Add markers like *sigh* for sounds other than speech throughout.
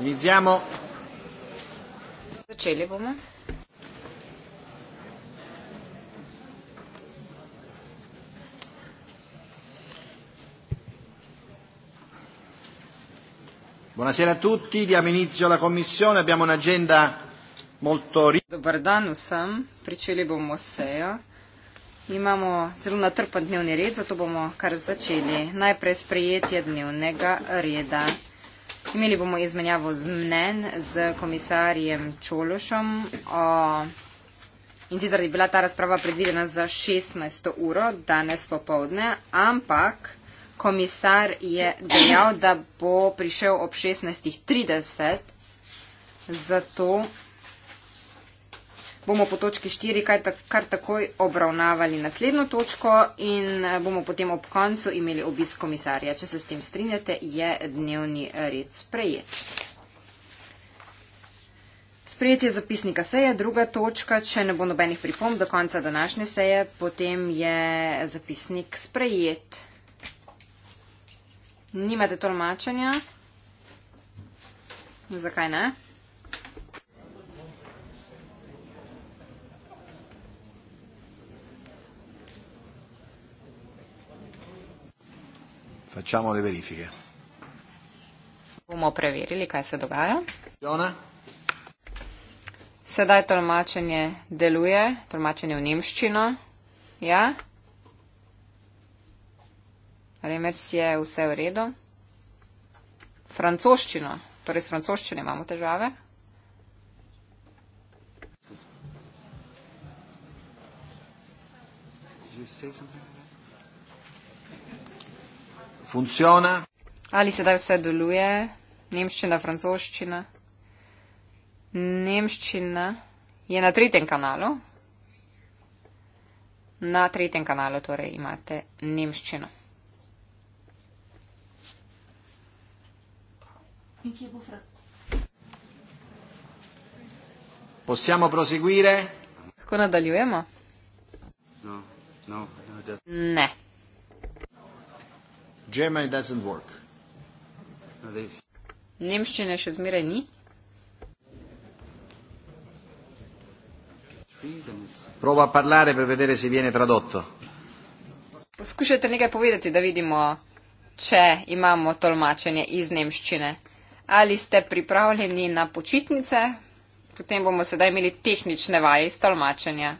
Iniziamo. Začeli bomo. Buonasera a tutti, diamo inizio alla commissione, abbiamo un'agenda molto ricca. Dobar dan vsem, pričeli bomo sejo. Imamo zelo natrpan dnevni red, zato bomo kar začeli. Najprej sprejetje dnevnega reda. Imeli bomo izmenjavo z mnen z komisarjem Čološom. O, in sicer je bila ta razprava predvidena za 16. uro danes popovdne, ampak komisar je dejal, da bo prišel ob 16.30. Zato bomo po točki 4 kar, tak, kar takoj obravnavali naslednjo točko in eh, bomo potem ob koncu imeli obisk komisarja. Če se s tem strinjate, je dnevni red sprejet. Sprejetje zapisnika seje, druga točka, če ne bo nobenih pripomb do konca današnje seje, potem je zapisnik sprejet. Nimate tolmačenja? Zakaj ne? Facciamo le verifiche. Bomo preverili, kaj se dogaja. Jona? Sedaj tolmačenje deluje, tolmačenje v nemščino. Ja? Remers je vse v redu. Francoščino, torej s francoščino imamo težave. Did you say something? funziona? Ali sedaj vse deluje? Nemščina, francoščina. Nemščina je na tretjem kanalu. Na tretjem kanalu torej imate nemščino. Possiamo proseguire? Lahko nadaljujemo? No, no, no, just... Ne. German doesn't work. Nemščine še zmeraj ni. Prova a parlare per vedere se viene tradotto. Poskušajte nekaj povedati, da vidimo, če imamo tolmačenje iz nemščine. Ali ste pripravljeni na počitnice? Potem bomo sedaj imeli tehnične vaje iz tolmačenja.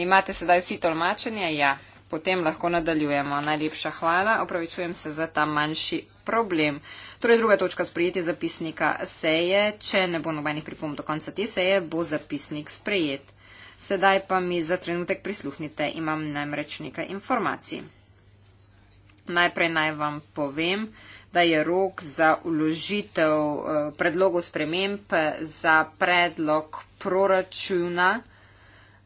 Imate sedaj vsi tolmačenje? Ja potem lahko nadaljujemo. Najlepša hvala, opravičujem se za ta manjši problem. Torej, druga točka sprejeti zapisnika seje. Če ne bo nobenih pripomb do konca te seje, bo zapisnik sprejet. Sedaj pa mi za trenutek prisluhnite, imam namreč nekaj informacij. Najprej naj vam povem, da je rok za uložitev eh, predlogov sprememb eh, za predlog proračuna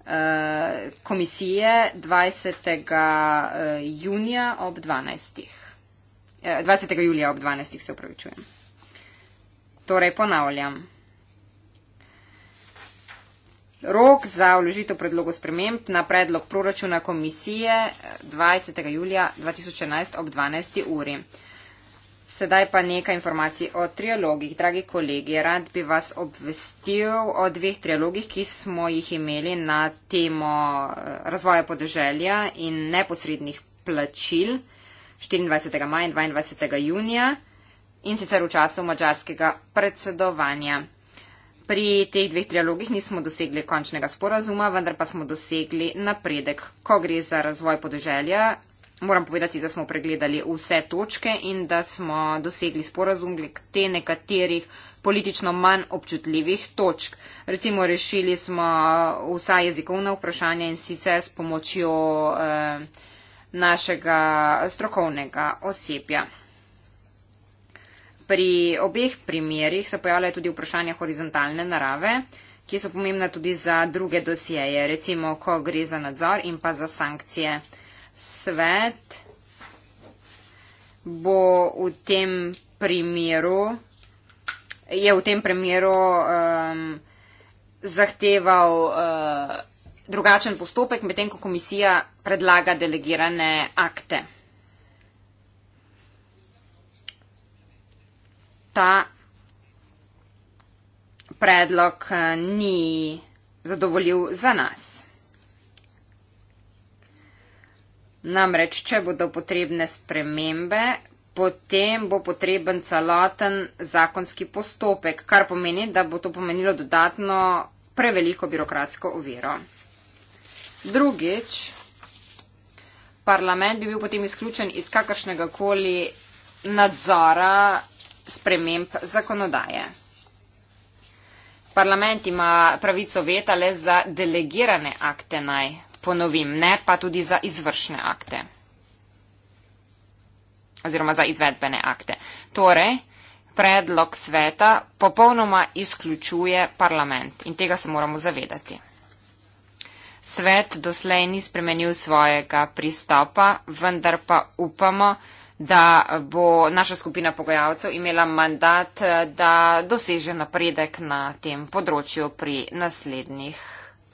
Eh, komisije 20. Eh, junija ob 12. 20. Eh, julija ob 12. se upravičujem. Torej ponavljam. Rok za vložitev predlogov sprememb na predlog proračuna komisije 20. julija 2011 ob 12. uri. Sedaj pa nekaj informacij o trialogih. Dragi kolegi, rad bi vas obvestil o dveh trialogih, ki smo jih imeli na temo eh, razvoja podeželja in neposrednih plačil 24. maja in 22. junija in sicer v času mačarskega predsedovanja. Pri teh dveh trialogih nismo dosegli končnega sporazuma, vendar pa smo dosegli napredek. Ko gre za razvoj podeželja, Moram povedati, da smo pregledali vse točke in da smo dosegli sporazum glede te nekaterih politično manj občutljivih točk. Recimo, rešili smo vsa jezikovna vprašanja in sicer s pomočjo eh, našega strokovnega osebja. Pri obeh primerjih se pojavljajo tudi vprašanja horizontalne narave, ki so pomembna tudi za druge dosjeje, recimo, ko gre za nadzor in pa za sankcije svet bo v tem primeru, je v tem primeru um, zahteval uh, drugačen postopek, medtem ko komisija predlaga delegirane akte. Ta predlog uh, ni zadovoljiv za nas. Namreč, če bodo potrebne spremembe, potem bo potreben celoten zakonski postopek, kar pomeni, da bo to pomenilo dodatno preveliko birokratsko oviro. Drugič, parlament bi bil potem izključen iz kakršnega koli nadzora sprememb zakonodaje. Parlament ima pravico veta le za delegirane akte naj ponovim, ne pa tudi za izvršne akte oziroma za izvedbene akte. Torej, predlog sveta popolnoma izključuje parlament in tega se moramo zavedati. Svet doslej ni spremenil svojega pristopa, vendar pa upamo, da bo naša skupina pogajalcev imela mandat, da doseže napredek na tem področju pri naslednjih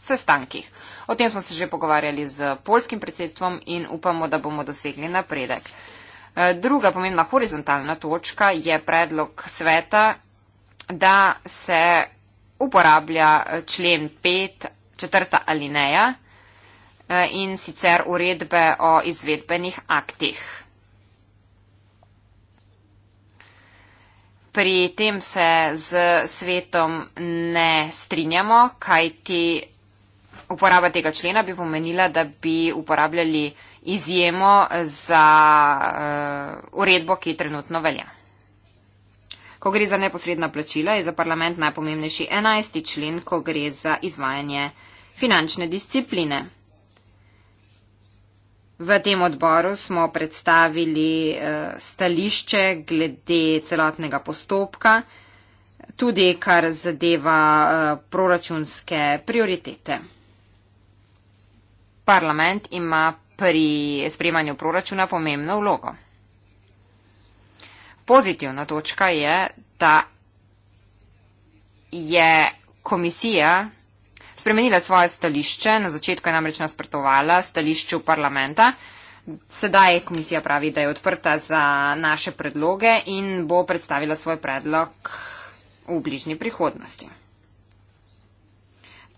sestankih. O tem smo se že pogovarjali z polskim predsedstvom in upamo, da bomo dosegli napredek. E, druga pomembna horizontalna točka je predlog sveta, da se uporablja člen 5, četrta alineja e, in sicer uredbe o izvedbenih aktih. Pri tem se z svetom ne strinjamo, kajti uporaba tega člena bi pomenila, da bi uporabljali izjemo za uh, uredbo, ki trenutno velja. Ko gre za neposredna plačila, je za parlament najpomembnejši 11. člen, ko gre za izvajanje finančne discipline. V tem odboru smo predstavili uh, stališče glede celotnega postopka, tudi kar zadeva uh, proračunske prioritete parlament ima pri sprejemanju proračuna pomembno vlogo. Pozitivna točka je, da je komisija spremenila svoje stališče, na začetku je namreč nasprotovala stališču parlamenta. Sedaj komisija pravi, da je odprta za naše predloge in bo predstavila svoj predlog v bližnji prihodnosti.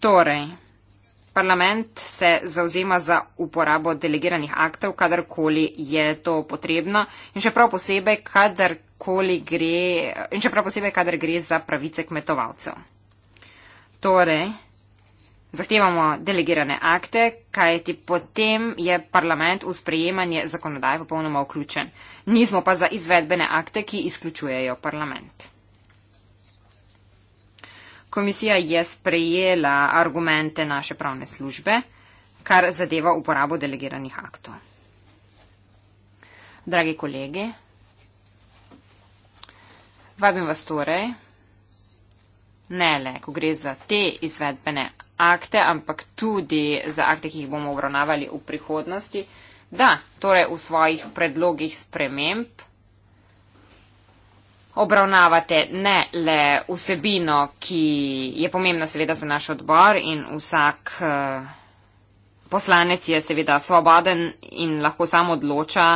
Torej, Parlament se zauzema za uporabo delegiranih aktov, kadarkoli je to potrebno in še prav posebej, kadarkoli gre, in še prav posebej, kadar gre za pravice kmetovalcev. Torej, zahtevamo delegirane akte, kajti potem je parlament v sprejemanje zakonodaje popolnoma vključen. Nismo pa za izvedbene akte, ki izključujejo parlament. Komisija je sprejela argumente naše pravne službe, kar zadeva uporabo delegiranih aktov. Dragi kolegi, vabim vas torej, ne le, ko gre za te izvedbene akte, ampak tudi za akte, ki jih bomo obravnavali v prihodnosti, da torej v svojih predlogih sprememb obravnavate ne le vsebino, ki je pomembna seveda za naš odbor in vsak eh, poslanec je seveda svoboden in lahko samo odloča,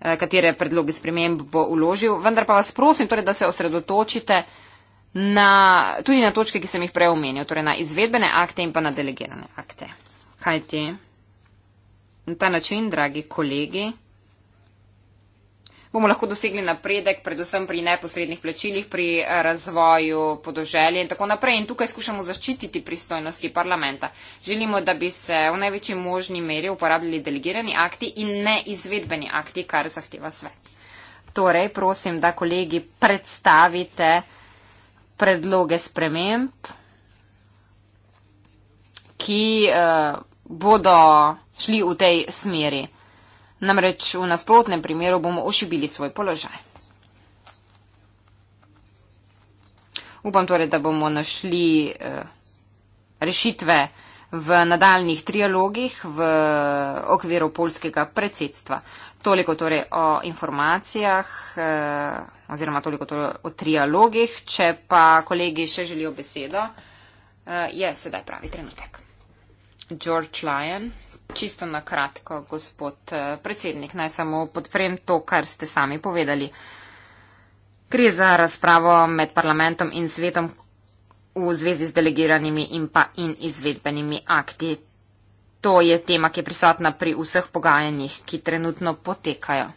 eh, katere predloge sprememb bo uložil, vendar pa vas prosim, torej, da se osredotočite na, tudi na točke, ki sem jih prej omenil, torej na izvedbene akte in pa na delegirane akte. Kaj ti? Na ta način, dragi kolegi, bomo lahko dosegli napredek, predvsem pri neposrednih plačilih, pri eh, razvoju podoželje in tako naprej. In tukaj skušamo zaščititi pristojnosti parlamenta. Želimo, da bi se v največji možni meri uporabljali delegirani akti in ne izvedbeni akti, kar zahteva svet. Torej, prosim, da kolegi predstavite predloge sprememb, ki uh, bodo šli v tej smeri. Namreč v nasprotnem primeru bomo ošibili svoj položaj. Upam torej, da bomo našli eh, rešitve v nadaljnih trialogih v okviru polskega predsedstva. Toliko torej o informacijah eh, oziroma toliko torej o trialogih. Če pa kolegi še želijo besedo, eh, je sedaj pravi trenutek. George Lyon. Čisto na kratko, gospod eh, predsednik, naj samo podprem to, kar ste sami povedali. Gre za razpravo med parlamentom in svetom v zvezi z delegiranimi in pa in izvedbenimi akti. To je tema, ki je prisotna pri vseh pogajanjih, ki trenutno potekajo.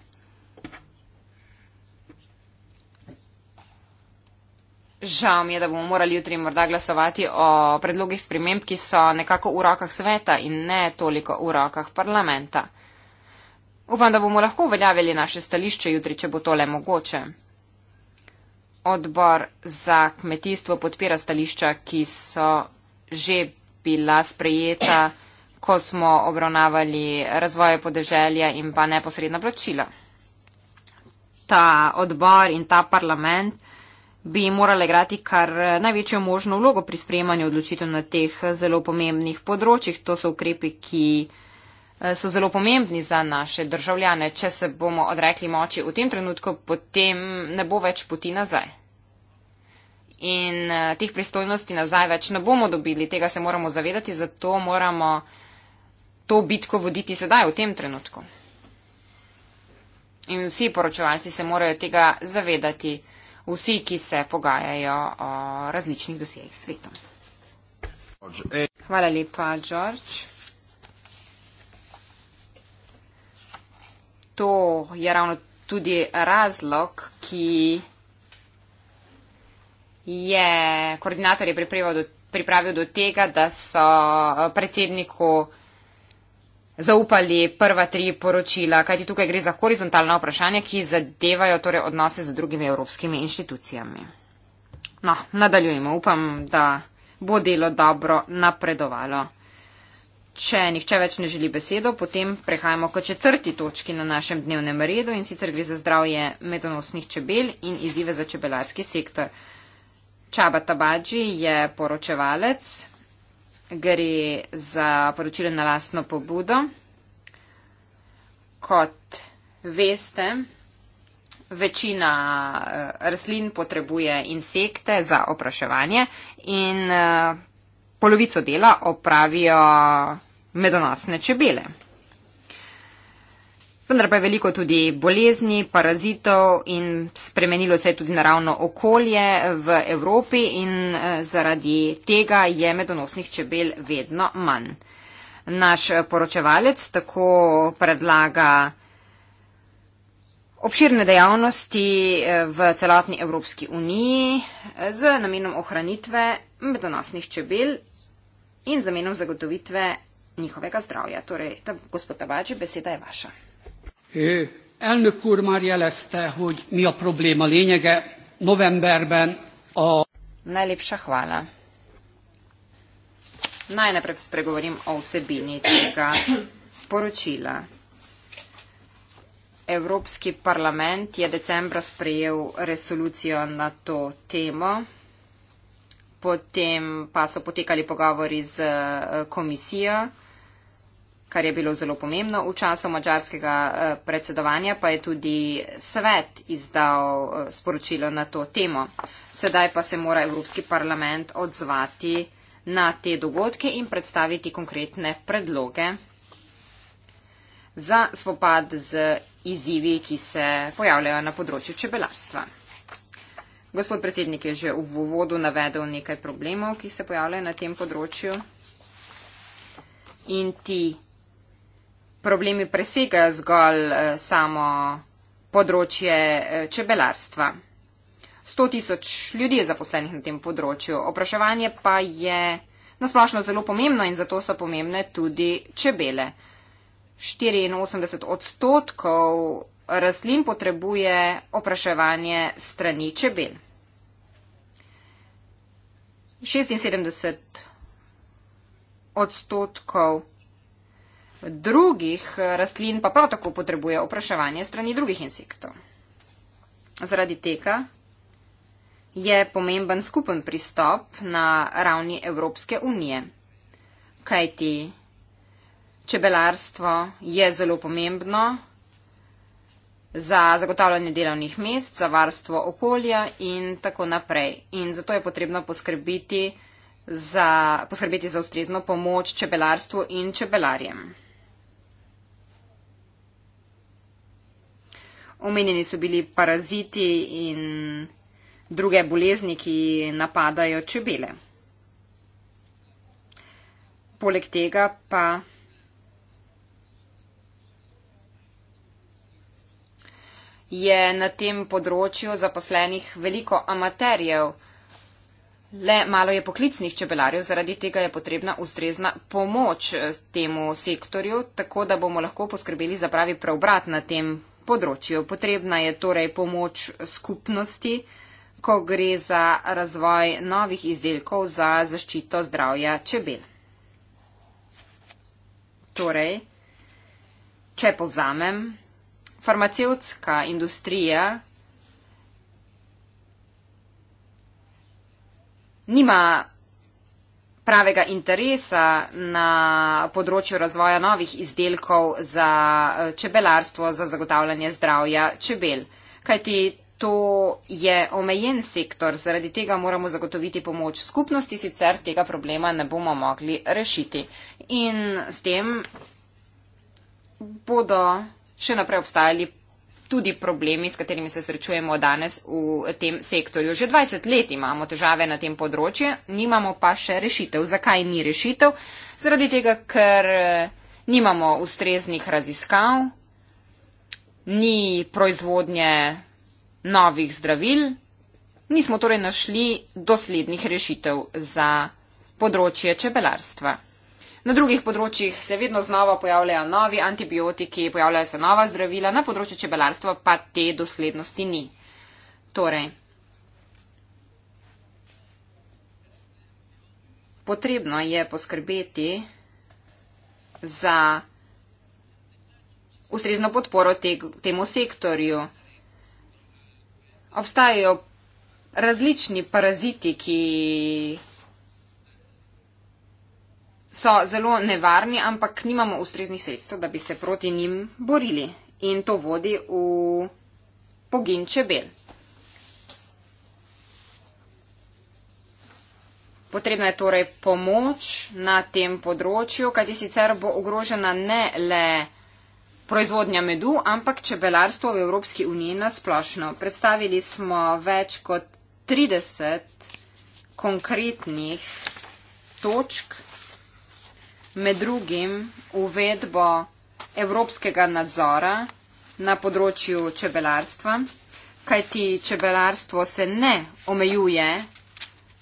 Žal mi je, da bomo morali jutri morda glasovati o predlogih sprememb, ki so nekako v rokah sveta in ne toliko v rokah parlamenta. Upam, da bomo lahko uveljavili naše stališče jutri, če bo to le mogoče. Odbor za kmetijstvo podpira stališča, ki so že bila sprejeta, ko smo obravnavali razvoje podeželja in pa neposredna plačila. Ta odbor in ta parlament bi morale igrati kar eh, največjo možno vlogo pri sprejemanju odločitev na teh eh, zelo pomembnih področjih. To so ukrepi, ki eh, so zelo pomembni za naše državljane. Če se bomo odrekli moči v tem trenutku, potem ne bo več poti nazaj. In teh pristojnosti nazaj več ne bomo dobili, tega se moramo zavedati, zato moramo to bitko voditi sedaj, v tem trenutku. In vsi poročevalci se morajo tega zavedati vsi, ki se pogajajo o različnih dosjejih svetom. Hvala lepa, George. To je ravno tudi razlog, ki je koordinator je pripravil do, pripravil do tega, da so predsedniku zaupali prva tri poročila, kajti tukaj gre za horizontalna vprašanja, ki zadevajo torej odnose z drugimi evropskimi inštitucijami. No, nadaljujemo. Upam, da bo delo dobro napredovalo. Če nihče več ne želi besedo, potem prehajamo k četrti točki na našem dnevnem redu in sicer gre za zdravje medonosnih čebel in izzive za čebelarski sektor. Čaba Tabadži je poročevalec, gre za poročilo na lastno pobudo. Kot veste, večina eh, rastlin potrebuje insekte za opraševanje in eh, polovico dela opravijo medonosne čebele vendar pa je veliko tudi bolezni, parazitov in spremenilo se je tudi naravno okolje v Evropi in eh, zaradi tega je medonosnih čebel vedno manj. Naš eh, poročevalec tako predlaga obširne dejavnosti eh, v celotni Evropski uniji z namenom ohranitve medonosnih čebel in z namenom zagotovitve njihovega zdravja. Torej, gospod Tabači, beseda je vaša. Elnök úr már jelezte, hogy mi a probléma lényege. Novemberben a... Najlepša hvala. Najnaprej spregovorim o vsebini tega poročila. Evropski parlament je decembra sprejel resolucijo na to temo, potem pa so potekali pogovori z eh, komisijo kar je bilo zelo pomembno v času mačarskega eh, predsedovanja, pa je tudi svet izdal eh, sporočilo na to temo. Sedaj pa se mora Evropski parlament odzvati na te dogodke in predstaviti konkretne predloge za spopad z izzivi, ki se pojavljajo na področju čebelarstva. Gospod predsednik je že v uvodu navedel nekaj problemov, ki se pojavljajo na tem področju. In ti problemi presegajo zgolj eh, samo področje eh, čebelarstva. 100 tisoč ljudi je zaposlenih na tem področju. Opraševanje pa je nasplošno zelo pomembno in zato so pomembne tudi čebele. 84 odstotkov rastlin potrebuje opraševanje strani čebel. 76 odstotkov drugih rastlin pa prav tako potrebuje opraševanje strani drugih insektov. Zaradi tega je pomemben skupen pristop na ravni Evropske unije, kajti čebelarstvo je zelo pomembno za zagotavljanje delovnih mest, za varstvo okolja in tako naprej. In zato je potrebno poskrbiti za, poskrbiti za ustrezno pomoč čebelarstvu in čebelarjem. Omenjeni so bili paraziti in druge bolezni, ki napadajo čebele. Poleg tega pa je na tem področju zaposlenih veliko amaterjev, le malo je poklicnih čebelarjev, zaradi tega je potrebna ustrezna pomoč temu sektorju, tako da bomo lahko poskrbeli za pravi preobrat na tem področju področju. Potrebna je torej pomoč skupnosti, ko gre za razvoj novih izdelkov za zaščito zdravja čebel. Torej, če povzamem, farmacevtska industrija nima pravega interesa na področju razvoja novih izdelkov za eh, čebelarstvo, za zagotavljanje zdravja čebel. Kajti to je omejen sektor, zaradi tega moramo zagotoviti pomoč skupnosti, sicer tega problema ne bomo mogli rešiti. In s tem bodo še naprej obstajali tudi problemi, s katerimi se srečujemo danes v tem sektorju. Že 20 let imamo težave na tem področju, nimamo pa še rešitev. Zakaj ni rešitev? Zaradi tega, ker eh, nimamo ustreznih raziskav, ni proizvodnje novih zdravil, nismo torej našli doslednih rešitev za področje čebelarstva. Na drugih področjih se vedno znova pojavljajo novi antibiotiki, pojavljajo se nova zdravila, na področju čebelarstva pa te doslednosti ni. Torej, potrebno je poskrbeti za ustrezno podporo te, temu sektorju. Obstajajo različni paraziti, ki so zelo nevarni, ampak nimamo ustreznih sredstev, da bi se proti njim borili. In to vodi v pogin čebel. Potrebna je torej pomoč na tem področju, kajti sicer bo ogrožena ne le proizvodnja medu, ampak čebelarstvo v Evropski uniji nasplošno. Predstavili smo več kot 30 konkretnih točk med drugim uvedbo evropskega nadzora na področju čebelarstva, kajti čebelarstvo se ne omejuje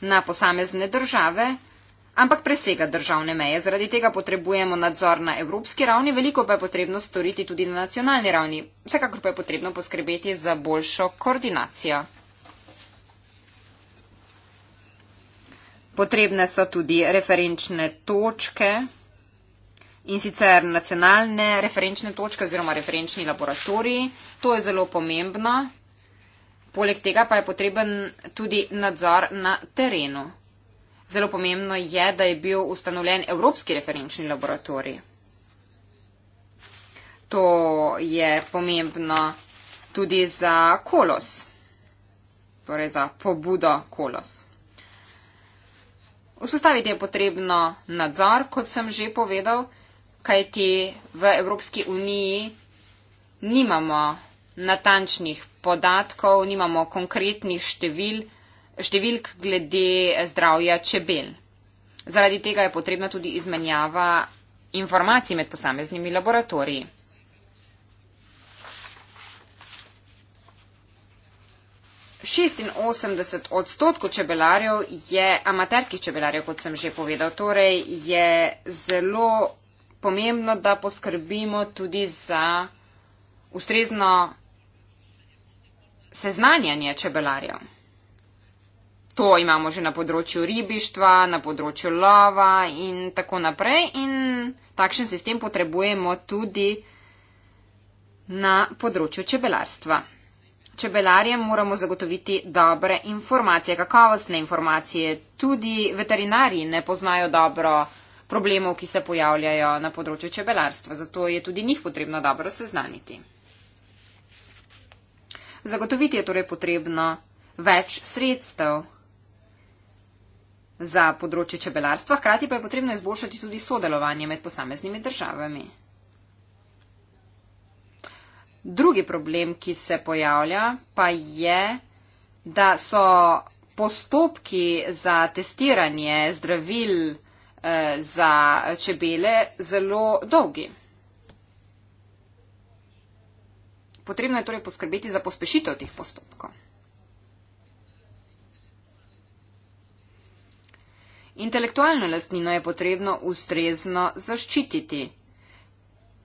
na posamezne države, ampak presega državne meje. Zaradi tega potrebujemo nadzor na evropski ravni, veliko pa je potrebno storiti tudi na nacionalni ravni. Vsekakor pa je potrebno poskrbeti za boljšo koordinacijo. Potrebne so tudi referenčne točke In sicer nacionalne referenčne točke oziroma referenčni laboratoriji, to je zelo pomembno. Poleg tega pa je potreben tudi nadzor na terenu. Zelo pomembno je, da je bil ustanovljen Evropski referenčni laboratorij. To je pomembno tudi za kolos, torej za pobudo kolos. Vzpostaviti je potrebno nadzor, kot sem že povedal kajti v Evropski uniji nimamo natančnih podatkov, nimamo konkretnih števil, številk glede zdravja čebel. Zaradi tega je potrebna tudi izmenjava informacij med posameznimi laboratoriji. Šestinosemdeset odstotkov čebelarjev je amaterskih čebelarjev, kot sem že povedal, torej je zelo pomembno, da poskrbimo tudi za ustrezno seznanjanje čebelarjev. To imamo že na področju ribištva, na področju lova in tako naprej. In takšen sistem potrebujemo tudi na področju čebelarstva. Čebelarjem moramo zagotoviti dobre informacije, kakovostne informacije. Tudi veterinari ne poznajo dobro informacije problemov, ki se pojavljajo na področju čebelarstva. Zato je tudi njih potrebno dobro seznaniti. Zagotoviti je torej potrebno več sredstev za področje čebelarstva, hkrati pa je potrebno izboljšati tudi sodelovanje med posameznimi državami. Drugi problem, ki se pojavlja, pa je, da so postopki za testiranje zdravil Eh, za čebele zelo dolgi. Potrebno je torej poskrbeti za pospešitev teh postopkov. Intelektualno lastnino je potrebno ustrezno zaščititi.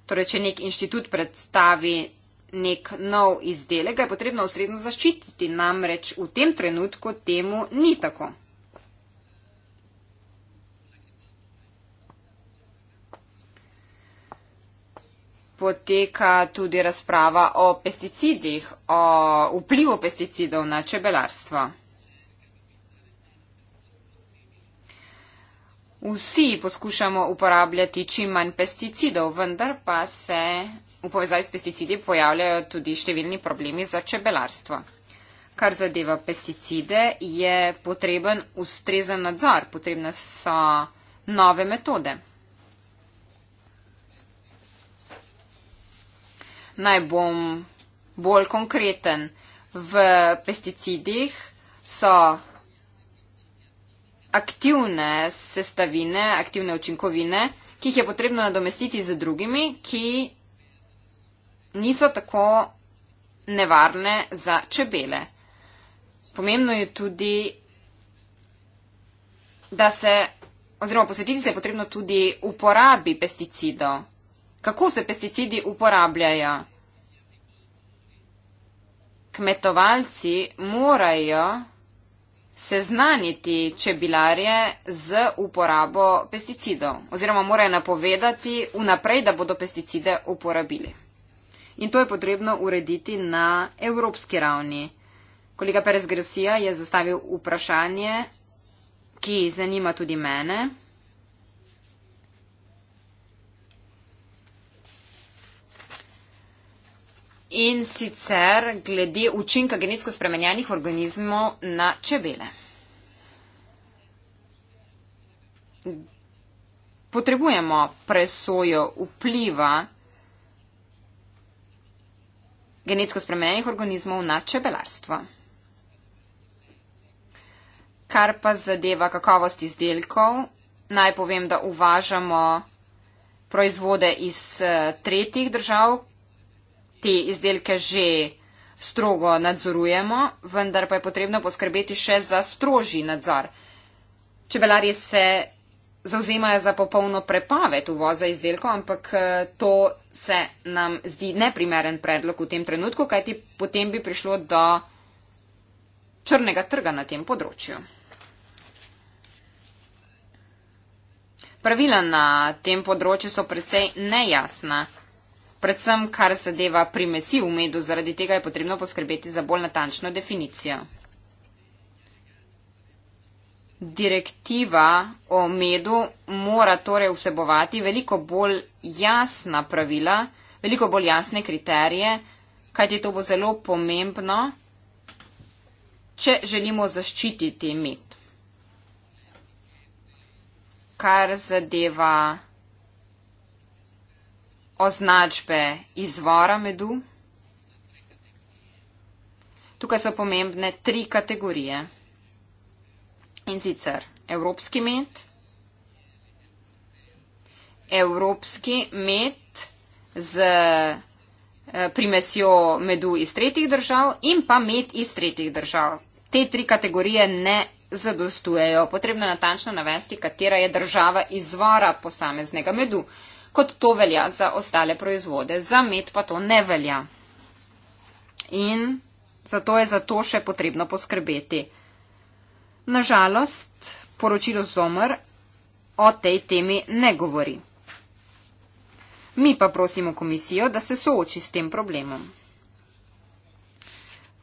Torej, če nek inštitut predstavi nek nov izdelek, ga je potrebno ustrezno zaščititi. Namreč v tem trenutku temu ni tako. poteka tudi razprava o pesticidih, o vplivu pesticidov na čebelarstvo. Vsi poskušamo uporabljati čim manj pesticidov, vendar pa se v povezavi s pesticidi pojavljajo tudi številni problemi za čebelarstvo. Kar zadeva pesticide, je potreben ustrezen nadzor, potrebne so nove metode. naj bom bolj konkreten. V pesticidih so aktivne sestavine, aktivne učinkovine, ki jih je potrebno nadomestiti z drugimi, ki niso tako nevarne za čebele. Pomembno je tudi, da se, oziroma posvetiti se je potrebno tudi uporabi pesticidov kako se pesticidi uporabljajo. Kmetovalci morajo seznaniti čebilarje z uporabo pesticidov oziroma morajo napovedati vnaprej, da bodo pesticide uporabili. In to je potrebno urediti na evropski ravni. Kolega Perez Gresija je zastavil vprašanje, ki zanima tudi mene. in sicer glede učinka genetsko spremenjenih organizmov na čebele. Potrebujemo presojo vpliva genetsko spremenjenih organizmov na čebelarstvo. Kar pa zadeva kakovost izdelkov, naj povem, da uvažamo proizvode iz eh, tretjih držav, te izdelke že strogo nadzorujemo, vendar pa je potrebno poskrbeti še za strožji nadzor. Čebelarje se zauzemajo za popolno prepaved uvoza izdelkov, ampak eh, to se nam zdi neprimeren predlog v tem trenutku, kajti potem bi prišlo do črnega trga na tem področju. Pravila na tem področju so precej nejasna predvsem kar zadeva primesi v medu, zaradi tega je potrebno poskrbeti za bolj natančno definicijo. Direktiva o medu mora torej vsebovati veliko bolj jasna pravila, veliko bolj jasne kriterije, kajti to bo zelo pomembno, če želimo zaščititi med. Kar zadeva označbe izvora medu. Tukaj so pomembne tri kategorije. In sicer evropski med, evropski med z eh, primesjo medu iz tretjih držav in pa med iz tretjih držav. Te tri kategorije ne zadostujejo. Potrebno je natančno navesti, katera je država izvora posameznega medu kot to velja za ostale proizvode. Za med pa to ne velja. In zato je za to še potrebno poskrbeti. Nažalost, poročilo Zomr o tej temi ne govori. Mi pa prosimo komisijo, da se sooči s tem problemom.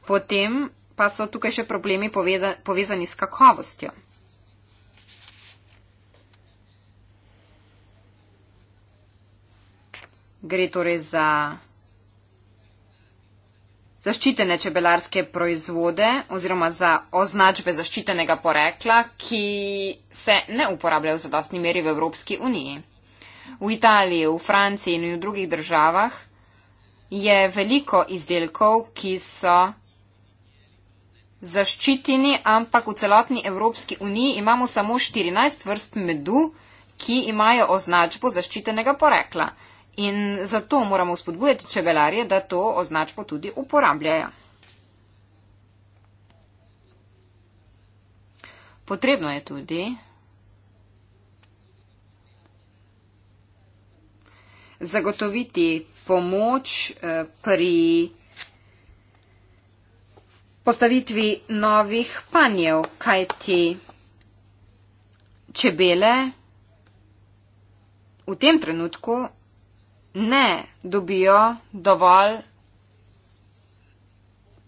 Potem pa so tukaj še problemi poveza povezani s kakovostjo. Gre torej za zaščitene čebelarske proizvode oziroma za označbe zaščitenega porekla, ki se ne uporabljajo v zadostni meri v Evropski uniji. V Italiji, v Franciji in v drugih državah je veliko izdelkov, ki so zaščiteni, ampak v celotni Evropski uniji imamo samo 14 vrst medu, ki imajo označbo zaščitenega porekla. In zato moramo spodbujati čebelarje, da to označbo tudi uporabljajo. Potrebno je tudi, zagotoviti pomoč eh, pri postavitvi novih panjev, kajti čebele v tem trenutku ne dobijo dovolj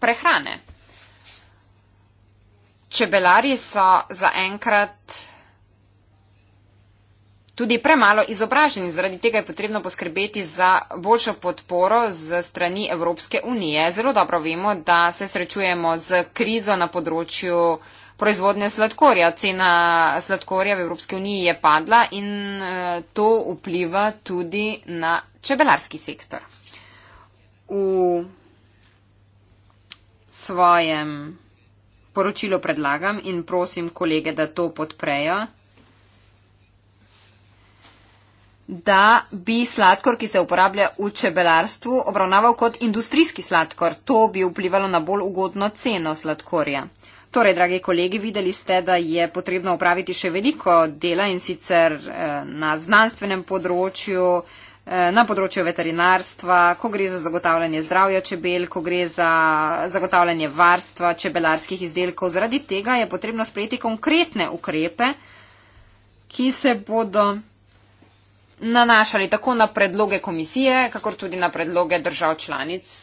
prehrane. Čebelari so zaenkrat tudi premalo izobraženi, zaradi tega je potrebno poskrbeti za boljšo podporo z strani Evropske unije. Zelo dobro vemo, da se srečujemo z krizo na področju proizvodnje sladkorja. Cena sladkorja v Evropski uniji je padla in eh, to vpliva tudi na čebelarski sektor. V svojem poročilu predlagam in prosim kolege, da to podprejo da bi sladkor, ki se uporablja v čebelarstvu, obravnaval kot industrijski sladkor. To bi vplivalo na bolj ugodno ceno sladkorja. Torej, dragi kolegi, videli ste, da je potrebno upraviti še veliko dela in sicer eh, na znanstvenem področju, eh, na področju veterinarstva, ko gre za zagotavljanje zdravja čebel, ko gre za zagotavljanje varstva čebelarskih izdelkov. Zaradi tega je potrebno sprejeti konkretne ukrepe, ki se bodo nanašali tako na predloge komisije, kakor tudi na predloge držav članic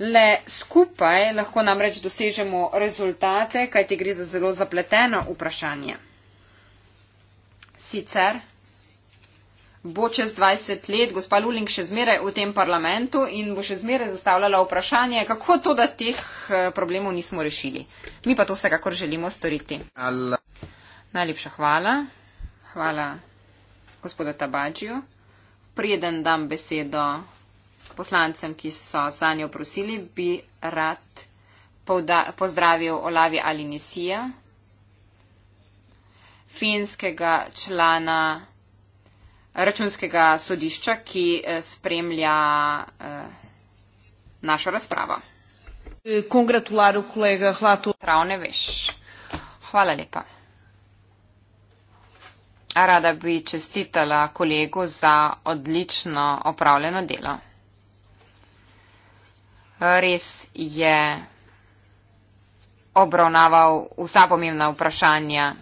Le skupaj lahko namreč dosežemo rezultate, kajti gre za zelo zapleteno vprašanje. Sicer bo čez 20 let gospa Luling še zmeraj v tem parlamentu in bo še zmeraj zastavljala vprašanje, kako to, da teh eh, problemov nismo rešili. Mi pa to vsekakor želimo storiti. Allah. Najlepša hvala. Hvala gospoda Tabađiju. Prijeden dam besedo poslancem, ki so za njo prosili, bi rad povda, pozdravil Olavi Alinisija, finskega člana računskega sodišča, ki eh, spremlja eh, našo razpravo. Kongratularu, kolega Hlatu. Prav ne veš. Hvala lepa. Rada bi čestitala kolegu za odlično opravljeno delo res je obravnaval vsa pomembna vprašanja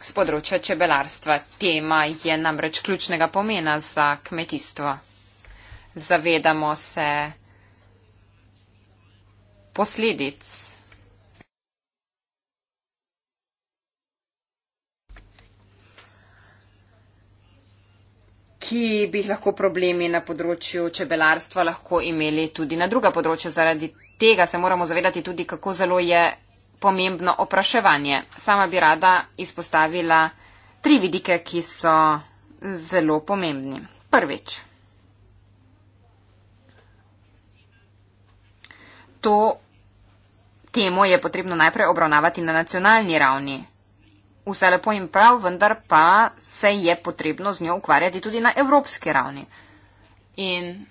z področja čebelarstva. Tema je namreč ključnega pomena za kmetijstvo. Zavedamo se posledic ki bi lahko problemi na področju čebelarstva lahko imeli tudi na druga področja. Zaradi tega se moramo zavedati tudi, kako zelo je pomembno opraševanje. Sama bi rada izpostavila tri vidike, ki so zelo pomembni. Prvič. To temo je potrebno najprej obravnavati na nacionalni ravni vse lepo in prav, vendar pa se je potrebno z njo ukvarjati tudi na evropski ravni. In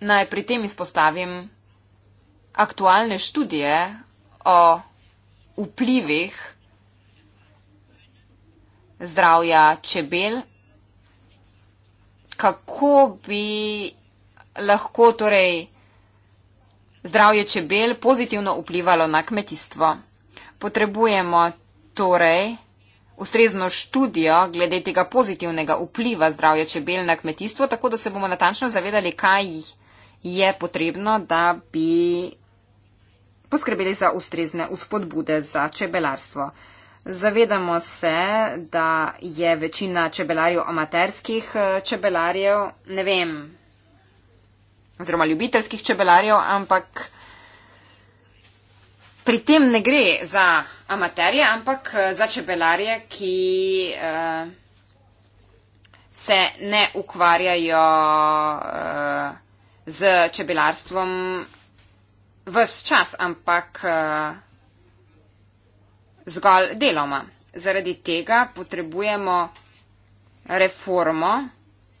naj pri tem izpostavim aktualne študije o vplivih zdravja čebel, kako bi lahko torej zdravje čebel pozitivno vplivalo na kmetijstvo. Potrebujemo torej ustrezno študijo glede tega pozitivnega vpliva zdravja čebel na kmetijstvo, tako da se bomo natančno zavedali, kaj je potrebno, da bi poskrbeli za ustrezne uspodbude za čebelarstvo. Zavedamo se, da je večina čebelarjev amaterskih eh, čebelarjev, ne vem, oziroma ljubiteljskih čebelarjev, ampak Pri tem ne gre za amaterje, ampak eh, za čebelarje, ki uh, se ne ukvarjajo uh, z čebelarstvom vse čas, ampak uh, zgolj deloma. Zaradi tega potrebujemo reformo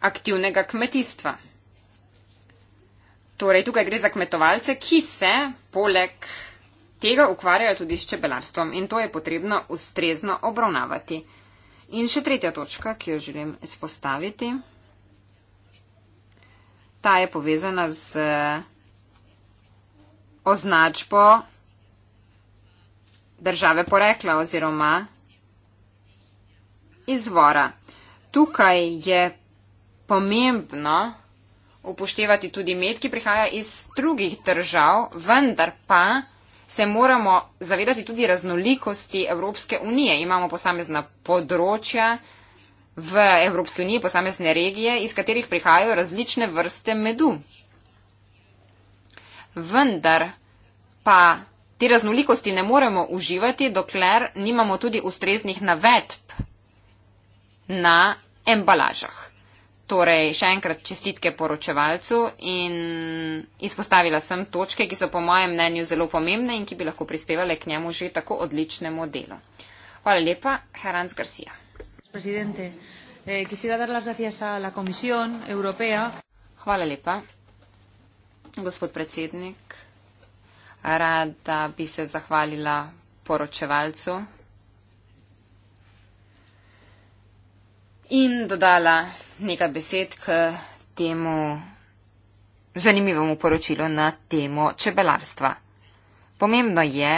aktivnega kmetijstva. Torej, tukaj gre za kmetovalce, ki se poleg tega ukvarjajo tudi s čebelarstvom in to je potrebno ustrezno obravnavati. In še tretja točka, ki jo želim izpostaviti, ta je povezana z eh, označbo države porekla oziroma izvora. Tukaj je pomembno upoštevati tudi med, ki prihaja iz drugih držav, vendar pa se moramo zavedati tudi raznolikosti Evropske unije. Imamo posamezna področja v Evropski uniji, posamezne regije, iz katerih prihajajo različne vrste medu. Vendar pa te raznolikosti ne moremo uživati, dokler nimamo tudi ustreznih navedb na embalažah. Torej, še enkrat čestitke poročevalcu in izpostavila sem točke, ki so po mojem mnenju zelo pomembne in ki bi lahko prispevale k njemu že tako odličnemu delu. Hvala lepa, Herans Garcia. Eh, Hvala lepa, gospod predsednik. Rada bi se zahvalila poročevalcu in dodala nekaj besed k temu zanimivemu poročilu na temo čebelarstva. Pomembno je,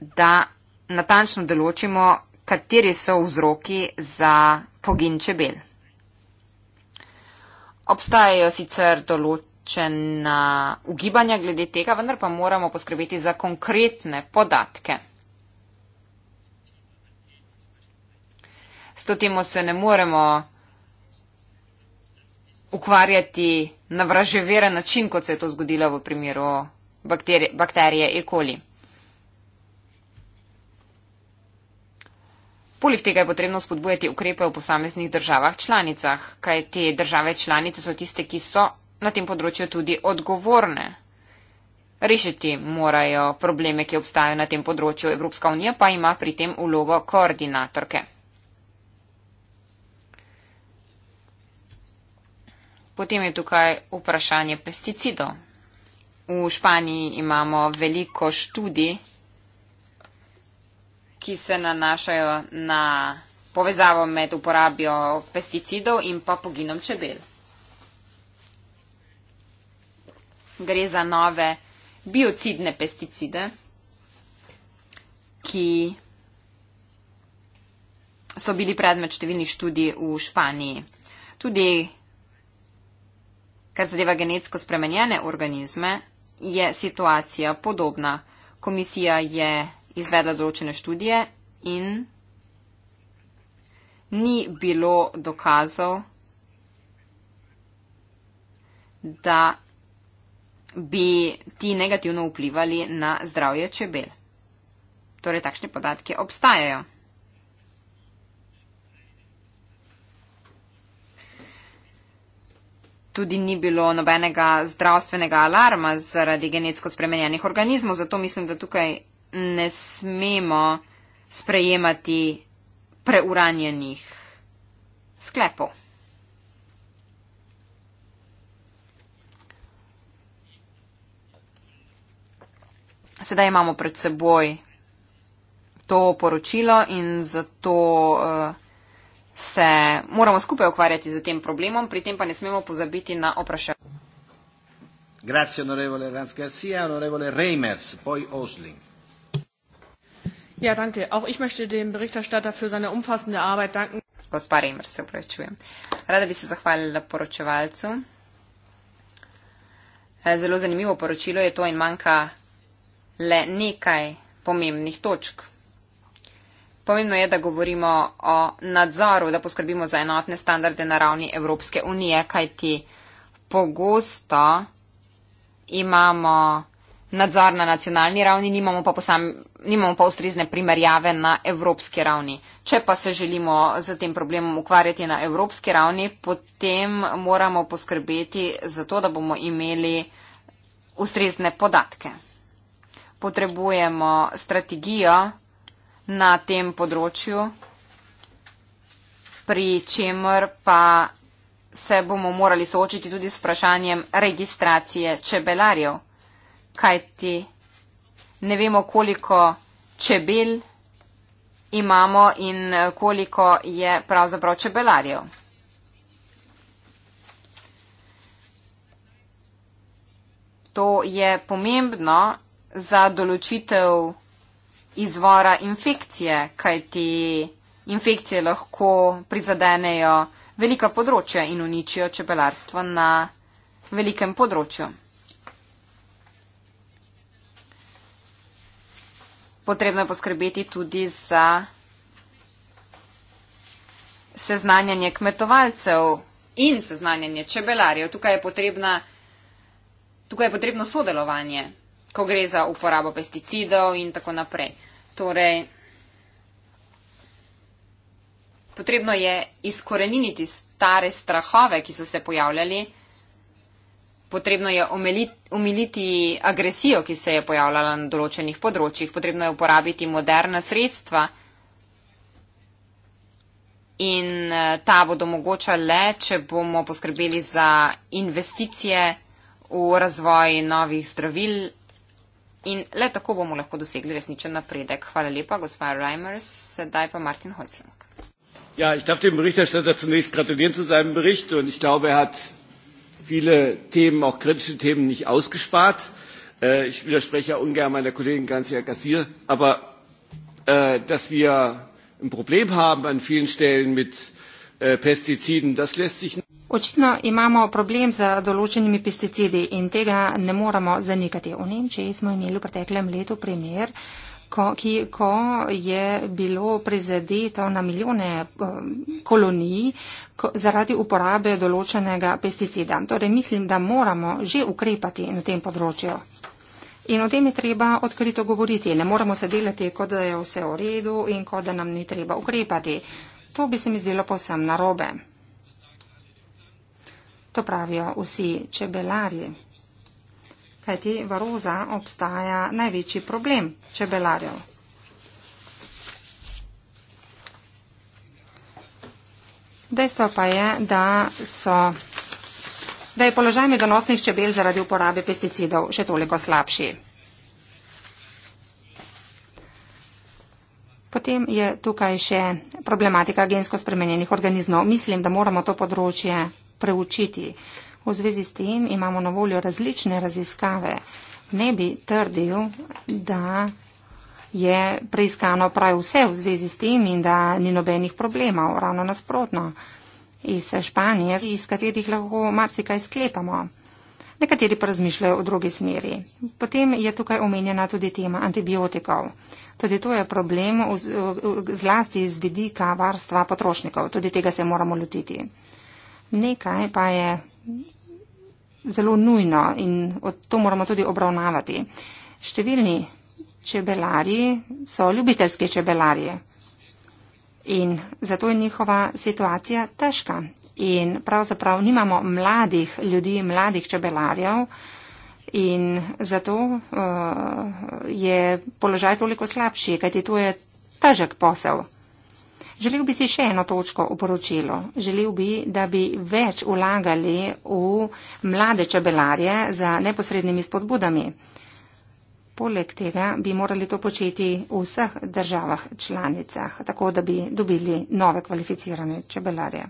da natančno določimo, kateri so vzroki za pogin čebel. Obstajajo sicer določena ugibanja glede tega, vendar pa moramo poskrbeti za konkretne podatke. S to temo se ne moremo ukvarjati na vraževeren način, kot se je to zgodilo v primeru bakterije, bakterije E. coli. Poleg tega je potrebno spodbujati ukrepe v posameznih državah članicah, kaj te države članice so tiste, ki so na tem področju tudi odgovorne. Rešiti morajo probleme, ki obstajajo na tem področju. Evropska unija pa ima pri tem ulogo koordinatorke. Potem je tukaj vprašanje pesticidov. V Španiji imamo veliko študij, ki se nanašajo na povezavo med uporabjo pesticidov in pa poginom čebel. Gre za nove biocidne pesticide, ki so bili predmet številnih študij v Španiji. Tudi Kar zadeva genetsko spremenjene organizme, je situacija podobna. Komisija je izvedla določene študije in ni bilo dokazov, da bi ti negativno vplivali na zdravje čebel. Torej, takšne podatke obstajajo. tudi ni bilo nobenega zdravstvenega alarma zaradi genetsko spremenjenih organizmov, zato mislim, da tukaj ne smemo sprejemati preuranjenih sklepov. Sedaj imamo pred seboj to poročilo in zato uh, se moramo skupaj ukvarjati z tem problemom, pri tem pa ne smemo pozabiti na opraševanje. Grazie onorevole Ranz Garcia, onorevole Reimers, poi Osling. Ja, danke. Auch ich möchte dem Berichterstatter für seine umfassende Arbeit danken. Gospa Reimers, se upravičujem. Rada bi se zahvalila poročevalcu. Eh, zelo zanimivo poročilo je to in manjka le nekaj pomembnih točk. Pomembno je, da govorimo o nadzoru, da poskrbimo za enotne standarde na ravni Evropske unije, kajti pogosto imamo nadzor na nacionalni ravni, nimamo pa, posam, nimamo pa ustrezne primerjave na evropski ravni. Če pa se želimo z tem problemom ukvarjati na evropski ravni, potem moramo poskrbeti za to, da bomo imeli ustrezne podatke. Potrebujemo strategijo, na tem področju, pri čemer pa se bomo morali soočiti tudi s vprašanjem registracije čebelarjev, kajti ne vemo, koliko čebel imamo in koliko je pravzaprav čebelarjev. To je pomembno za določitev čebelarjev, izvora infekcije, kajti infekcije lahko prizadenejo velika področja in uničijo čebelarstvo na velikem področju. Potrebno je poskrbeti tudi za seznanjanje kmetovalcev in seznanjanje čebelarjev. Tukaj je, potrebna, tukaj je potrebno sodelovanje, ko gre za uporabo pesticidov in tako naprej. Torej, potrebno je izkoreniniti stare strahove, ki so se pojavljali, potrebno je omiliti, umiliti agresijo, ki se je pojavljala na določenih področjih, potrebno je uporabiti moderna sredstva in eh, ta bodo mogoča le, če bomo poskrbeli za investicije v razvoj novih zdravil In le tako bomo lahko dosegli resničen napredek. Hvala lepa, gospa Reimers. Sedaj pa Martin Hoisling. Ja, ich darf dem Berichterstatter zunächst gratulieren zu seinem Bericht und ich glaube, er hat viele Themen, auch kritische Themen, nicht ausgespart. Äh, ich widerspreche ja ungern meiner Kollegin Garcia Gassier, aber äh, dass wir ein Problem haben an vielen Stellen mit äh, Pestiziden, das lässt sich nicht. Očitno imamo problem z določenimi pesticidi in tega ne moramo zanikati. V Nemčiji smo imeli v preteklem letu primer, ko, ki, ko je bilo prizadeto na milijone um, kolonij ko, zaradi uporabe določenega pesticida. Torej mislim, da moramo že ukrepati na tem področju. In o tem je treba odkrito govoriti. Ne moramo se delati, kot da je vse v redu in kot da nam ni treba ukrepati. To bi se mi zdelo posem narobe. To pravijo vsi čebelarji. Kajti v roza obstaja največji problem čebelarjev. Dejstvo pa je, da, so, da je položaj medonosnih čebel zaradi uporabe pesticidov še toliko slabši. Potem je tukaj še problematika gensko spremenjenih organizmov. Mislim, da moramo to področje preučiti. V zvezi s tem imamo na voljo različne raziskave. Ne bi trdil, da je preiskano prav vse v zvezi s tem in da ni nobenih problemov, ravno nasprotno. Iz Španije, iz katerih lahko marsikaj sklepamo. Nekateri pa razmišljajo v drugi smeri. Potem je tukaj omenjena tudi tema antibiotikov. Tudi to je problem z, zlasti iz vidika varstva potrošnikov. Tudi tega se moramo lotiti nekaj pa je zelo nujno in to moramo tudi obravnavati. Številni čebelari so ljubiteljske čebelarje in zato je njihova situacija težka. In pravzaprav nimamo mladih ljudi, mladih čebelarjev in zato uh, je položaj toliko slabši, kajti to je težek posel. Želel bi si še eno točko v poročilu. Želel bi, da bi več ulagali v mlade čebelarje za neposrednimi spodbudami. Poleg tega bi morali to početi v vseh državah članicah, tako da bi dobili nove kvalificirane čebelarje.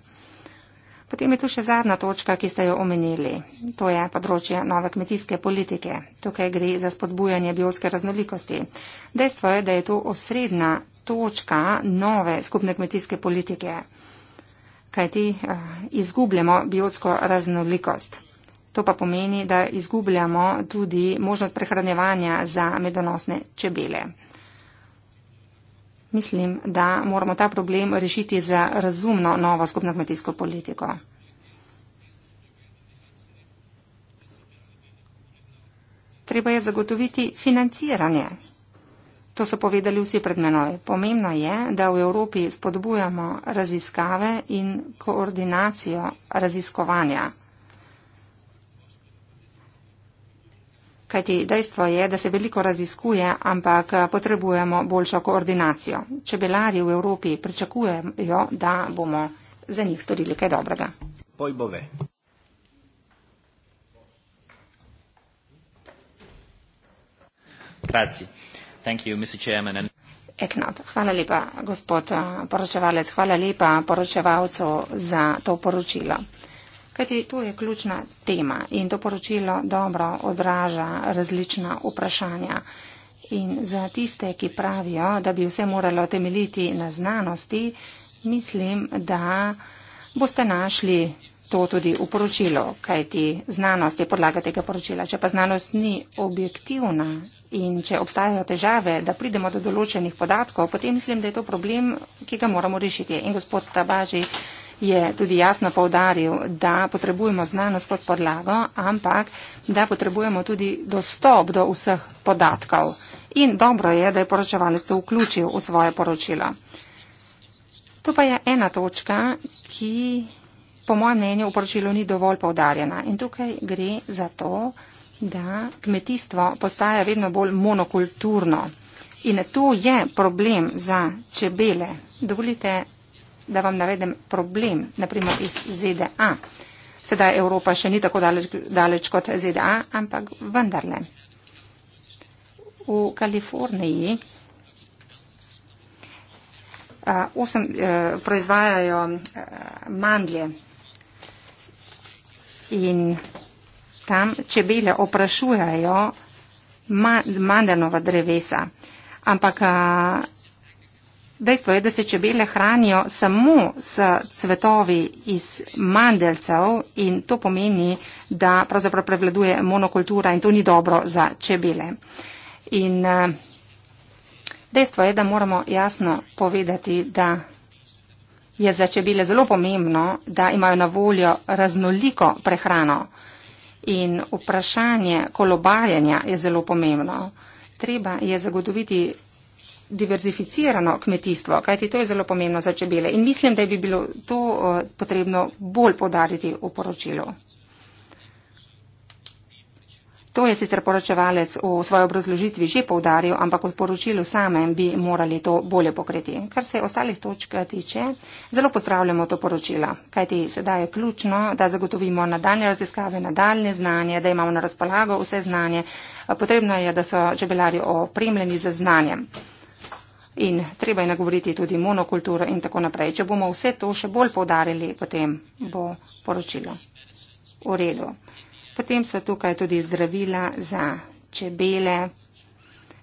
Potem je tu še zadnja točka, ki ste jo omenili. To je področje nove kmetijske politike. Tukaj gre za spodbujanje biotske raznolikosti. Dejstvo je, da je to osredna točka nove skupne kmetijske politike, kajti eh, izgubljamo biotsko raznolikost. To pa pomeni, da izgubljamo tudi možnost prehranjevanja za medonosne čebele. Mislim, da moramo ta problem rešiti za razumno novo skupno kmetijsko politiko. Treba je zagotoviti financiranje To so povedali vsi pred menoj. Pomembno je, da v Evropi spodbujamo raziskave in koordinacijo raziskovanja. Kajti dejstvo je, da se veliko raziskuje, ampak potrebujemo boljšo koordinacijo. Čebelari v Evropi pričakujejo, da bomo za njih storili kaj dobrega. Pojbove. Grazie. Thank you, Mr. Chairman. And Eknat. Hvala lepa, gospod eh, poročevalec, hvala lepa poročevalcu za to poročilo. Kajti to je ključna tema in to poročilo dobro odraža različna vprašanja. In za tiste, ki pravijo, da bi vse moralo temeljiti na znanosti, mislim, da boste našli to tudi v poročilo, kajti znanost je podlaga tega poročila. Če pa znanost ni objektivna in če obstajajo težave, da pridemo do določenih podatkov, potem mislim, da je to problem, ki ga moramo rešiti. In gospod Tabaži je tudi jasno povdaril, da potrebujemo znanost kot podlago, ampak da potrebujemo tudi dostop do vseh podatkov. In dobro je, da je poročevalec to vključil v svoje poročilo. To pa je ena točka, ki po mojem mnenju v poročilu ni dovolj povdarjena. In tukaj gre za to, da kmetijstvo postaja vedno bolj monokulturno. In to je problem za čebele. Dovolite, da vam navedem problem, naprimer iz ZDA. Sedaj Evropa še ni tako daleč, daleč kot ZDA, ampak vendarle. V Kaliforniji eh, osem, eh, proizvajajo eh, mandlje, In tam čebele oprašujajo mandanova drevesa. Ampak dejstvo je, da se čebele hranijo samo s cvetovi iz mandelcev in to pomeni, da pravzaprav prevladuje monokultura in to ni dobro za čebele. In dejstvo je, da moramo jasno povedati, da je za čebele zelo pomembno, da imajo na voljo raznoliko prehrano. In vprašanje kolobarjenja je zelo pomembno. Treba je zagotoviti diverzificirano kmetijstvo, kajti to je zelo pomembno za čebele. In mislim, da bi bilo to eh, potrebno bolj podariti v poročilu. To je sicer poročevalec v svoji obrazložitvi že povdaril, ampak v poročilu samem bi morali to bolje pokriti. Kar se ostalih točk tiče, zelo pozdravljamo to poročilo, kajti sedaj je ključno, da zagotovimo nadaljne raziskave, nadaljne znanje, da imamo na razpolago vse znanje. Potrebno je, da so čebelari opremljeni z znanjem. In treba je nagovoriti tudi monokulturo in tako naprej. Če bomo vse to še bolj povdarili, potem bo poročilo. V redu. Potem so tukaj tudi zdravila za čebele.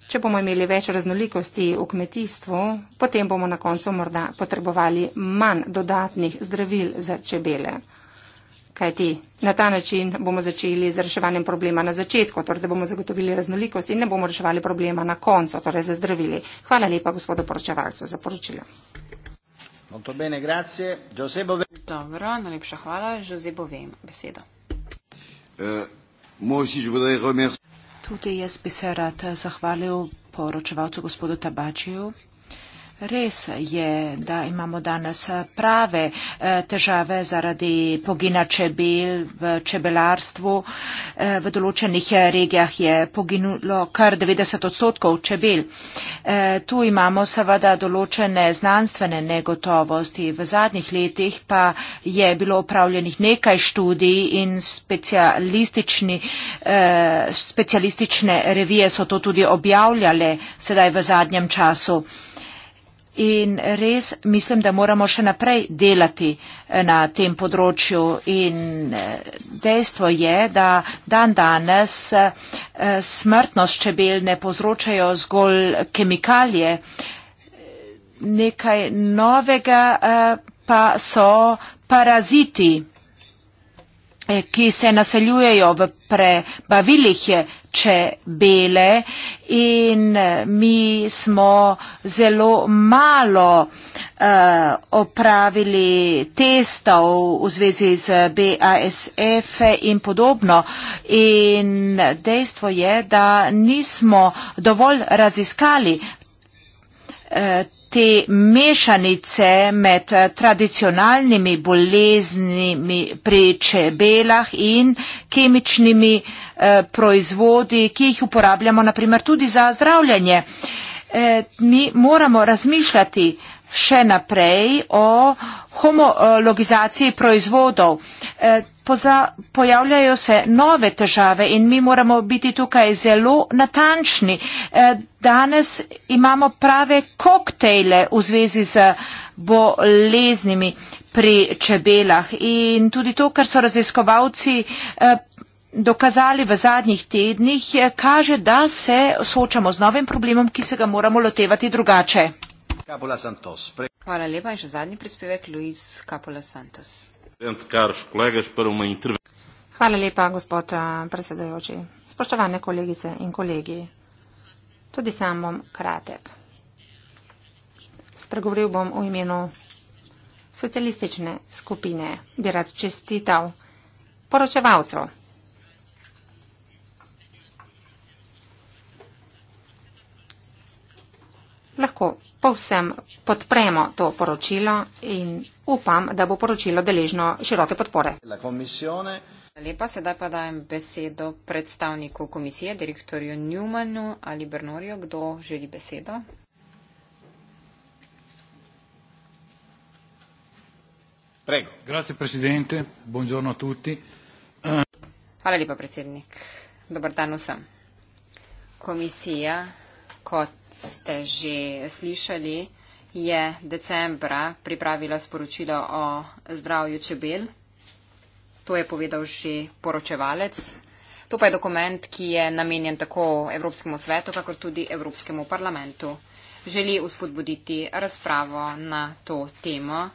Če bomo imeli več raznolikosti v kmetijstvu, potem bomo na koncu morda potrebovali manj dodatnih zdravil za čebele. Kaj ti? Na ta način bomo začeli z reševanjem problema na začetku, torej da bomo zagotovili raznolikost in ne bomo reševali problema na koncu, torej za zdravili. Hvala lepa gospodu poročevalcu za poročilo. Dobro, najlepša hvala. Jose bo vem besedo. Eh, Tudi jaz bi se rad zahvalil poročevalcu gospodu Tabačiju. Res je, da imamo danes eh, prave eh, težave zaradi pogina čebel v čebelarstvu. Eh, v določenih regijah je poginulo kar 90 odstotkov čebel. Tu imamo seveda določene znanstvene negotovosti. V zadnjih letih pa je bilo upravljenih nekaj študij in specialistične revije so to tudi objavljale sedaj v zadnjem času. In res mislim, da moramo še naprej delati eh, na tem področju. In eh, dejstvo je, da dan danes eh, smrtnost čebel ne povzročajo zgolj kemikalije. Nekaj novega pa so paraziti. Eh, ki se naseljujejo v prebavilih eh, čebele in eh, mi smo zelo malo opravili testov v zvezi z BASF in podobno. In dejstvo je, da nismo dovolj raziskali te mešanice med eh, tradicionalnimi boleznimi pri čebelah in kemičnimi eh, proizvodi, ki jih uporabljamo naprimer tudi za zdravljanje. Eh, mi moramo razmišljati še naprej o homologizaciji proizvodov poza, pojavljajo se nove težave in mi moramo biti tukaj zelo natančni. Eh, danes imamo prave koktejle v zvezi z boleznimi pri čebelah in tudi to, kar so raziskovalci eh, dokazali v zadnjih tednih, eh, kaže, da se soočamo z novim problemom, ki se ga moramo lotevati drugače. Hvala lepa in še zadnji prispevek, Luis Capola Santos. Presidente, caros colegas, para uma intervenção. Hvala lepa, gospod eh, predsedajoči. Spoštovane kolegice in kolegi, tudi sam bom kratek. Spregovoril bom v imenu socialistične skupine. Bi rad čestital poročevalcu. Lahko povsem podpremo to poročilo in upam, da bo poročilo deležno široke podpore. Lepa, sedaj pa dajem besedo predstavniku komisije, direktorju Newmanu ali Bernorju, kdo želi besedo. Prego. Grazie, presidente. Buongiorno a tutti. Hvala lepa, predsednik. Dobar dan vsem. Komisija, kot ste že slišali, je decembra pripravila sporočilo o zdravju čebel. To je povedal že poročevalec. To pa je dokument, ki je namenjen tako Evropskemu svetu, kakor tudi Evropskemu parlamentu. Želi uspodbuditi razpravo na to temo,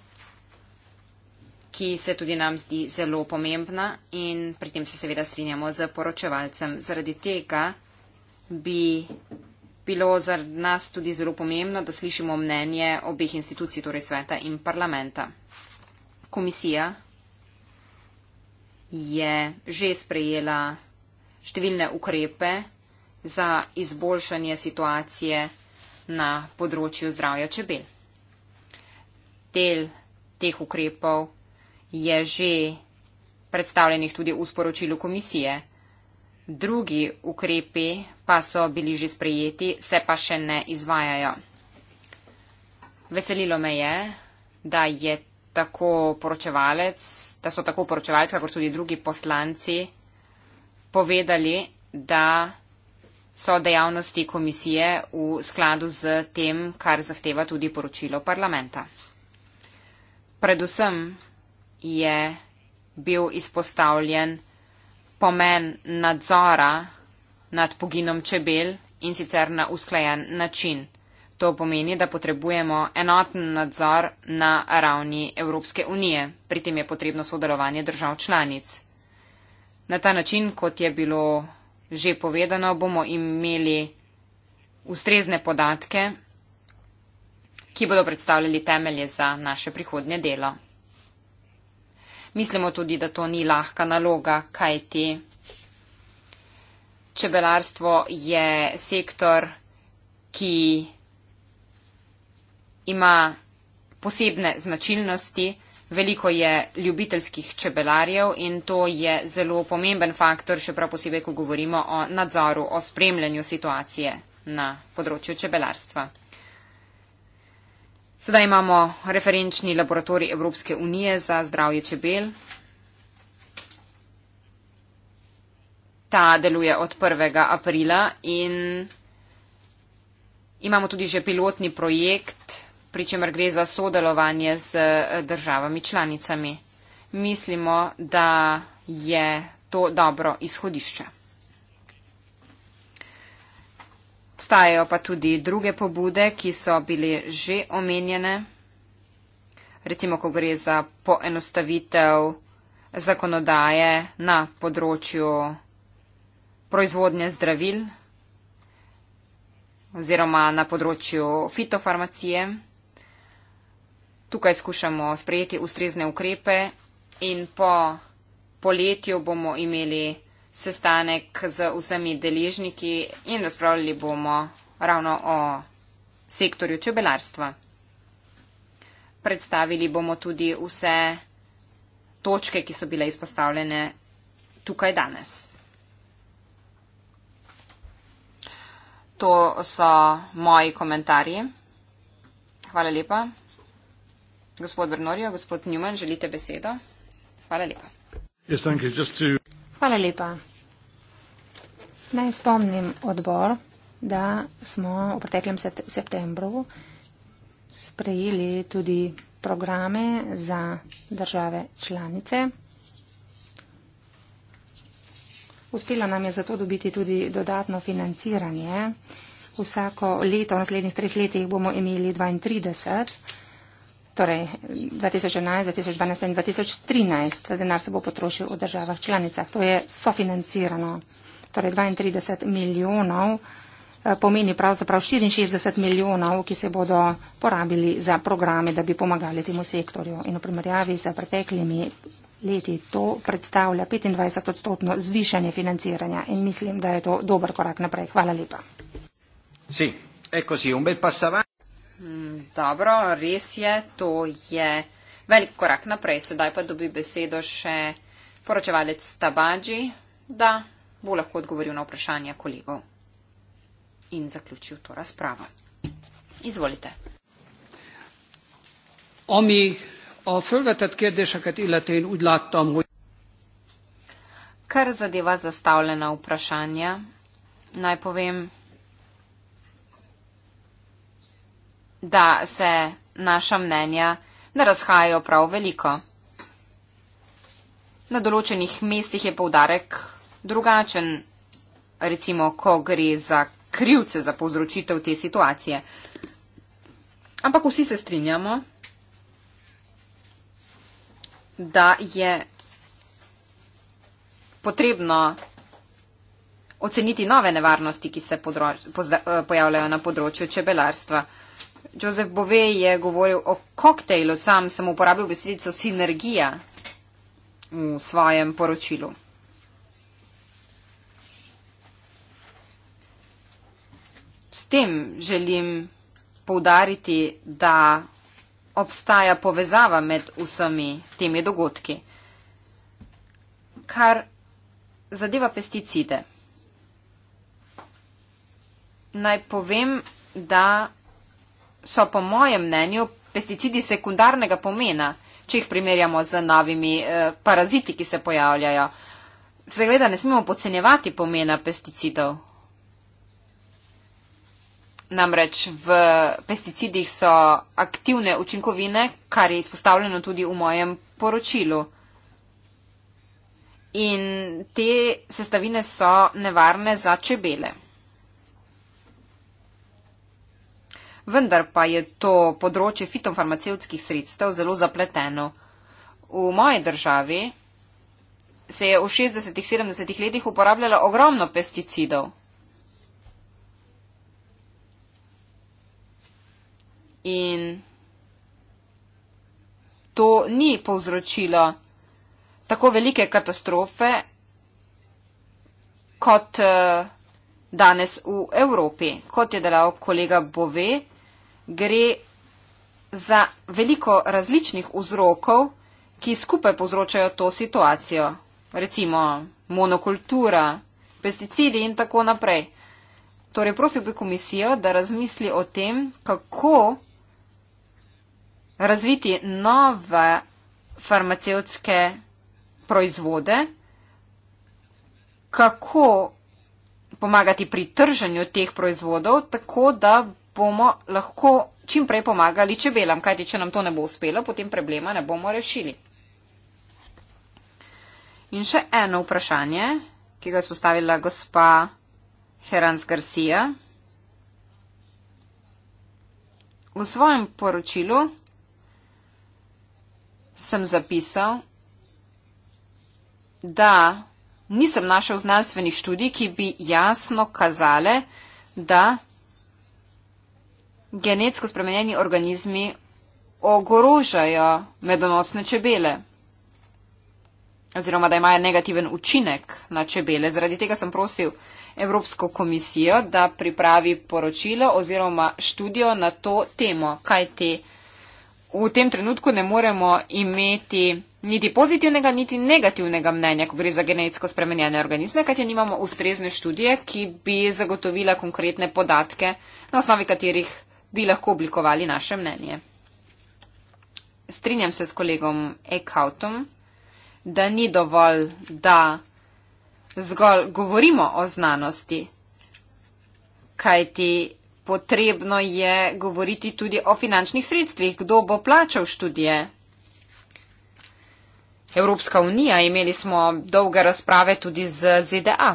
ki se tudi nam zdi zelo pomembna in pri tem se seveda strinjamo z poročevalcem. Zaradi tega bi bilo za nas tudi zelo pomembno, da slišimo mnenje obeh institucij, torej sveta in parlamenta. Komisija je že sprejela številne ukrepe za izboljšanje situacije na področju zdravja čebel. Del teh ukrepov je že predstavljenih tudi v sporočilu komisije. Drugi ukrepi pa so bili že sprejeti, se pa še ne izvajajo. Veselilo me je, da, je tako da so tako poročevalci, kot tudi drugi poslanci povedali, da so dejavnosti komisije v skladu z tem, kar zahteva tudi poročilo parlamenta. Predvsem je bil izpostavljen pomen nadzora nad poginom čebel in sicer na usklajen način. To pomeni, da potrebujemo enoten nadzor na ravni Evropske unije, pri tem je potrebno sodelovanje držav članic. Na ta način, kot je bilo že povedano, bomo imeli ustrezne podatke, ki bodo predstavljali temelje za naše prihodnje delo. Mislimo tudi, da to ni lahka naloga, kaj ti. Čebelarstvo je sektor, ki ima posebne značilnosti. Veliko je ljubiteljskih čebelarjev in to je zelo pomemben faktor, še prav posebej, ko govorimo o nadzoru, o spremljanju situacije na področju čebelarstva. Sedaj imamo referenčni laboratorij Evropske unije za zdravje čebel. Ta deluje od 1. aprila in imamo tudi že pilotni projekt, pri čemer gre za sodelovanje z državami članicami. Mislimo, da je to dobro izhodišče. Obstajajo pa tudi druge pobude, ki so bile že omenjene, recimo, ko gre za poenostavitev zakonodaje na področju proizvodnje zdravil oziroma na področju fitofarmacije. Tukaj skušamo sprejeti ustrezne ukrepe in po poletju bomo imeli sestanek z vsemi deležniki in razpravljali bomo ravno o sektorju čebelarstva. Predstavili bomo tudi vse točke, ki so bile izpostavljene tukaj danes. To so moji komentarji. Hvala lepa. Gospod Brnorijo, gospod Newman, želite besedo? Hvala lepa. Yes, Hvala lepa. Naj spomnim odbor, da smo v preteklem septembru sprejeli tudi programe za države članice. Uspelo nam je zato dobiti tudi dodatno financiranje. Vsako leto v naslednjih treh letih bomo imeli 32 torej 2011, 2012 in 2013. Ta denar se bo potrošil v državah članicah. To je sofinancirano. Torej 32 milijonov eh, pomeni pravzaprav 64 milijonov, ki se bodo porabili za programe, da bi pomagali temu sektorju. In v primerjavi z preteklimi leti to predstavlja 25 odstotno zvišanje financiranja in mislim, da je to dober korak naprej. Hvala lepa. Sì, è così, un bel passo avanti. Mm, dobro, res je, to je velik korak naprej. Sedaj pa dobi besedo še poročevalec Tabađi, da bo lahko odgovoril na vprašanja kolegov in zaključil to razpravo. Izvolite. Omi, o fölvetett kérdéseket, illetén úgy láttam, hogy... Kar zadeva zastavljena vprašanja, naj povem, da se naša mnenja ne razhajajo prav veliko. Na določenih mestih je povdarek drugačen, recimo, ko gre za krivce za povzročitev te situacije. Ampak vsi se strinjamo, da je potrebno oceniti nove nevarnosti, ki se eh, pojavljajo na področju čebelarstva. Joseph Bove je govoril o koktejlu, sam sem uporabil besedico sinergija v svojem poročilu. S tem želim poudariti, da obstaja povezava med vsemi temi dogodki. Kar zadeva pesticide. Naj povem, da so po mojem mnenju pesticidi sekundarnega pomena, če jih primerjamo z novimi eh, paraziti, ki se pojavljajo. Seveda ne smemo podcenjevati pomena pesticidov. Namreč v pesticidih so aktivne učinkovine, kar je izpostavljeno tudi v mojem poročilu. In te sestavine so nevarne za čebele. vendar pa je to področje fitofarmacevskih sredstev zelo zapleteno. V moji državi se je v 60-70 letih uporabljalo ogromno pesticidov. In to ni povzročilo tako velike katastrofe kot eh, danes v Evropi, kot je delal kolega Bove gre za veliko različnih vzrokov, ki skupaj povzročajo to situacijo. Recimo monokultura, pesticidi in tako naprej. Torej, prosil bi komisijo, da razmisli o tem, kako razviti nove farmacevtske proizvode, kako pomagati pri trženju teh proizvodov, tako da bomo lahko čim prej pomagali čebelam, kajti če nam to ne bo uspelo, potem problema ne bomo rešili. In še eno vprašanje, ki ga je spostavila gospa Herans Garcia. V svojem poročilu sem zapisal, da nisem našel znanstvenih študij, ki bi jasno kazale, da genetsko spremenjeni organizmi ogrožajo medonosne čebele oziroma da imajo negativen učinek na čebele. Zaradi tega sem prosil Evropsko komisijo, da pripravi poročilo oziroma študijo na to temo, kaj te v tem trenutku ne moremo imeti niti pozitivnega, niti negativnega mnenja, ko gre za genetsko spremenjene organizme, kajti nimamo ustrezne študije, ki bi zagotovila konkretne podatke, na osnovi katerih bi lahko oblikovali naše mnenje. Strinjam se s kolegom Eckhoutom, da ni dovolj, da zgolj govorimo o znanosti, kajti potrebno je govoriti tudi o finančnih sredstvih, kdo bo plačal študije. Evropska unija, imeli smo dolge razprave tudi z ZDA.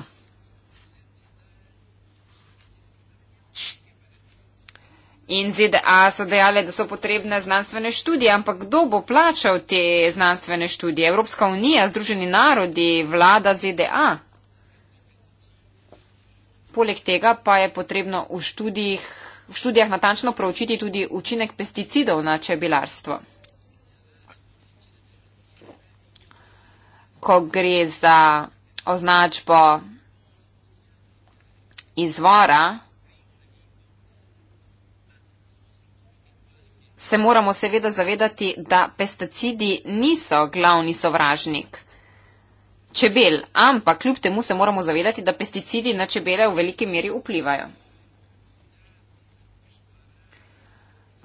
In ZDA so dejale, da so potrebne znanstvene študije, ampak kdo bo plačal te znanstvene študije? Evropska unija, Združeni narodi, vlada ZDA? Poleg tega pa je potrebno v študijih, v študijah natančno proučiti tudi učinek pesticidov na čebelarstvo. Ko gre za označbo izvora, se moramo seveda zavedati, da pesticidi niso glavni sovražnik čebel, ampak kljub temu se moramo zavedati, da pesticidi na čebele v veliki meri vplivajo.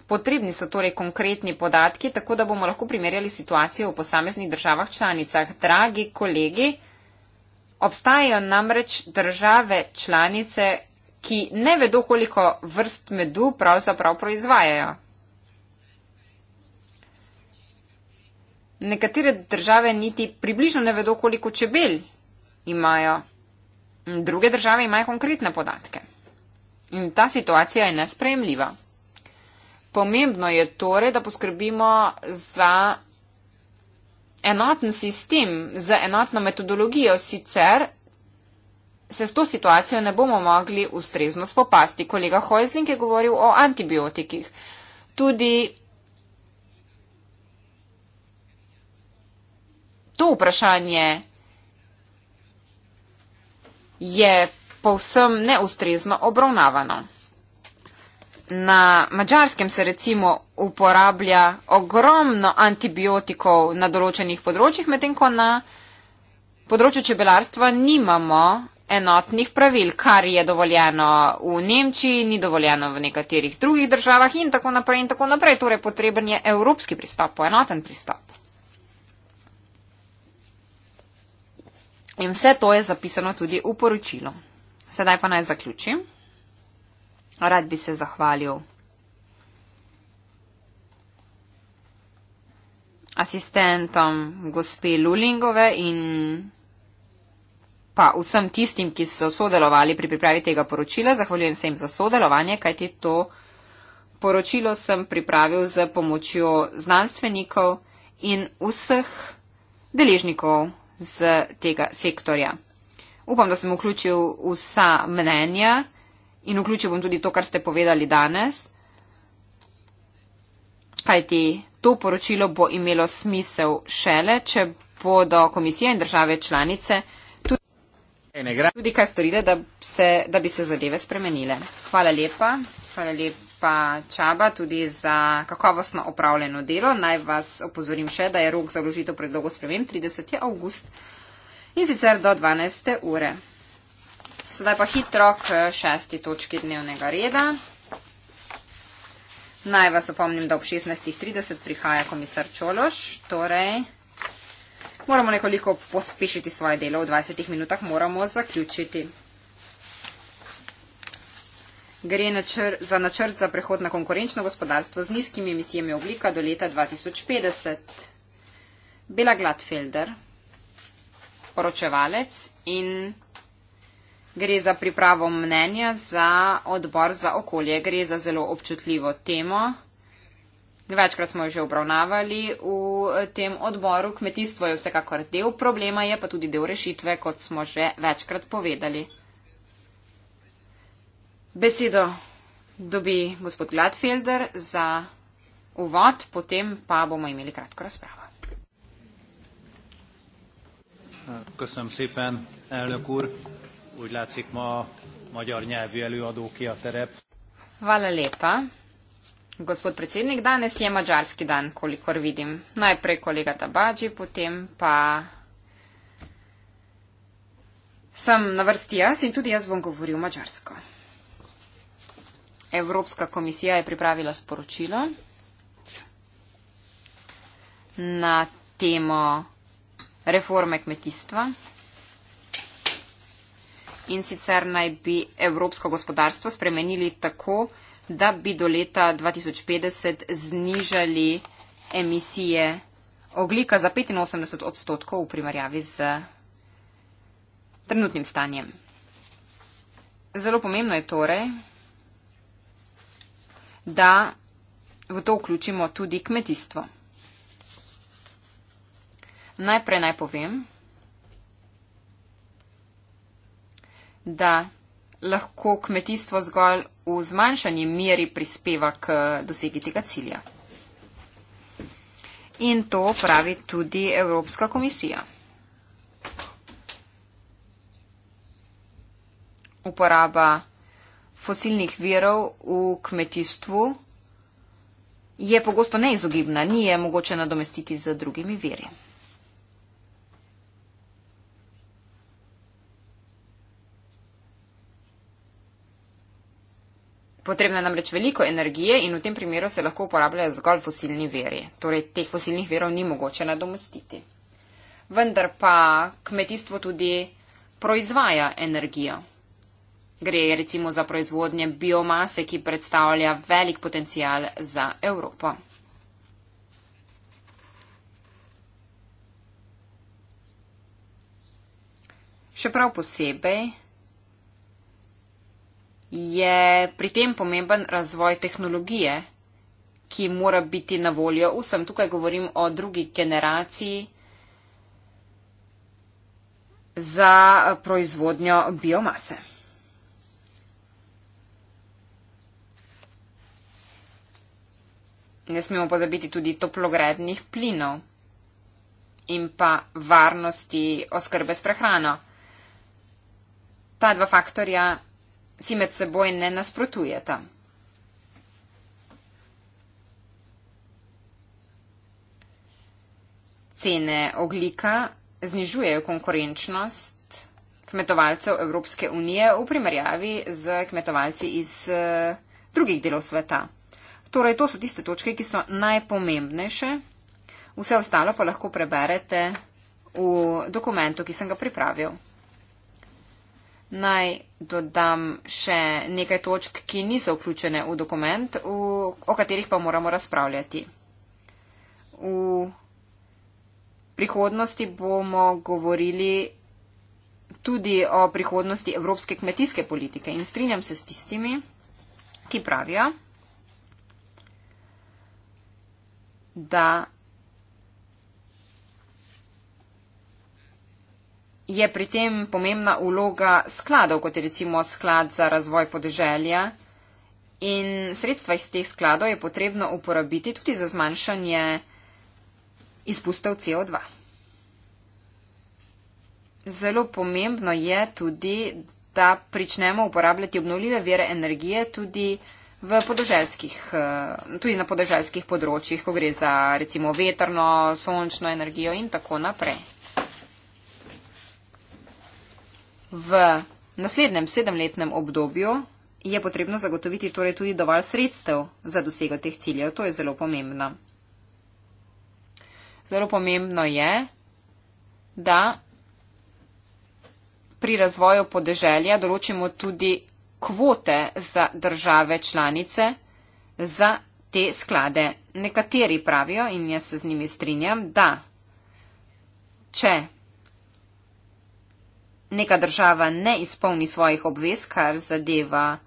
Potrebni so torej konkretni podatki, tako da bomo lahko primerjali situacijo v posameznih državah članicah. Dragi kolegi, obstajajo namreč države članice, ki ne vedo, koliko vrst medu pravzaprav proizvajajo. Nekatere države niti približno ne vedo, koliko čebel imajo. Druge države imajo konkretne podatke. In ta situacija je nespremljiva. Pomembno je torej, da poskrbimo za enoten sistem, za enotno metodologijo, sicer se s to situacijo ne bomo mogli ustrezno spopasti. Kolega Hojzling je govoril o antibiotikih. Tudi to vprašanje je povsem neustrezno obravnavano. Na mačarskem se recimo uporablja ogromno antibiotikov na določenih področjih, medtem ko na področju čebelarstva nimamo enotnih pravil, kar je dovoljeno v Nemčiji, ni dovoljeno v nekaterih drugih državah in tako naprej in tako naprej. Torej potreben je evropski pristop, poenoten pristop. In vse to je zapisano tudi v poročilu. Sedaj pa naj zaključim. Rad bi se zahvalil asistentom gospe Lulingove in pa vsem tistim, ki so sodelovali pri pripravi tega poročila. Zahvaljujem se jim za sodelovanje, kajti to poročilo sem pripravil z pomočjo znanstvenikov in vseh deležnikov z tega sektorja. Upam, da sem vključil vsa mnenja in vključil bom tudi to, kar ste povedali danes, kajti to poročilo bo imelo smisel šele, če bodo komisija in države članice tudi, tudi kaj storile, da, se, da bi se zadeve spremenile. Hvala lepa. Hvala lepa gospa Čaba tudi za kakovostno opravljeno delo. Naj vas opozorim še, da je rok za vložitev predlogo spremem 30. august in sicer do 12. ure. Sedaj pa hitro k šesti točki dnevnega reda. Naj vas opomnim, da ob 16.30 prihaja komisar Čološ, torej moramo nekoliko pospešiti svoje delo, v 20 minutah moramo zaključiti gre načr, za načrt za prehod na konkurenčno gospodarstvo z nizkimi emisijami oglika do leta 2050. Bela Gladfelder, poročevalec in gre za pripravo mnenja za odbor za okolje. Gre za zelo občutljivo temo. Večkrat smo jo že obravnavali v tem odboru. Kmetijstvo je vsekakor del problema, je pa tudi del rešitve, kot smo že večkrat povedali. Besedo dobi gospod Gladfelder za uvod, potem pa bomo imeli kratko razpravo. Köszönöm szépen, elnök úr. Úgy látszik, ma a magyar nyelvi előadó ki a terep. Hvala lepa. Gospod predsednik, danes je mađarski dan, kolikor vidim. Najprej kolega Tabadži, potem pa sem na vrsti jaz in tudi jaz bom govoril mađarsko. Evropska komisija je pripravila sporočilo na temo reforme kmetijstva. In sicer naj bi evropsko gospodarstvo spremenili tako, da bi do leta 2050 znižali emisije oglika za 85 odstotkov v primerjavi z trenutnim stanjem. Zelo pomembno je torej, da v to vključimo tudi kmetijstvo. Najprej naj povem, da lahko kmetijstvo zgolj v zmanjšanji meri prispeva k dosegi tega cilja. In to pravi tudi Evropska komisija. Uporaba fosilnih virov v kmetijstvu je pogosto neizogibna, ni je mogoče nadomestiti z drugimi viri. Potrebna je namreč veliko energije in v tem primeru se lahko uporabljajo zgolj fosilni veri. Torej, teh fosilnih verov ni mogoče nadomestiti. Vendar pa kmetijstvo tudi proizvaja energijo. Gre recimo za proizvodnje biomase, ki predstavlja velik potencial za Evropo. Še prav posebej je pri tem pomemben razvoj tehnologije, ki mora biti na voljo vsem. Tukaj govorim o drugi generaciji za proizvodnjo biomase. ne smemo pozabiti tudi toplogrednih plinov in pa varnosti oskrbe s prehrano. Ta dva faktorja si med seboj ne nasprotujeta. Cene oglika znižujejo konkurenčnost kmetovalcev Evropske unije v primerjavi z kmetovalci iz eh, drugih delov sveta. Torej, to so tiste točke, ki so najpomembnejše. Vse ostalo pa lahko preberete v dokumentu, ki sem ga pripravil. Naj dodam še nekaj točk, ki niso vključene v dokument, v, o katerih pa moramo razpravljati. V prihodnosti bomo govorili tudi o prihodnosti evropske kmetijske politike in strinjam se s tistimi, ki pravijo, da je pri tem pomembna vloga skladov, kot je recimo sklad za razvoj podeželja. In sredstva iz teh skladov je potrebno uporabiti tudi za zmanjšanje izpustov CO2. Zelo pomembno je tudi, da pričnemo uporabljati obnovljive vire energije tudi podeželskih, eh, tudi na podeželskih področjih, ko gre za recimo vetrno, sončno energijo in tako naprej. V naslednjem sedemletnem obdobju je potrebno zagotoviti torej tudi dovolj sredstev za dosego teh ciljev. To je zelo pomembno. Zelo pomembno je, da pri razvoju podeželja določimo tudi kvote za države članice za te sklade. Nekateri pravijo, in jaz se z njimi strinjam, da če neka država ne izpolni svojih obvez, kar zadeva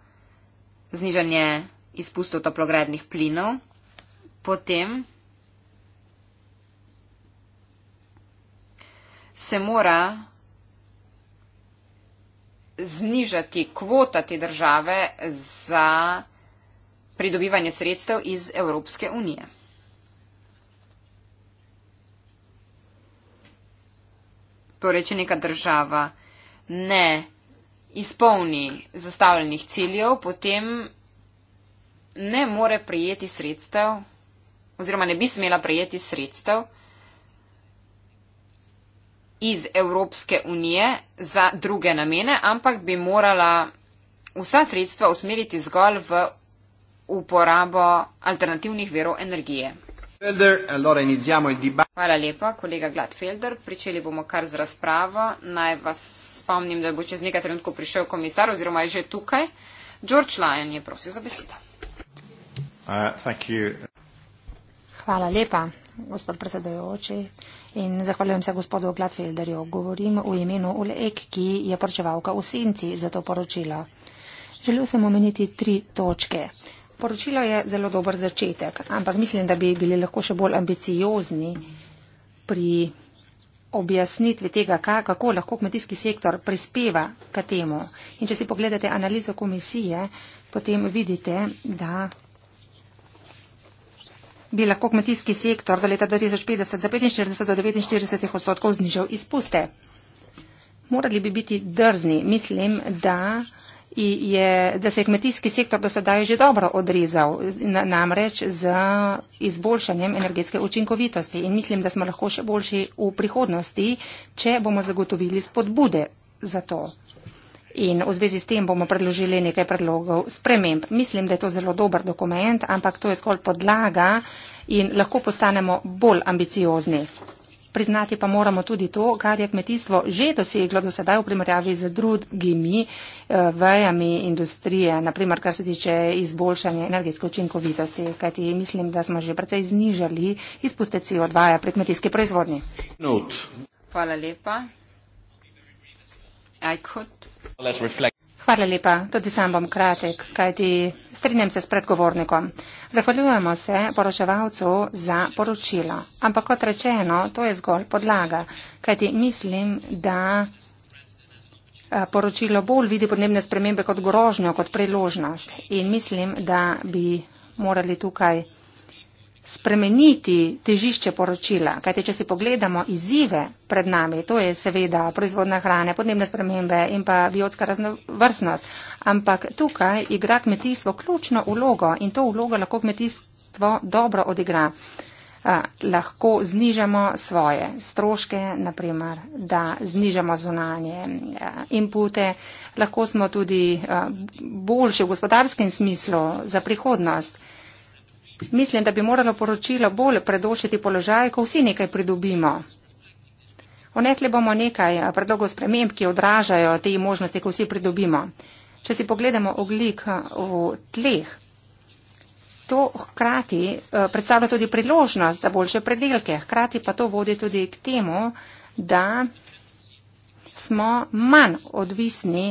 znižanje izpustov toplogrednih plinov, potem se mora znižati kvota te države za pridobivanje sredstev iz Evropske unije. Torej, če neka država ne izpolni zastavljenih ciljev, potem ne more prijeti sredstev oziroma ne bi smela prijeti sredstev iz Evropske unije za druge namene, ampak bi morala vsa sredstva usmeriti zgolj v uporabo alternativnih verov energije. Hvala lepa, kolega Gladfelder. Pričeli bomo kar z razpravo. Naj vas spomnim, da bo čez nekaj trenutkov prišel komisar oziroma je že tukaj. George Lyon je prosil za besedo. Uh, Hvala lepa, gospod predsedujoči. In zahvaljujem se gospodu Gladfelderju. Govorim v imenu Ulek, ki je poročevalka v senci za to poročilo. Želel sem omeniti tri točke. Poročilo je zelo dober začetek, ampak mislim, da bi bili lahko še bolj ambiciozni pri objasnitvi tega, kako lahko kmetijski sektor prispeva k temu. In če si pogledate analizo komisije, potem vidite, da bi lahko kmetijski sektor do leta 2050 za 45 do 49 odstotkov znižal izpuste. Morali bi biti drzni. Mislim, da, je, da se je kmetijski sektor do sedaj že dobro odrezal, namreč z izboljšanjem energetske učinkovitosti. In mislim, da smo lahko še boljši v prihodnosti, če bomo zagotovili spodbude za to in v zvezi s tem bomo predložili nekaj predlogov sprememb. Mislim, da je to zelo dober dokument, ampak to je zgolj podlaga in lahko postanemo bolj ambiciozni. Priznati pa moramo tudi to, kar je kmetijstvo že doseglo do sedaj v primerjavi z drugimi eh, vejami industrije, naprimer kar se tiče izboljšanja energetske učinkovitosti, kajti mislim, da smo že precej znižali izpuste CO2 -ja pri kmetijski proizvodnji. Not. Hvala lepa. I could. Hvala lepa. Tudi sam bom kratek, kajti strinjam se s predgovornikom. Zahvaljujemo se poročevalcu za poročilo. Ampak kot rečeno, to je zgolj podlaga, kajti mislim, da eh, poročilo bolj vidi podnebne spremembe kot grožnjo, kot priložnost. In mislim, da bi morali tukaj spremeniti težišče poročila. Kajte, če si pogledamo izzive pred nami, to je seveda proizvodna hrane, podnebne spremembe in pa biotska raznovrstnost, ampak tukaj igra kmetijstvo ključno ulogo in to ulogo lahko kmetijstvo dobro odigra. Uh, lahko znižamo svoje stroške, naprimer, da znižamo zunanje uh, inpute, lahko smo tudi uh, boljši v gospodarskem smislu za prihodnost. Uh, Mislim, da bi moralo poročilo bolj predošiti položaj, ko vsi nekaj pridobimo. Onesli bomo nekaj predlogov sprememb, ki odražajo te možnosti, ko vsi pridobimo. Če si pogledamo oglik eh, v tleh, to hkrati eh, predstavlja tudi priložnost za boljše predelke, hkrati pa to vodi tudi k temu, da smo manj odvisni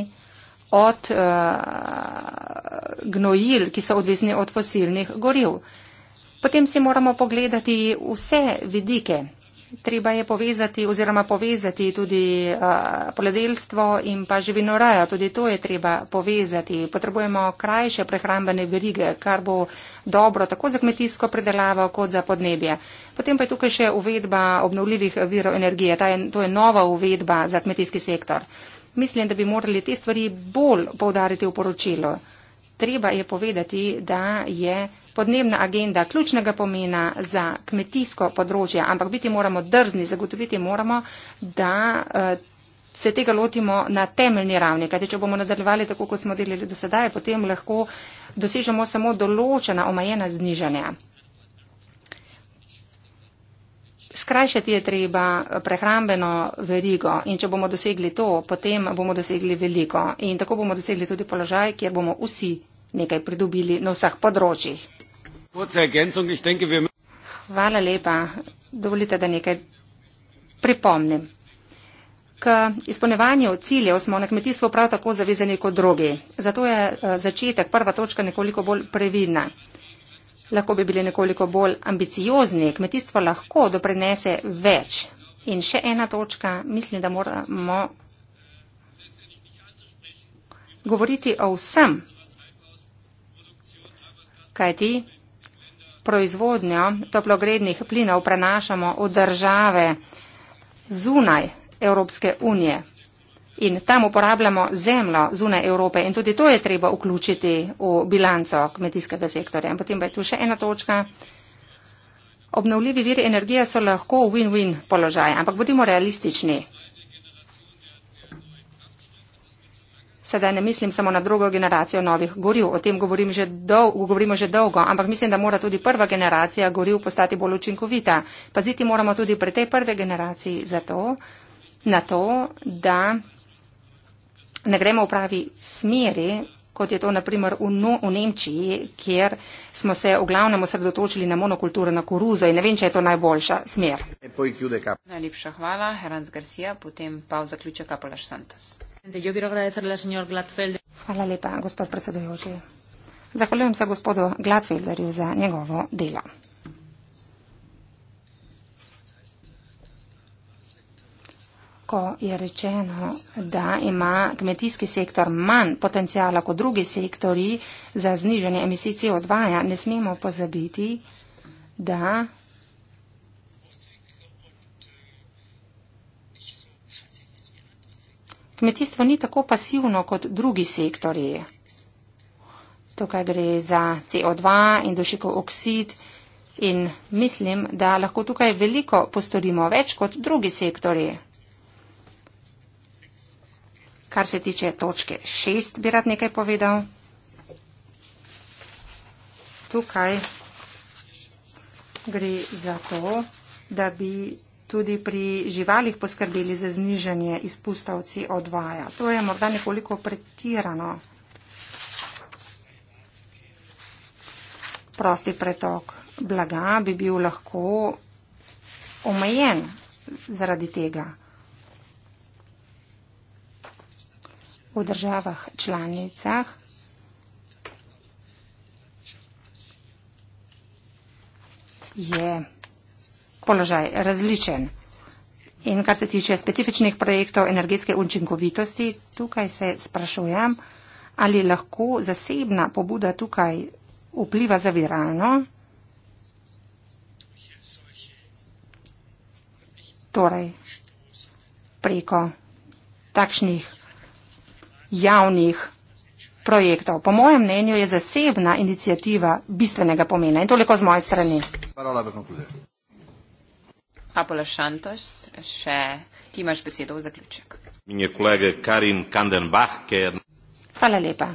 od uh, gnojil, ki so odvisni od fosilnih goriv. Potem si moramo pogledati vse vidike. Treba je povezati oziroma povezati tudi uh, eh, poledelstvo in pa živinorajo. Tudi to je treba povezati. Potrebujemo krajše prehrambene verige, kar bo dobro tako za kmetijsko predelavo kot za podnebje. Potem pa je tukaj še uvedba obnovljivih virov energije. Je, to je nova uvedba za kmetijski sektor. Mislim, da bi morali te stvari bolj povdariti v poročilo. Treba je povedati, da je podnebna agenda ključnega pomena za kmetijsko področje, ampak biti moramo drzni, zagotoviti moramo, da eh, se tega lotimo na temeljni ravni. Kajti, če bomo nadaljevali tako, kot smo delili do sedaj, potem lahko dosežemo samo določena omajena znižanja. skrajšati je treba prehrambeno verigo in če bomo dosegli to, potem bomo dosegli veliko in tako bomo dosegli tudi položaj, kjer bomo vsi nekaj pridobili na vseh področjih. Hvala lepa. Dovolite, da nekaj pripomnim. K izpolnevanju ciljev smo na kmetijstvu prav tako zavezani kot drugi. Zato je eh, začetek, prva točka nekoliko bolj previdna lahko bi bili nekoliko bolj ambiciozni, kmetijstvo lahko doprinese več. In še ena točka, mislim, da moramo govoriti o vsem, kaj ti proizvodnjo toplogrednih plinov prenašamo v države zunaj Evropske unije in tam uporabljamo zemljo zune Evrope in tudi to je treba vključiti v bilanco kmetijskega sektorja. In potem pa je tu še ena točka. Obnovljivi viri energije so lahko win-win položaj, ampak bodimo realistični. Sedaj ne mislim samo na drugo generacijo novih goril, o tem govorim že dolgo, govorimo že dolgo, ampak mislim, da mora tudi prva generacija goril postati bolj učinkovita. Paziti moramo tudi pri tej prvi generaciji zato, na to, da ne gremo v pravi smeri, kot je to naprimer v, no, v Nemčiji, kjer smo se v glavnem osredotočili na monokulturo, na koruzo in ne vem, če je to najboljša smer. Najlepša hvala, Heranz Garcia, potem pa v zaključku Kapolaš Santos. Hvala lepa, gospod predsedujoči. Zahvaljujem se gospodu Gladfelderju za njegovo delo. ko je rečeno, da ima kmetijski sektor manj potencijala kot drugi sektori za zniženje emisij CO2, ja, ne smemo pozabiti, da kmetijstvo ni tako pasivno kot drugi sektori. Tukaj gre za CO2 in dušikov oksid. In mislim, da lahko tukaj veliko postorimo več kot drugi sektori. Kar se tiče točke 6, bi rad nekaj povedal. Tukaj gre za to, da bi tudi pri živalih poskrbeli za zniženje izpustov CO2. To je morda nekoliko pretirano. Prosti pretok blaga bi bil lahko omejen zaradi tega. v državah članicah. je položaj različen. In kar se tiče specifičnih projektov energetske učinkovitosti, tukaj se sprašujem, ali lahko zasebna pobuda tukaj vpliva zaviralno. Torej, preko takšnih projektov, javnih projektov. Po mojem mnenju je zasebna inicijativa bistvenega pomena in toliko z moje strani. Apola Šantoš, še ti imaš besedo v zaključek. Hvala lepa.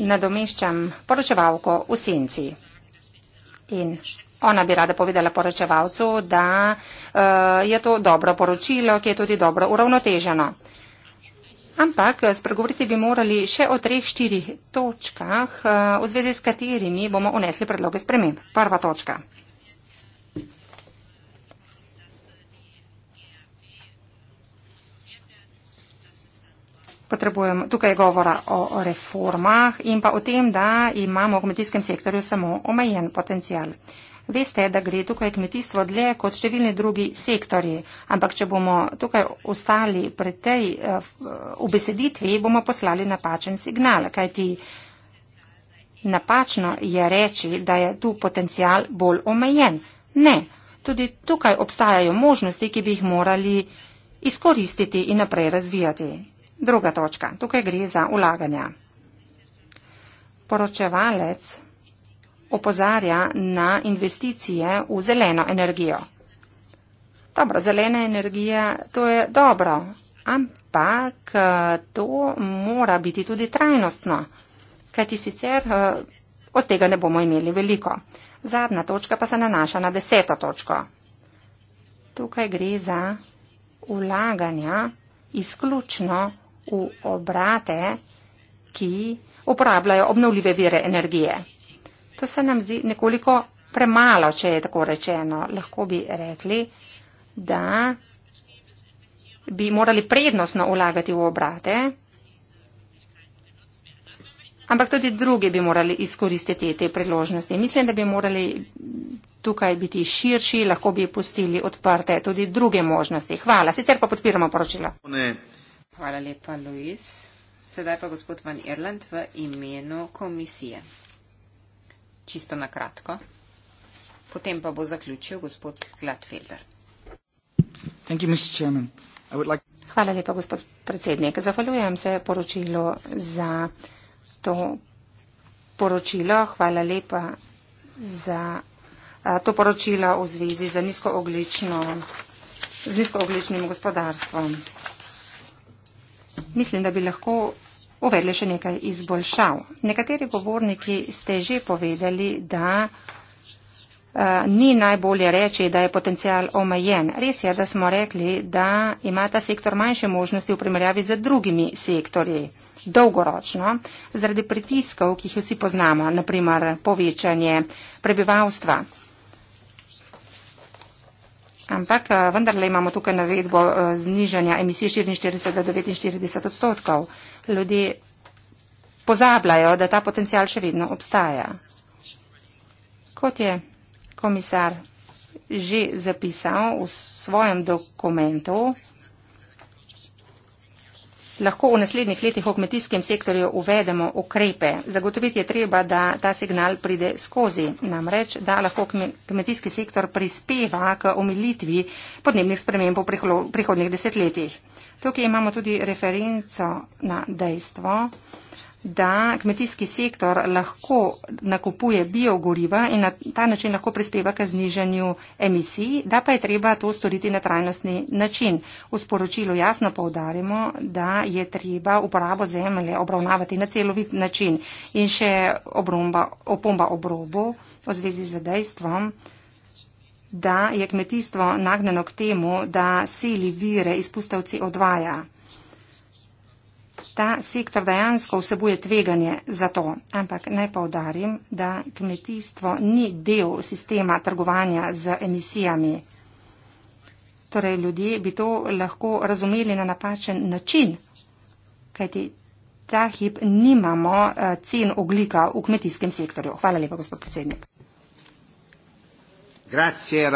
Nadomeščam poročevalko v senci in Ona bi rada povedala poročevalcu, da eh, je to dobro poročilo, ki je tudi dobro uravnoteženo. Ampak eh, spregovoriti bi morali še o treh, štirih točkah, eh, v zvezi s katerimi bomo unesli predloge sprememb. Prva točka. Potrebujemo, tukaj je govora o reformah in pa o tem, da imamo v kmetijskem sektorju samo omejen potencijal. Veste, da gre tukaj kmetijstvo dlje kot številni drugi sektori, ampak če bomo tukaj ostali pri tej obeseditvi, eh, eh, uh, bomo poslali napačen signal, kajti napačno je reči, da je tu potencial bolj omejen. Ne, tudi tukaj obstajajo možnosti, ki bi jih morali izkoristiti in naprej razvijati. Druga točka. Tukaj gre za ulaganja. Poročevalec opozarja na investicije v zeleno energijo. Dobro, zelena energija, to je dobro, ampak eh, to mora biti tudi trajnostno, kajti sicer eh, od tega ne bomo imeli veliko. Zadnja točka pa se nanaša na deseto točko. Tukaj gre za vlaganja izključno v obrate, ki uporabljajo obnovljive vire energije. To se nam zdi nekoliko premalo, če je tako rečeno. Lahko bi rekli, da bi morali prednostno ulagati v obrate, ampak tudi drugi bi morali izkoristiti te priložnosti. Mislim, da bi morali tukaj biti širši, lahko bi pustili odprte tudi druge možnosti. Hvala. Sicer pa podpiramo poročilo. Hvala lepa, Luis. Sedaj pa gospod Van Irland v imenu komisije čisto na kratko. Potem pa bo zaključil gospod Gladfelder. Like... Hvala lepa, gospod predsednik. Zahvaljujem se poročilo za to poročilo. Hvala lepa za to poročilo v zvezi z nizkooglično, nizkoogličnim gospodarstvom. Mislim, da bi lahko uvedle še nekaj izboljšav. Nekateri govorniki ste že povedali, da uh, ni najbolje reči, da je potencial omejen. Res je, da smo rekli, da ima ta sektor manjše možnosti v primerjavi z drugimi sektorji. Dolgoročno, zaradi pritiskov, ki jih vsi poznamo, naprimer povečanje prebivalstva, ampak eh, vendarle imamo tukaj navedbo eh, znižanja emisij 44 do 49 odstotkov. Ljudje pozabljajo, da ta potencial še vedno obstaja. Kot je komisar že zapisal v svojem dokumentu, lahko v naslednjih letih v kmetijskem sektorju uvedemo ukrepe. Zagotoviti je treba, da ta signal pride skozi. Namreč, da lahko kmetijski sektor prispeva k omilitvi podnebnih sprememb v prihodnih desetletjih. Tukaj imamo tudi referenco na dejstvo, da kmetijski sektor lahko nakupuje biogoriva in na ta način lahko prispeva k znižanju emisij, da pa je treba to storiti na trajnostni način. V sporočilu jasno povdarimo, da je treba uporabo zemlje obravnavati na celovit način in še obromba, opomba obrobu v zvezi z dejstvom da je kmetijstvo nagnjeno k temu, da seli vire izpustov CO2-ja ta sektor dejansko vsebuje tveganje za to. Ampak naj povdarim, da kmetijstvo ni del sistema trgovanja z emisijami. Torej, ljudje bi to lahko razumeli na napačen način, kajti ta hip nimamo eh, cen oglika v kmetijskem sektorju. Hvala lepa, gospod predsednik. Grazie,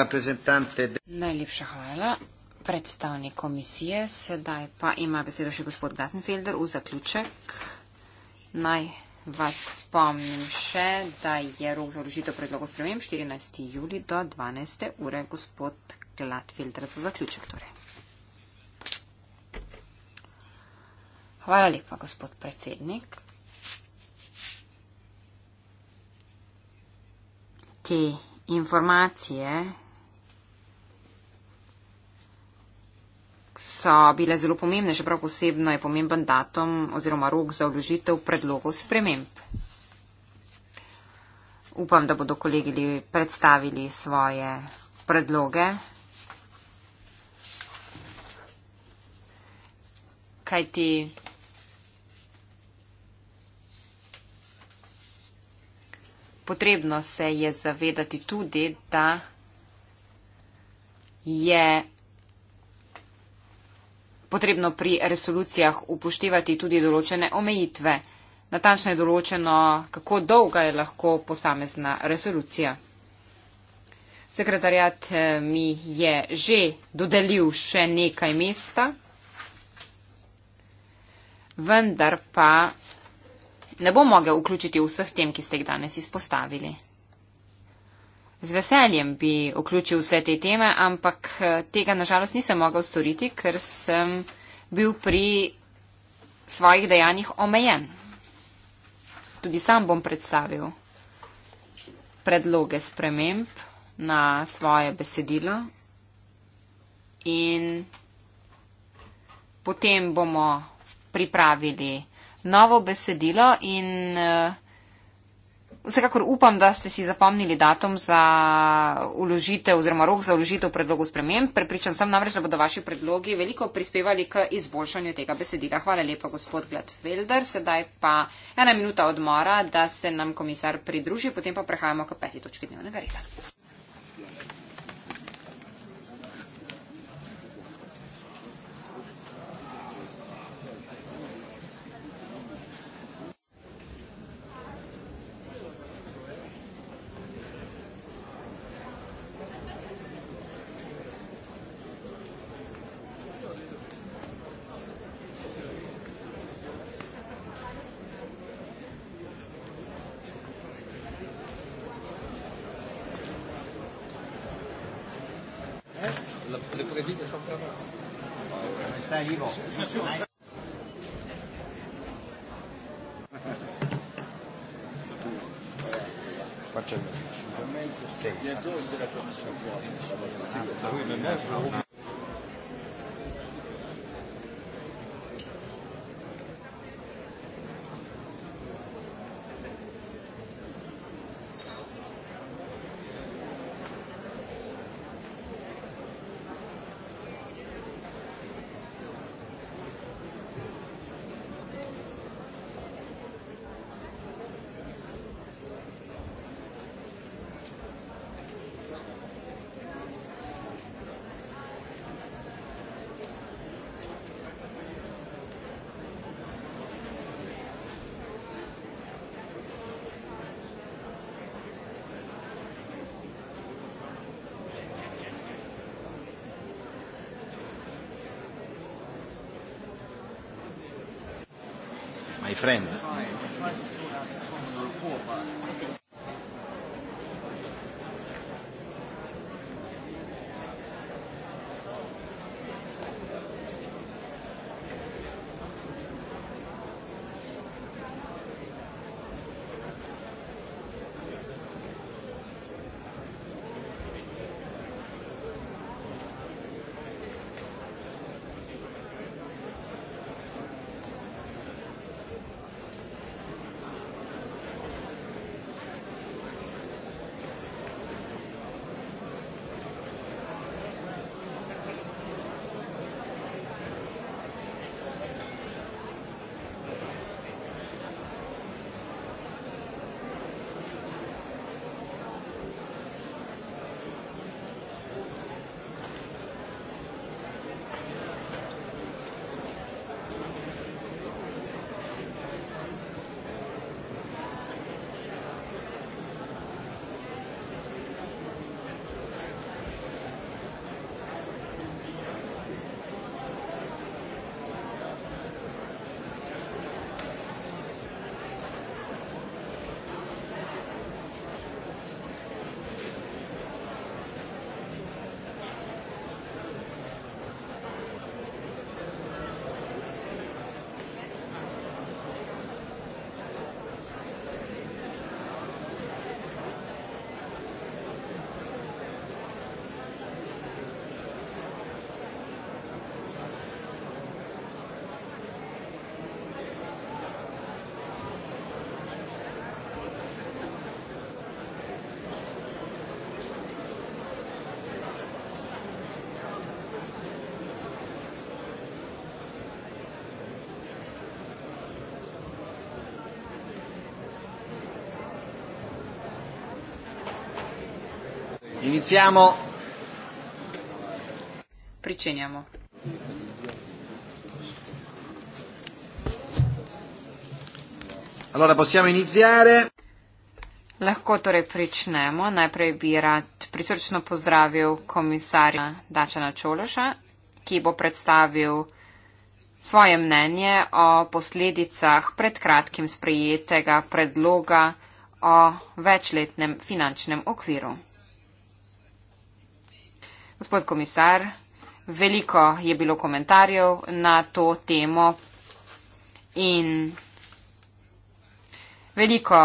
Najlepša hvala predstavnik komisije, sedaj pa ima besedo še gospod Gartenfelder v zaključek. Naj vas spomnim še, da je rok za vložitev predlogov spremem 14. juli do 12. ure gospod Gartenfelder za zaključek. Torej. Hvala lepa, gospod predsednik. Te informacije so bile zelo pomembne, še prav posebno je pomemben datum oziroma rok za vložitev predlogov sprememb. Upam, da bodo kolegi predstavili svoje predloge. Kaj ti? Potrebno se je zavedati tudi, da je potrebno pri resolucijah upoštevati tudi določene omejitve. Natančno je določeno, kako dolga je lahko posamezna resolucija. Sekretarjat eh, mi je že dodelil še nekaj mesta, vendar pa ne bom mogel vključiti vseh tem, ki ste jih danes izpostavili. Z veseljem bi vključil vse te teme, ampak eh, tega nažalost nisem mogel storiti, ker sem bil pri svojih dejanjih omejen. Tudi sam bom predstavil predloge sprememb na svoje besedilo in potem bomo pripravili novo besedilo in uh, Vsekakor upam, da ste si zapomnili datum za uložitev oziroma rok za uložitev predlogov sprememb. Prepričan sem namreč, da bodo vaši predlogi veliko prispevali k izboljšanju tega besedila. Hvala lepa, gospod Gladfelder. Sedaj pa ena minuta odmora, da se nam komisar pridruži, potem pa prehajamo k peti točki dnevnega reda. my friend. Iniziamo. Priceniamo. Allora possiamo iniziare. Lahko torej pričnemo. Najprej bi rad prisrčno pozdravil komisarja Dačana Čološa, ki bo predstavil svoje mnenje o posledicah predkratkim sprejetega predloga o večletnem finančnem okviru. Gospod komisar, veliko je bilo komentarjev na to temo in veliko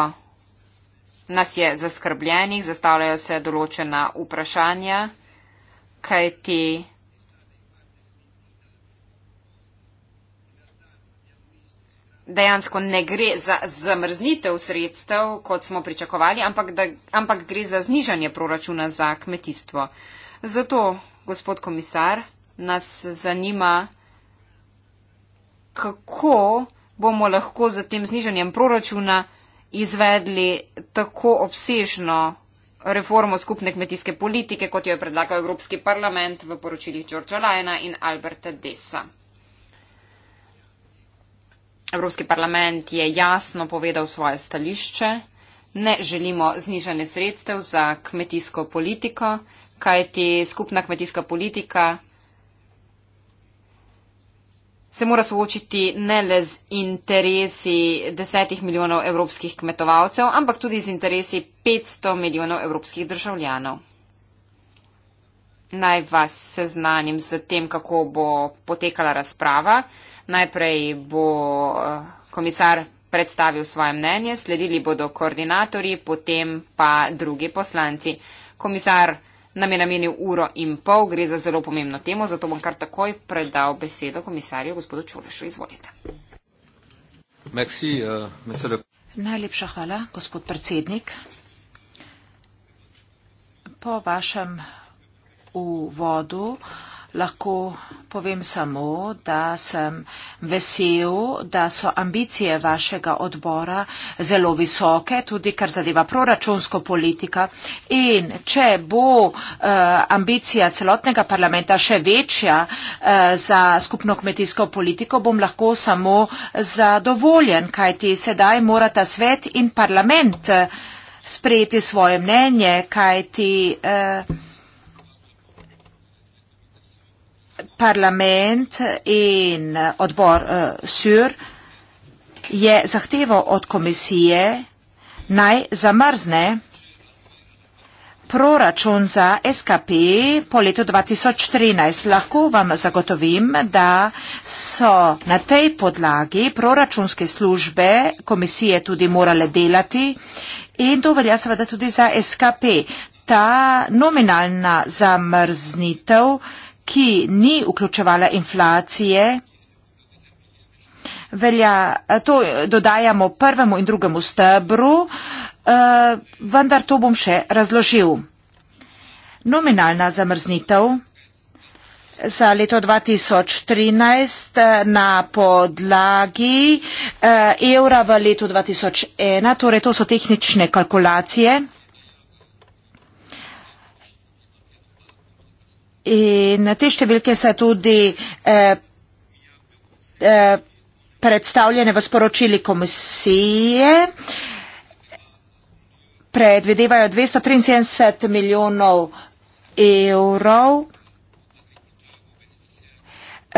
nas je zaskrbljenih, zastavljajo se določena vprašanja, kajti dejansko ne gre za zamrznitev sredstev, kot smo pričakovali, ampak, da, ampak gre za znižanje proračuna za kmetijstvo. Zato, gospod komisar, nas zanima, kako bomo lahko z tem znižanjem proračuna izvedli tako obsežno reformo skupne kmetijske politike, kot jo je predlagal Evropski parlament v poročilih Đorča Lajna in Alberta Dessa. Evropski parlament je jasno povedal svoje stališče. Ne želimo znižanje sredstev za kmetijsko politiko kajti skupna kmetijska politika se mora soočiti ne le z interesi desetih milijonov evropskih kmetovalcev, ampak tudi z interesi 500 milijonov evropskih državljanov. Naj vas seznanim z tem, kako bo potekala razprava. Najprej bo eh, komisar predstavil svoje mnenje, sledili bodo koordinatorji, potem pa drugi poslanci. Komisar nam je namenil uro in pol, gre za zelo pomembno temo, zato bom kar takoj predal besedo komisarju gospodu Čulešu. Izvolite. Merci, uh, Najlepša hvala, gospod predsednik. Po vašem uvodu uh, lahko povem samo, da sem vesel, da so ambicije vašega odbora zelo visoke, tudi kar zadeva proračunsko politika. In če bo uh, ambicija celotnega parlamenta še večja uh, za skupno kmetijsko politiko, bom lahko samo zadovoljen, kajti sedaj morata svet in parlament eh, sprejeti svoje mnenje, kajti. Uh, parlament in eh, odbor eh, SUR je zahteval od komisije naj zamrzne proračun za SKP po letu 2013. Lahko vam zagotovim, da so na tej podlagi proračunske službe komisije tudi morale delati in to velja seveda tudi za SKP. Ta nominalna zamrznitev ki ni vključevala inflacije, velja, eh, to dodajamo prvemu in drugemu stebru, eh, vendar to bom še razložil. Nominalna zamrznitev za leto 2013 eh, na podlagi evra v letu 2001, torej to so tehnične kalkulacije. In te številke so tudi eh, eh, predstavljene v sporočili komisije. Predvidevajo 273 milijonov evrov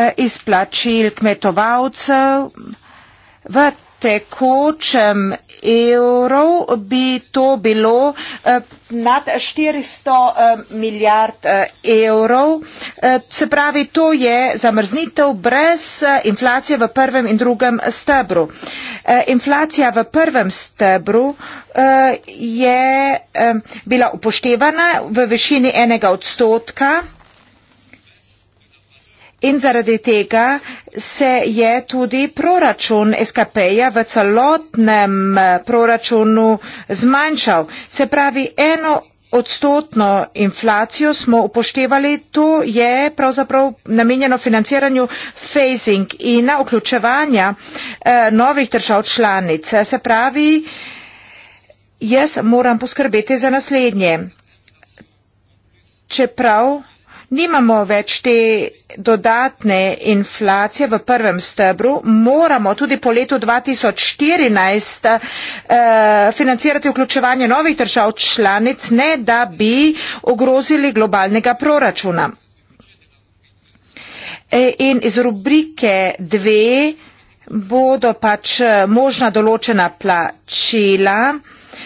eh, izplačil kmetovalcev v tekočem evru bi to bilo eh, nad 400 eh, milijard eh, evrov. Se pravi, to je zamrznitev brez inflacije v prvem in drugem stebru. Inflacija v prvem stebru je bila upoštevana v višini enega odstotka In zaradi tega se je tudi proračun SKP-ja v celotnem eh, proračunu zmanjšal. Se pravi, eno odstotno inflacijo smo upoštevali, to je pravzaprav namenjeno financiranju phasing in na vključevanja eh, novih držav članic. Se pravi, jaz moram poskrbeti za naslednje. Čeprav nimamo več te dodatne inflacije v prvem stebru moramo tudi po letu 2014 eh, financirati vključevanje novih držav članic, ne da bi ogrozili globalnega proračuna. E, in iz rubrike 2 bodo pač eh, možna določena plačila.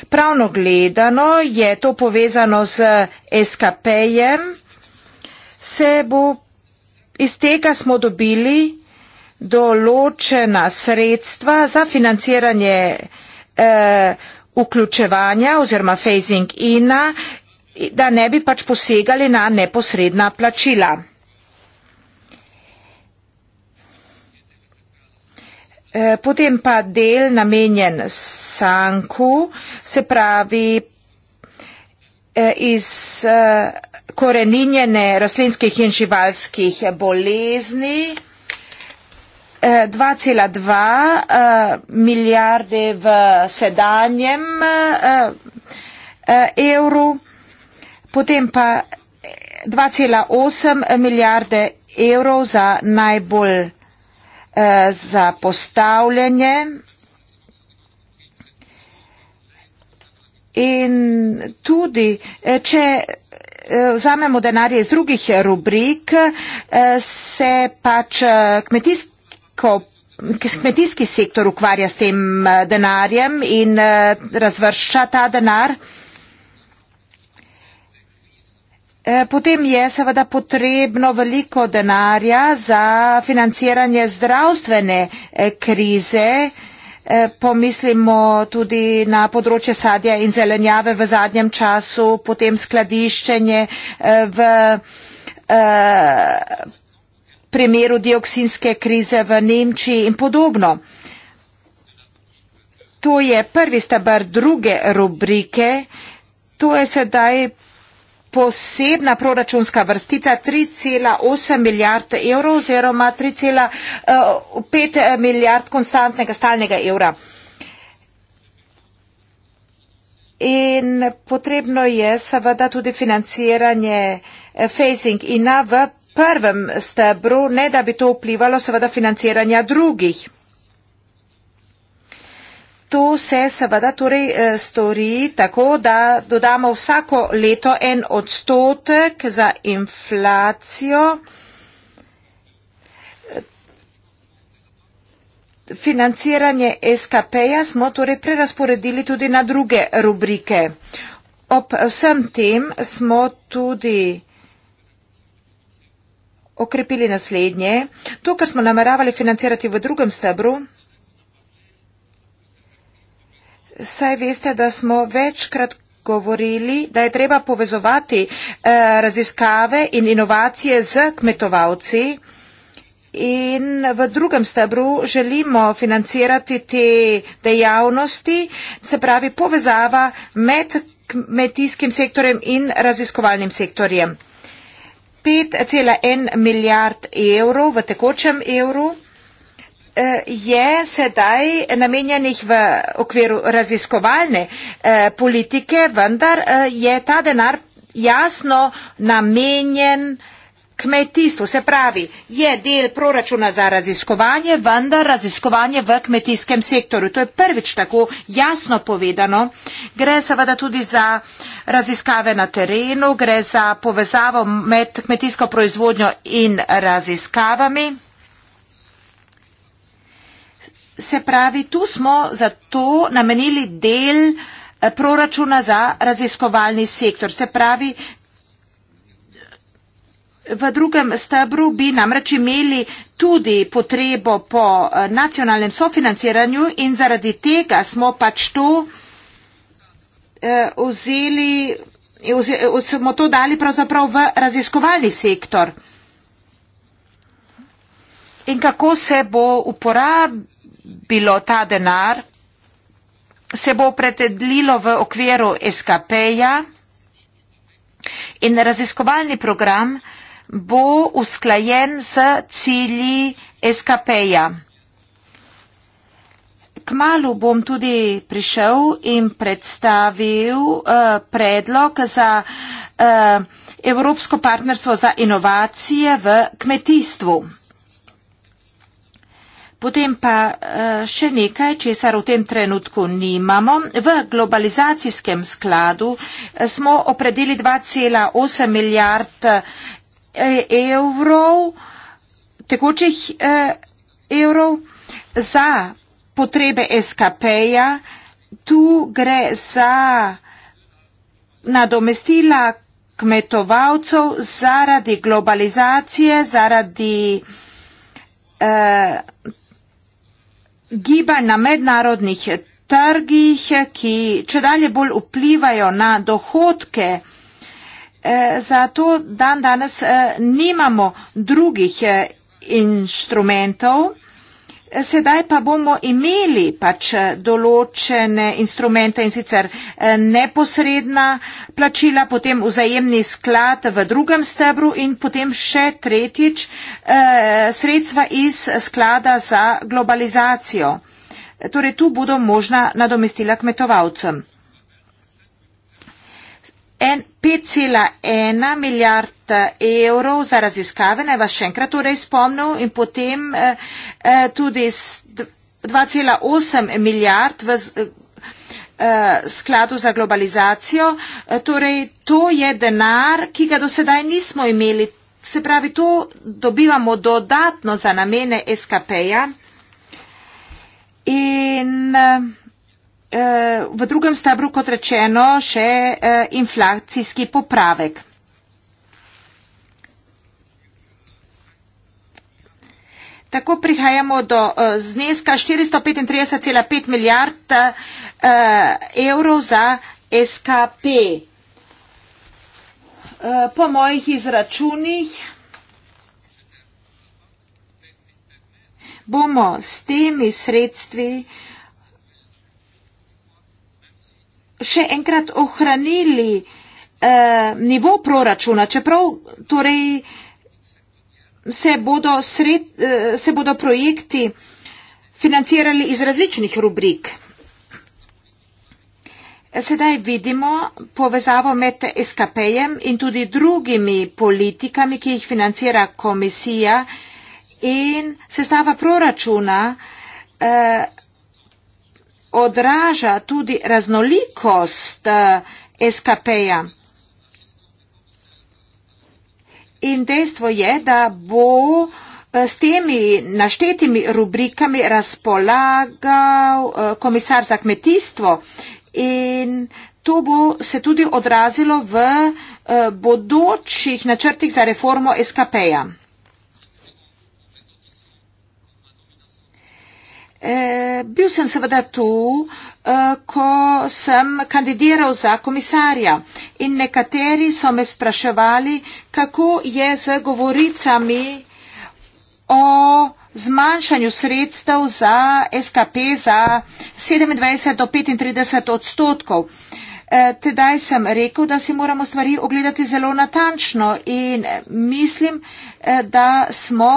Pravno gledano je to povezano z SKP-jem, se bo Iz tega smo dobili določena sredstva za financiranje eh, vključevanja oziroma phasing ina, da ne bi pač posegali na neposredna plačila. Eh, potem pa del namenjen sanku, se pravi eh, iz. Eh, koreninjene rastlinskih in živalskih bolezni. 2,2 eh, eh, milijarde v sedanjem eh, evru, potem pa 2,8 milijarde evrov za najbolj zapostavljanje in tudi, če Eh, vzamemo denarje iz drugih rubrik, eh, se pač eh, kmetijsko kmetijski sektor ukvarja s tem denarjem in razvršča ta denar. Potem je seveda potrebno veliko denarja za financiranje zdravstvene krize, Eh, pomislimo tudi na področje sadja in zelenjave v zadnjem času, potem skladiščenje eh, v eh, primeru dioksinske krize v Nemčiji in podobno. To je prvi stabar druge rubrike. To je sedaj posebna proračunska vrstica 3,8 milijard evrov oziroma 3,5 eh, eh, milijard konstantnega stalnega evra. In potrebno je seveda tudi financiranje eh, phasing ina v prvem stebru, ne da bi to vplivalo seveda financiranja drugih to se seveda torej eh, stori tako, da dodamo vsako leto en odstotek za inflacijo. Financiranje SKP-ja smo torej prerasporedili tudi na druge rubrike. Ob vsem tem smo tudi okrepili naslednje. To, kar smo nameravali financirati v drugem stebru, saj veste, da smo večkrat govorili, da je treba povezovati uh, raziskave in inovacije z kmetovalci. In v drugem stebru želimo financirati te dejavnosti, se pravi povezava med kmetijskim sektorjem in raziskovalnim sektorjem. 5,1 milijard evrov v tekočem evru je sedaj namenjenih v okviru raziskovalne eh, politike, vendar eh, je ta denar jasno namenjen kmetijstvu. Se pravi, je del proračuna za raziskovanje, vendar raziskovanje v kmetijskem sektorju. To je prvič tako jasno povedano. Gre seveda tudi za raziskave na terenu, gre za povezavo med kmetijsko proizvodnjo in raziskavami. Se pravi, tu smo zato namenili del eh, proračuna za raziskovalni sektor. Se pravi, v drugem stebru bi namreč imeli tudi potrebo po eh, nacionalnem sofinanciranju in zaradi tega smo pač to eh, vzeli, smo to dali pravzaprav v raziskovalni sektor. In kako se bo uporabil bilo ta denar, se bo opredelilo v okviru SKP-ja in raziskovalni program bo usklajen z cilji SKP-ja. Kmalo bom tudi prišel in predstavil uh, predlog za uh, Evropsko partnerstvo za inovacije v kmetijstvu. Potem pa eh, še nekaj, česar v tem trenutku nimamo. V globalizacijskem skladu eh, smo opredeli 2,8 milijard eh, evrov, tekočih evrov, za potrebe SKP-ja. Tu gre za nadomestila kmetovalcev zaradi globalizacije, zaradi eh, gibanj na mednarodnih trgih, ki če dalje bolj vplivajo na dohodke. Eh, Zato dan danes eh, nimamo drugih eh, inštrumentov. Sedaj pa bomo imeli pač eh, določene instrumente in sicer eh, neposredna plačila, potem vzajemni sklad v drugem stebru in potem še tretjič eh, sredstva iz sklada za globalizacijo. Torej tu bodo možna nadomestila kmetovalcem. En, 5,1 milijard eh, evrov za raziskave, naj vas še enkrat torej spomnil, in potem eh, eh tudi 2,8 milijard v eh, eh, skladu za globalizacijo. Torej, to je denar, ki ga do sedaj nismo imeli. Se pravi, to dobivamo dodatno za namene SKP-ja. In eh, v drugem stebru, kot rečeno, še e, inflacijski popravek. Tako prihajamo do e, zneska 435,5 milijard e, evrov za SKP. Po mojih izračunih bomo s temi sredstvi uh, še enkrat ohranili eh, nivo proračuna, čeprav torej, se, bodo sred, eh, se bodo projekti financirali iz različnih rubrik. Sedaj vidimo povezavo med SKP-jem in tudi drugimi politikami, ki jih financira komisija in sestava proračuna. Eh, odraža tudi raznolikost eh, SKP-ja. In dejstvo je, da bo eh, s temi naštetimi rubrikami razpolagal eh, komisar za kmetijstvo in to bo se tudi odrazilo v bodočih načrtih za reformo SKP-ja. Eh, bil sem seveda tu, eh, ko sem kandidiral za komisarja in nekateri so me spraševali, kako je z govoricami o zmanjšanju sredstev za SKP za 27 do 35 odstotkov. Eh, tedaj sem rekel, da si moramo stvari ogledati zelo natančno in mislim, da smo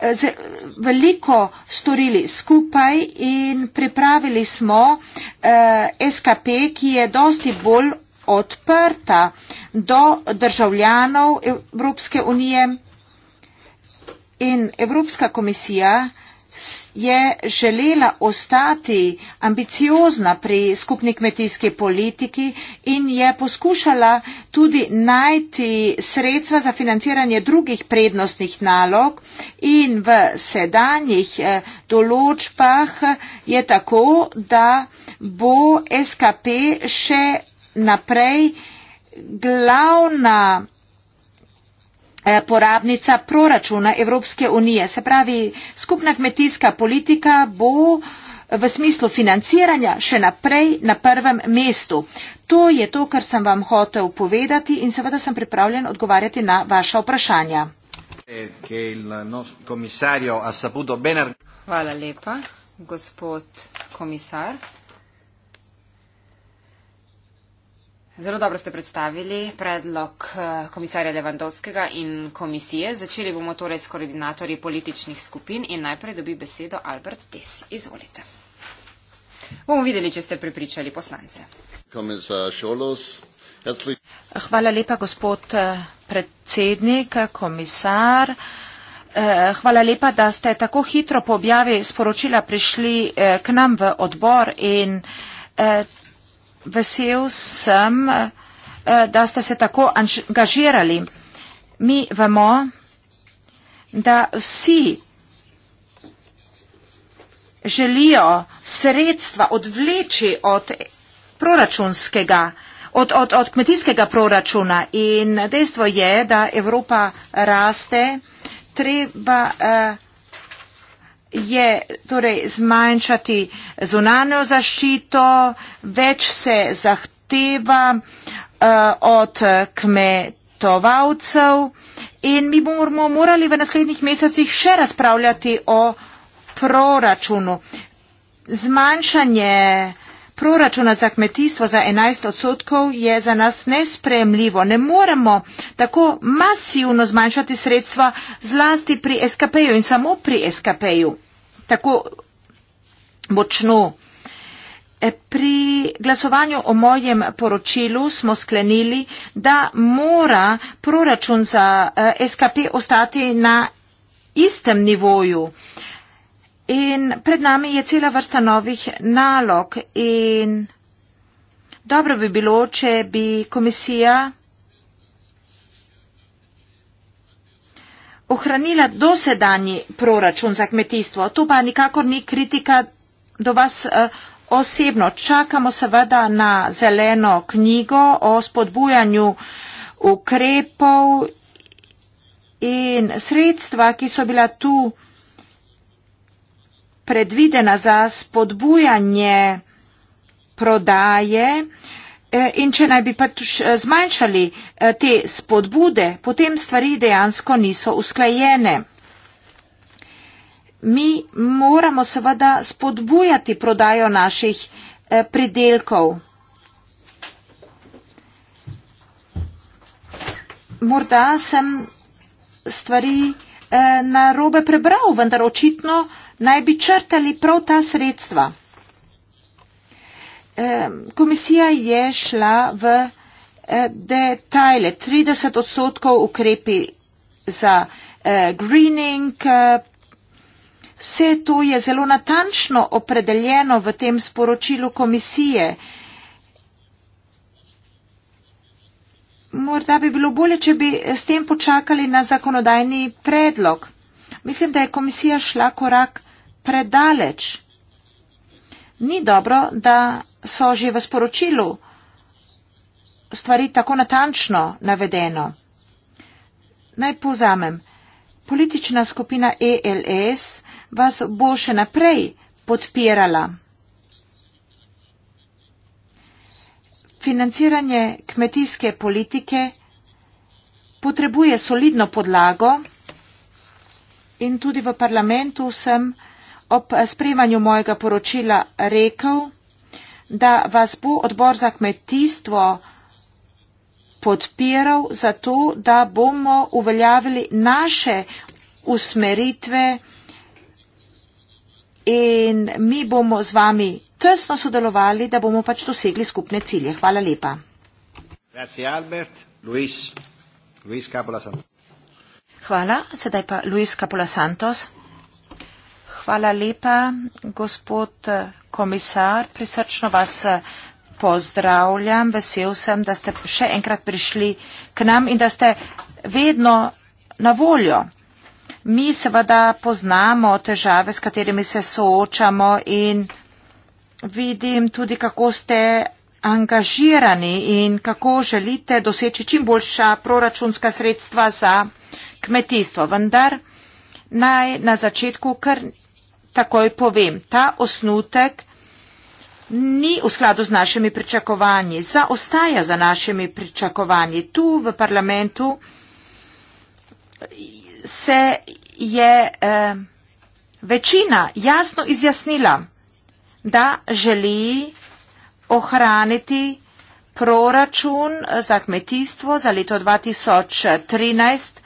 z, veliko storili skupaj in pripravili smo eh, SKP, ki je dosti bolj odprta do državljanov Evropske unije in Evropska komisija je želela ostati ambiciozna pri skupni kmetijski politiki in je poskušala tudi najti sredstva za financiranje drugih prednostnih nalog in v sedanjih eh, določbah je tako, da bo SKP še naprej glavna Eh, porabnica proračuna Evropske unije. Se pravi, skupna kmetijska politika bo v smislu financiranja še naprej na prvem mestu. To je to, kar sem vam hotel povedati in seveda sem pripravljen odgovarjati na vaša vprašanja. Hvala lepa, gospod komisar. Zelo dobro ste predstavili predlog eh, komisarja Levandovskega in komisije. Začeli bomo torej s koordinatorji političnih skupin in najprej dobi besedo Albert Tes. Izvolite. Bomo videli, če ste prepričali poslance. Hvala lepa, gospod eh, predsednik, komisar. Eh, hvala lepa, da ste tako hitro po objavi sporočila prišli k nam v odbor in Vesel sem, eh, da ste se tako angažirali. Mi vemo, da vsi želijo sredstva odvleči od proračunskega, od, od, od kmetijskega proračuna in dejstvo je, da Evropa raste, treba uh, je torej zmanjšati zunanjo zaščito, več se zahteva uh, od kmetovalcev in mi bomo morali v naslednjih mesecih še razpravljati o proračunu. Zmanjšanje uh, proračuna za kmetijstvo za 11 odstotkov je za nas nespremljivo. Ne moremo tako masivno zmanjšati sredstva zlasti pri SKP-ju in samo pri SKP-ju. Tako močno. E, pri glasovanju o mojem poročilu smo sklenili, da mora proračun za e, SKP ostati na istem nivoju. In pred nami je cela vrsta novih nalog in dobro bi bilo, če bi komisija ohranila dosedanji proračun za kmetijstvo. To pa nikakor ni kritika do vas eh, osebno. Čakamo seveda na zeleno knjigo o spodbujanju ukrepov in sredstva, ki so bila tu vsega, predvidena za spodbujanje prodaje eh, in če naj bi pač eh, zmanjšali eh, te spodbude, potem stvari dejansko niso usklajene. Mi moramo seveda spodbujati prodajo naših pridelkov. Morda sem stvari eh, narobe prebral, vendar očitno eh, naj bi črtali prav ta sredstva. Komisija je šla v eh, detajle. 30 odstotkov ukrepi za eh, greening. Eh, vse to je zelo natančno opredeljeno v tem sporočilu komisije. Morda bi bilo bolje, če bi s tem počakali na zakonodajni predlog. Mislim, da je komisija šla korak predaleč. Ni dobro, da so že v sporočilu stvari tako natančno navedeno. Naj povzamem. Politična skupina ELS vas bo še naprej podpirala. Financiranje kmetijske politike potrebuje solidno podlago in tudi v parlamentu sem ob sprejemanju mojega poročila rekel, da vas bo odbor za kmetijstvo podpiral za to, da bomo uveljavili naše usmeritve in mi bomo z vami tesno sodelovali, da bomo pač dosegli skupne cilje. Hvala lepa. Hvala, sedaj pa Luis Capola Santos. Hvala lepa, gospod komisar. Prisrčno vas pozdravljam. Vesel sem, da ste še enkrat prišli k nam in da ste vedno na voljo. Mi seveda poznamo težave, s katerimi se soočamo in vidim tudi, kako ste angažirani in kako želite doseči čim boljša proračunska sredstva za kmetijstvo. Vendar naj na začetku kar takoj povem, ta osnutek ni v skladu z našimi pričakovanji, zaostaja za našimi pričakovanji. Tu v parlamentu se je eh, večina jasno izjasnila, da želi ohraniti proračun eh, za kmetijstvo za leto 2013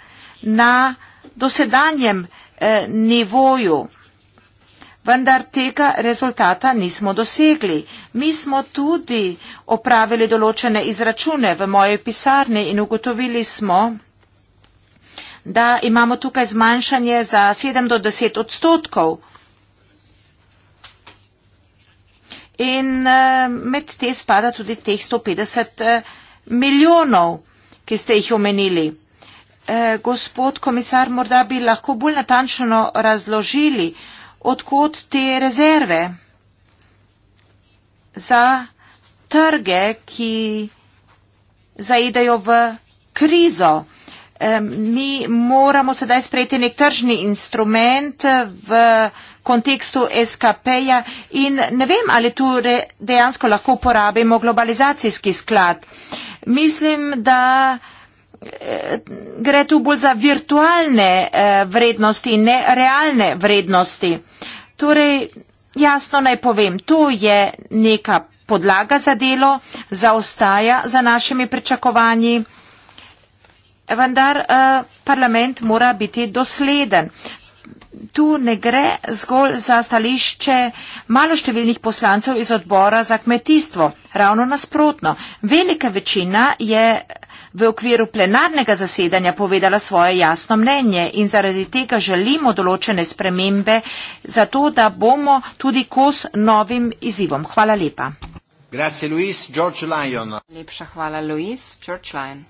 na dosedanjem eh, nivoju vendar tega rezultata nismo dosegli. Mi smo tudi opravili določene izračune v mojej pisarni in ugotovili smo, da imamo tukaj zmanjšanje za 7 do 10 odstotkov. In eh, med te spada tudi teh 150 eh, milijonov, ki ste jih omenili. Eh, gospod komisar, morda bi lahko bolj natančno razložili, odkot te rezerve za trge, ki zaidejo v krizo. Mi moramo sedaj sprejeti nek tržni instrument v kontekstu SKP-ja in ne vem, ali tu dejansko lahko uporabimo globalizacijski sklad. Mislim, da gre tu bolj za virtualne eh, vrednosti, ne realne vrednosti. Torej, jasno naj povem, to je neka podlaga za delo, zaostaja za našimi pričakovanji, vendar eh, parlament mora biti dosleden. Tu ne gre zgolj za stališče maloštevilnih poslancev iz odbora za kmetijstvo. Ravno nasprotno. Velika večina je v okviru plenarnega zasedanja povedala svoje jasno mnenje in zaradi tega želimo določene spremembe, zato da bomo tudi kos novim izzivom. Hvala lepa. Grazie, Luis, Lepša hvala, Luis, George Lyon.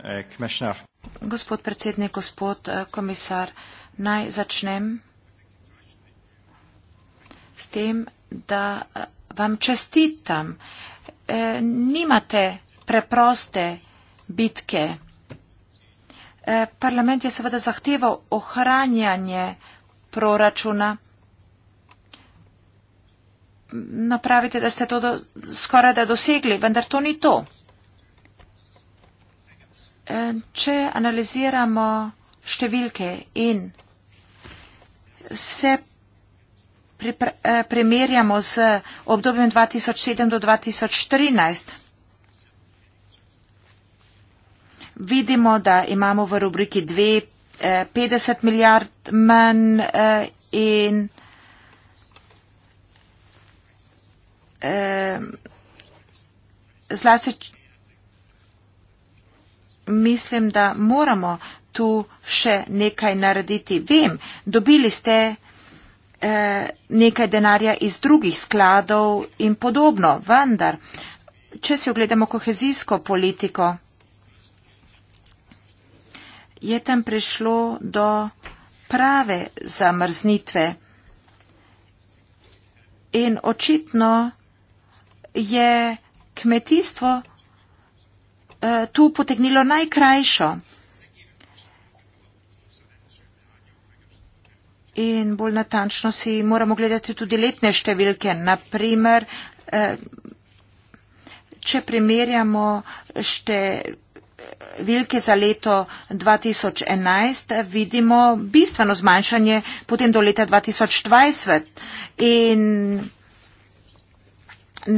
Eh, gospod predsednik, gospod eh, komisar, naj začnem s tem, da eh, vam čestitam. Eh, nimate preproste bitke. E, parlament je seveda zahteval ohranjanje proračuna. Napravite, da ste to do, skoraj da dosegli, vendar to ni to. E, če analiziramo številke in se e, primerjamo z obdobjem 2007 do 2014, vidimo, da imamo v rubriki 2 50 eh, milijard manj eh, in eh, zlasti mislim, da moramo tu še nekaj narediti. Vem, dobili ste nekaj denarja iz drugih skladov in podobno, vendar, če si ogledamo kohezijsko politiko, je tam prišlo do prave zamrznitve. In očitno je kmetijstvo eh, tu potegnilo najkrajšo. In bolj natančno si moramo gledati tudi letne številke. Naprimer, eh, če primerjamo številke, številke za leto 2011 vidimo bistveno zmanjšanje potem do leta 2020 in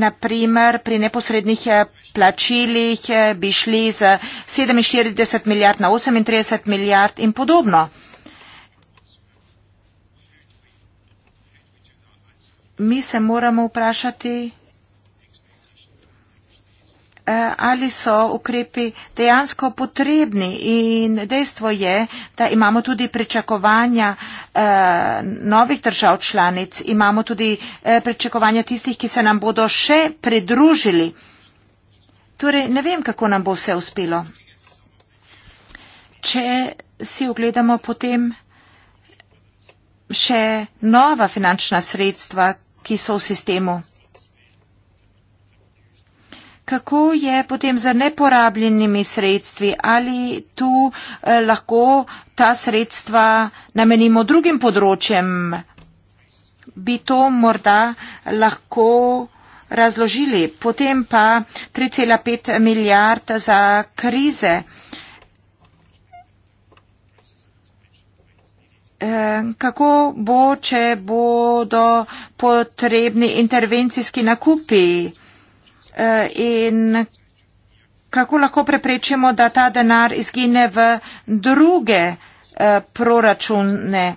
naprimer pri neposrednih eh, plačilih eh, bi šli z 47 milijard na 38 milijard in podobno. Mi se moramo vprašati, Eh, ali so ukrepi dejansko potrebni in dejstvo je, da imamo tudi pričakovanja eh, novih držav članic, imamo tudi eh, pričakovanja tistih, ki se nam bodo še pridružili. Torej, ne vem, kako nam bo vse uspelo. Če si ogledamo potem še nova finančna sredstva, ki so v sistemu kako je potem z neporabljenimi sredstvi, ali tu eh, lahko ta sredstva namenimo drugim področjem, bi to morda lahko razložili. Potem pa 3,5 milijard za krize. Eh, kako bo, če bodo potrebni intervencijski nakupi? Eh, in kako lahko preprečimo, da ta denar izgine v druge eh, proračune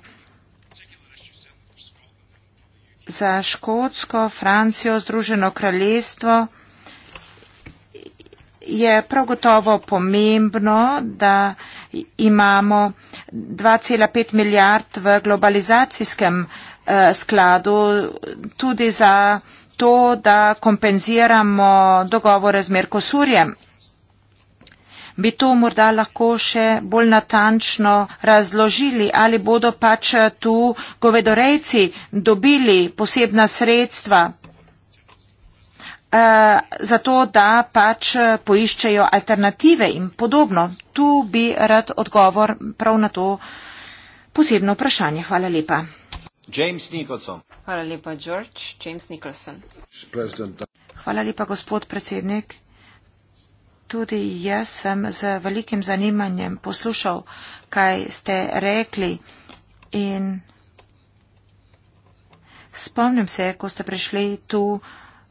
za Škotsko, Francijo, Združeno kraljestvo. Je prav gotovo pomembno, da imamo 2,5 milijard v globalizacijskem eh, skladu tudi za to, da kompenziramo dogovore z Merkosurjem. Bi to morda lahko še bolj natančno razložili, ali bodo pač tu govedorejci dobili posebna sredstva eh, za to, da pač poiščejo alternative in podobno. Tu bi rad odgovor prav na to posebno vprašanje. Hvala lepa. James Nicholson. Hvala lepa, George. James Nicholson. Hvala lepa, gospod predsednik. Tudi jaz sem z velikim zanimanjem poslušal, kaj ste rekli in spomnim se, ko ste prišli tu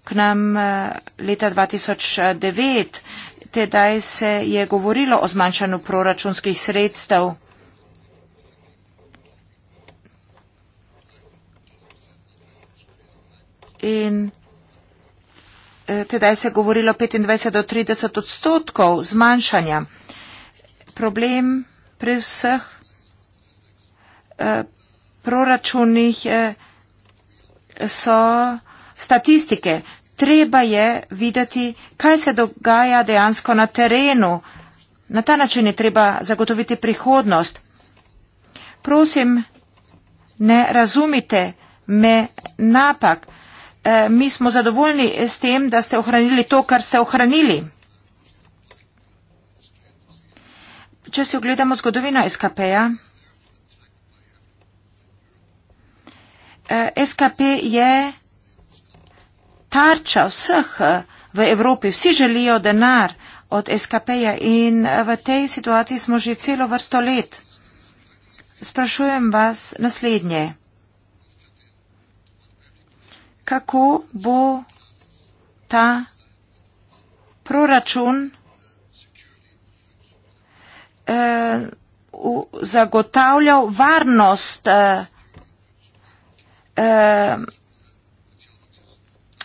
k nam eh, leta 2009, tedaj se je govorilo o zmanjšanju proračunskih sredstev. in eh, tedaj se je govorilo 25 do 30 odstotkov zmanjšanja. Problem pri vseh eh, proračunih eh, so statistike. Treba je videti, kaj se dogaja dejansko na terenu. Na ta način je treba zagotoviti prihodnost. Prosim, ne razumite me napak. Eh, mi smo zadovoljni s tem, da ste ohranili to, kar ste ohranili. Če si ogledamo zgodovino SKP-ja, eh, SKP je tarča vseh eh, v Evropi. Vsi želijo denar od SKP-ja in v tej situaciji smo že celo vrsto let. Sprašujem vas naslednje kako bo ta proračun eh, zagotavljal varnost eh, eh,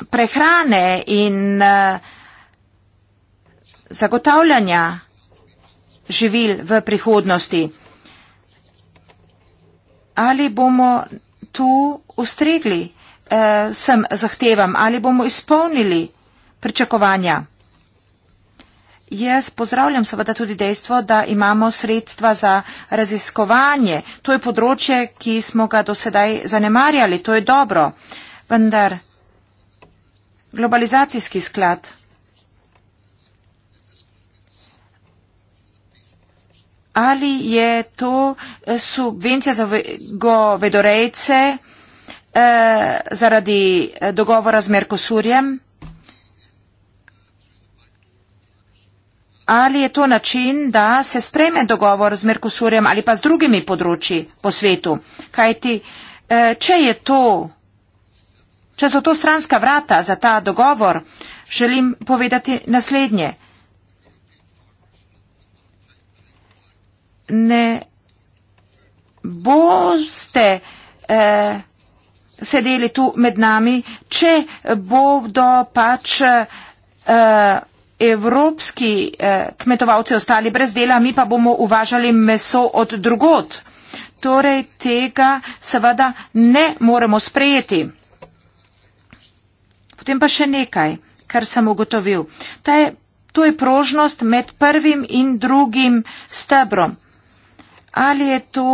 prehrane in eh, zagotavljanja živil v prihodnosti. Ali bomo tu ustregli eh, sem zahtevam, ali bomo izpolnili pričakovanja. Jaz pozdravljam seveda tudi dejstvo, da imamo sredstva za raziskovanje. To je področje, ki smo ga dosedaj zanemarjali. To je dobro. Vendar globalizacijski sklad. Ali je to subvencija za govedorejce? Go Eh, zaradi eh, dogovora z Merkosurjem? Ali je to način, da se spreme dogovor z Merkosurjem ali pa z drugimi področji po svetu? Kajti, eh, če, to, če so to stranska vrata za ta dogovor, želim povedati naslednje. Ne boste eh, sedeli tu med nami, če bodo pač eh, evropski eh, kmetovalci ostali brez dela, mi pa bomo uvažali meso od drugot. Torej tega seveda ne moremo sprejeti. Potem pa še nekaj, kar sem ugotovil. Ta je, to je prožnost med prvim in drugim stebrom. Ali je to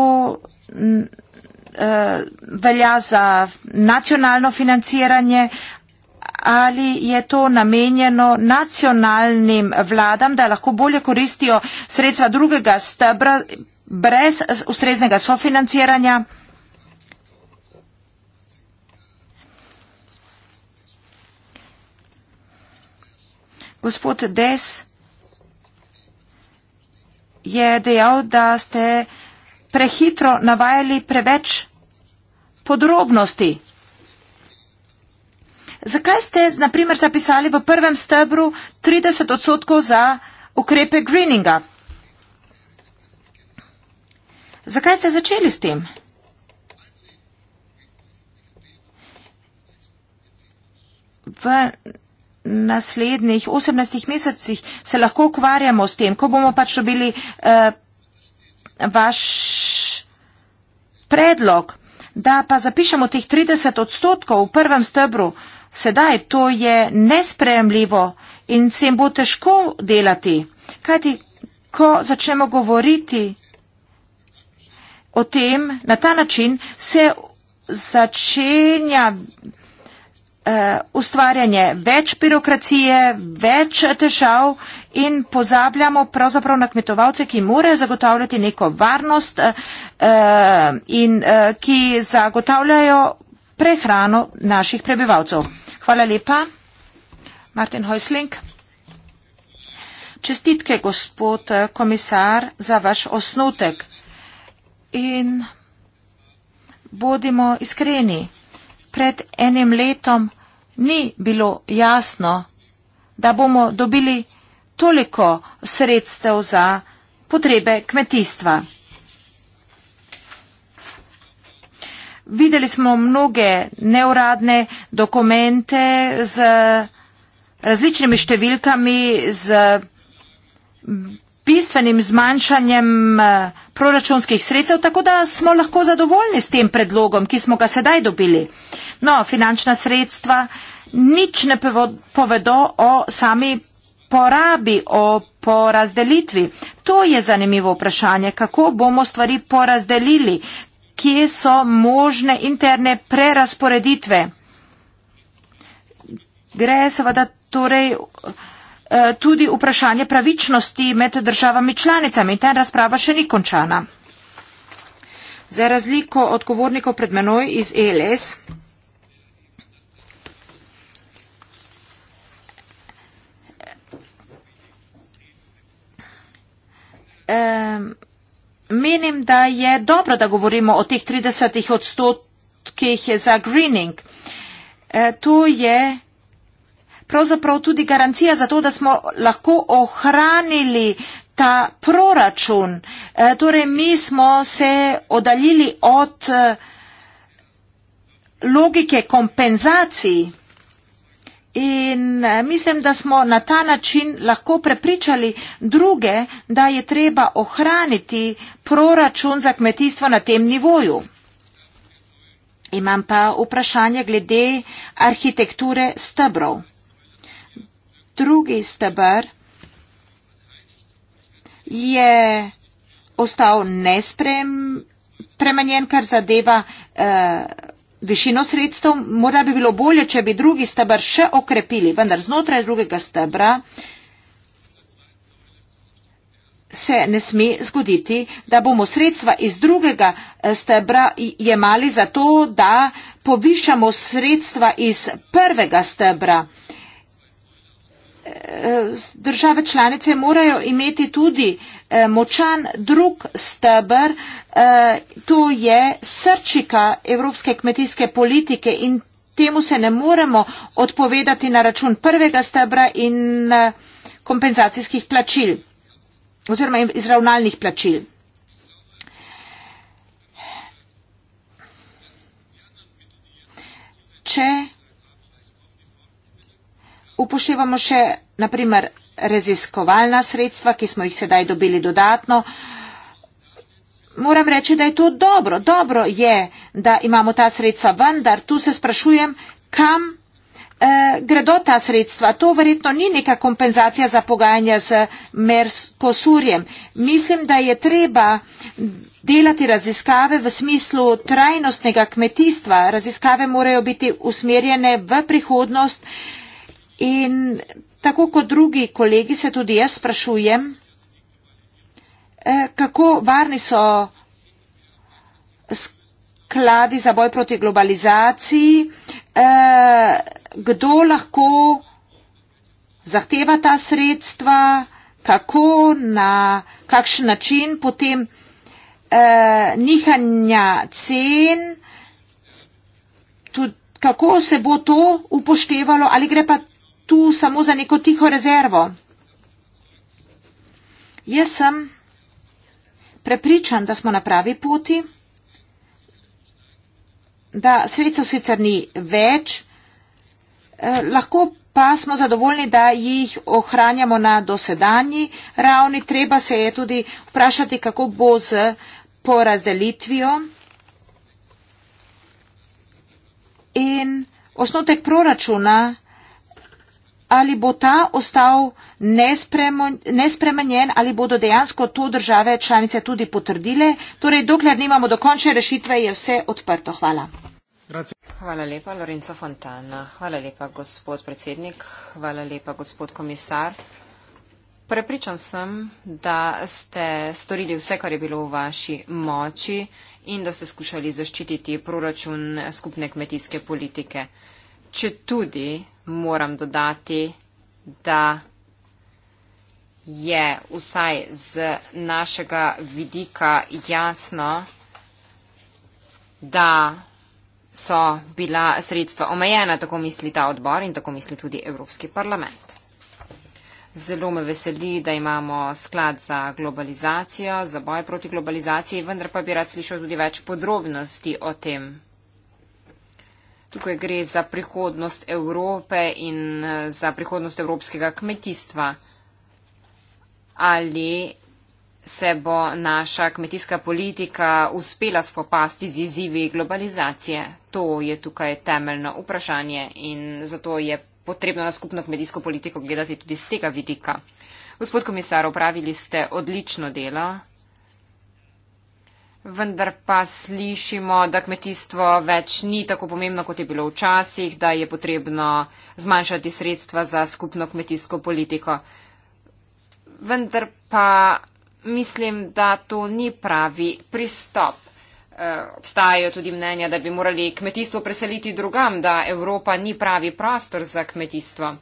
Eh, velja za nacionalno financiranje ali je to namenjeno nacionalnim vladam, da lahko bolje koristijo sredstva drugega stebra brez ustreznega sofinanciranja. Gospod Des je dejal, da ste prehitro navajali preveč podrobnosti. Zakaj ste, na primer, zapisali v prvem stebru 30 odstotkov za ukrepe greeninga? Zakaj ste začeli s tem? V naslednjih 18 mesecih se lahko ukvarjamo s tem, ko bomo pač dobili uh, vaš predlog, da pa zapišemo teh 30 odstotkov v prvem stebru, sedaj to je nespremljivo in se jim bo težko delati. Kajti, ko začnemo govoriti o tem na ta način, se začenja uh, ustvarjanje več birokracije, več težav in pozabljamo pravzaprav na kmetovalce, ki morajo zagotavljati neko varnost eh, eh, in eh, ki zagotavljajo prehrano naših prebivalcev. Hvala lepa. Martin Hojsling. Čestitke, gospod eh, komisar, za vaš osnutek. In bodimo iskreni. Pred enim letom ni bilo jasno, da bomo dobili toliko sredstev za potrebe kmetijstva. Videli smo mnoge neuradne dokumente z različnimi številkami, z bistvenim zmanjšanjem eh, proračunskih sredstev, tako da smo lahko zadovoljni s tem predlogom, ki smo ga sedaj dobili. No, finančna sredstva nič ne povedo o sami porabi, o porazdelitvi. To je zanimivo vprašanje, kako bomo stvari porazdelili, kje so možne interne prerasporeditve. Gre seveda torej eh, tudi vprašanje pravičnosti med državami članicami in ta razprava še ni končana. Za razliko odgovornikov pred menoj iz ELS. menim, da je dobro, da govorimo o teh 30 odstotkih za greening. E, to je pravzaprav tudi garancija za to, da smo lahko ohranili ta proračun. E, torej, mi smo se oddaljili od e, logike kompenzacij. In eh, mislim, da smo na ta način lahko prepričali druge, da je treba ohraniti proračun za kmetijstvo na tem nivoju. Imam pa vprašanje glede arhitekture stebrov. Drugi stebr je ostal nespremenjen, kar zadeva. Uh, višino sredstev. Morda bi bilo bolje, če bi drugi stebr še okrepili, vendar znotraj drugega stebra se ne sme zgoditi, da bomo sredstva iz drugega eh, stebra jemali za to, da povišamo sredstva iz prvega stebra. Eh, države članice morajo imeti tudi eh, močan drug stebr, Eh, tu je srčika evropske kmetijske politike in temu se ne moremo odpovedati na račun prvega stebra in eh, kompenzacijskih plačil oziroma izravnalnih plačil. Če upoštevamo še naprimer raziskovalna sredstva, ki smo jih sedaj dobili dodatno, uh, moram reči, da je to dobro. Dobro je, da imamo ta sredstva, vendar tu se sprašujem, kam eh, gredo ta sredstva. To verjetno ni neka kompenzacija za pogajanja z Merkosurjem. Mislim, da je treba delati raziskave v smislu trajnostnega kmetijstva. Raziskave morajo biti usmerjene v prihodnost in tako kot drugi kolegi se tudi jaz sprašujem, Eh, kako varni so skladi za boj proti globalizaciji, eh, kdo lahko zahteva ta sredstva, kako na kakšen način potem eh, nihanja cen, kako se bo to upoštevalo ali gre pa tu samo za neko tiho rezervo. Jaz sem prepričan, da smo na pravi poti, da sredstev sicer ni več, eh, lahko pa smo zadovoljni, da jih ohranjamo na dosedanji ravni. Treba se je tudi vprašati, kako bo z porazdelitvijo. In osnotek proračuna, ali bo ta ostal nespremenjen ali bodo dejansko to države članice tudi potrdile. Torej, dokler nimamo dokončne rešitve, je vse odprto. Hvala. Hvala lepa, Lorenzo Fontana. Hvala lepa, gospod predsednik. Hvala lepa, gospod komisar. Prepričan sem, da ste storili vse, kar je bilo v vaši moči in da ste skušali zaščititi proračun skupne kmetijske politike. Če tudi moram dodati, da je vsaj z našega vidika jasno, da so bila sredstva omejena, tako misli ta odbor in tako misli tudi Evropski parlament. Zelo me veseli, da imamo sklad za globalizacijo, za boj proti globalizaciji, vendar pa bi rad slišal tudi več podrobnosti o tem. Tukaj gre za prihodnost Evrope in eh, za prihodnost evropskega kmetijstva ali se bo naša kmetijska politika uspela spopasti z izzivi globalizacije. To je tukaj temeljno vprašanje in zato je potrebno na skupno kmetijsko politiko gledati tudi z tega vidika. Gospod komisar, opravili ste odlično delo, vendar pa slišimo, da kmetijstvo več ni tako pomembno, kot je bilo včasih, da je potrebno zmanjšati sredstva za skupno kmetijsko politiko vendar pa mislim, da to ni pravi pristop. Eh, obstajajo tudi mnenja, da bi morali kmetijstvo preseliti drugam, da Evropa ni pravi prostor za kmetijstvo.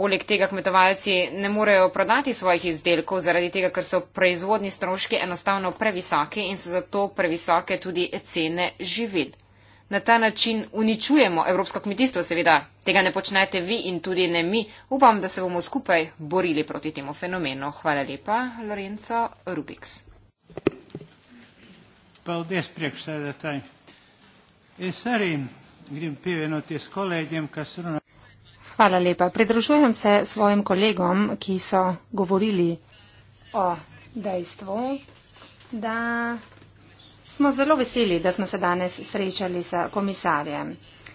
Poleg tega kmetovalci ne morejo prodati svojih izdelkov zaradi tega, ker so proizvodni stroški enostavno previsoki in so zato previsoke tudi cene živil na ta način uničujemo evropsko kmetijstvo, seveda tega ne počnete vi in tudi ne mi. Upam, da se bomo skupaj borili proti temu fenomenu. Hvala lepa, Lorenzo Rubix. Pa od jaz prek še da taj. In sari, grem piveno ti s kolegijem, kar se rona. Hvala lepa. Predružujem se svojim kolegom, ki so govorili o dejstvu, da smo zelo veseli, da smo se danes srečali s komisarjem.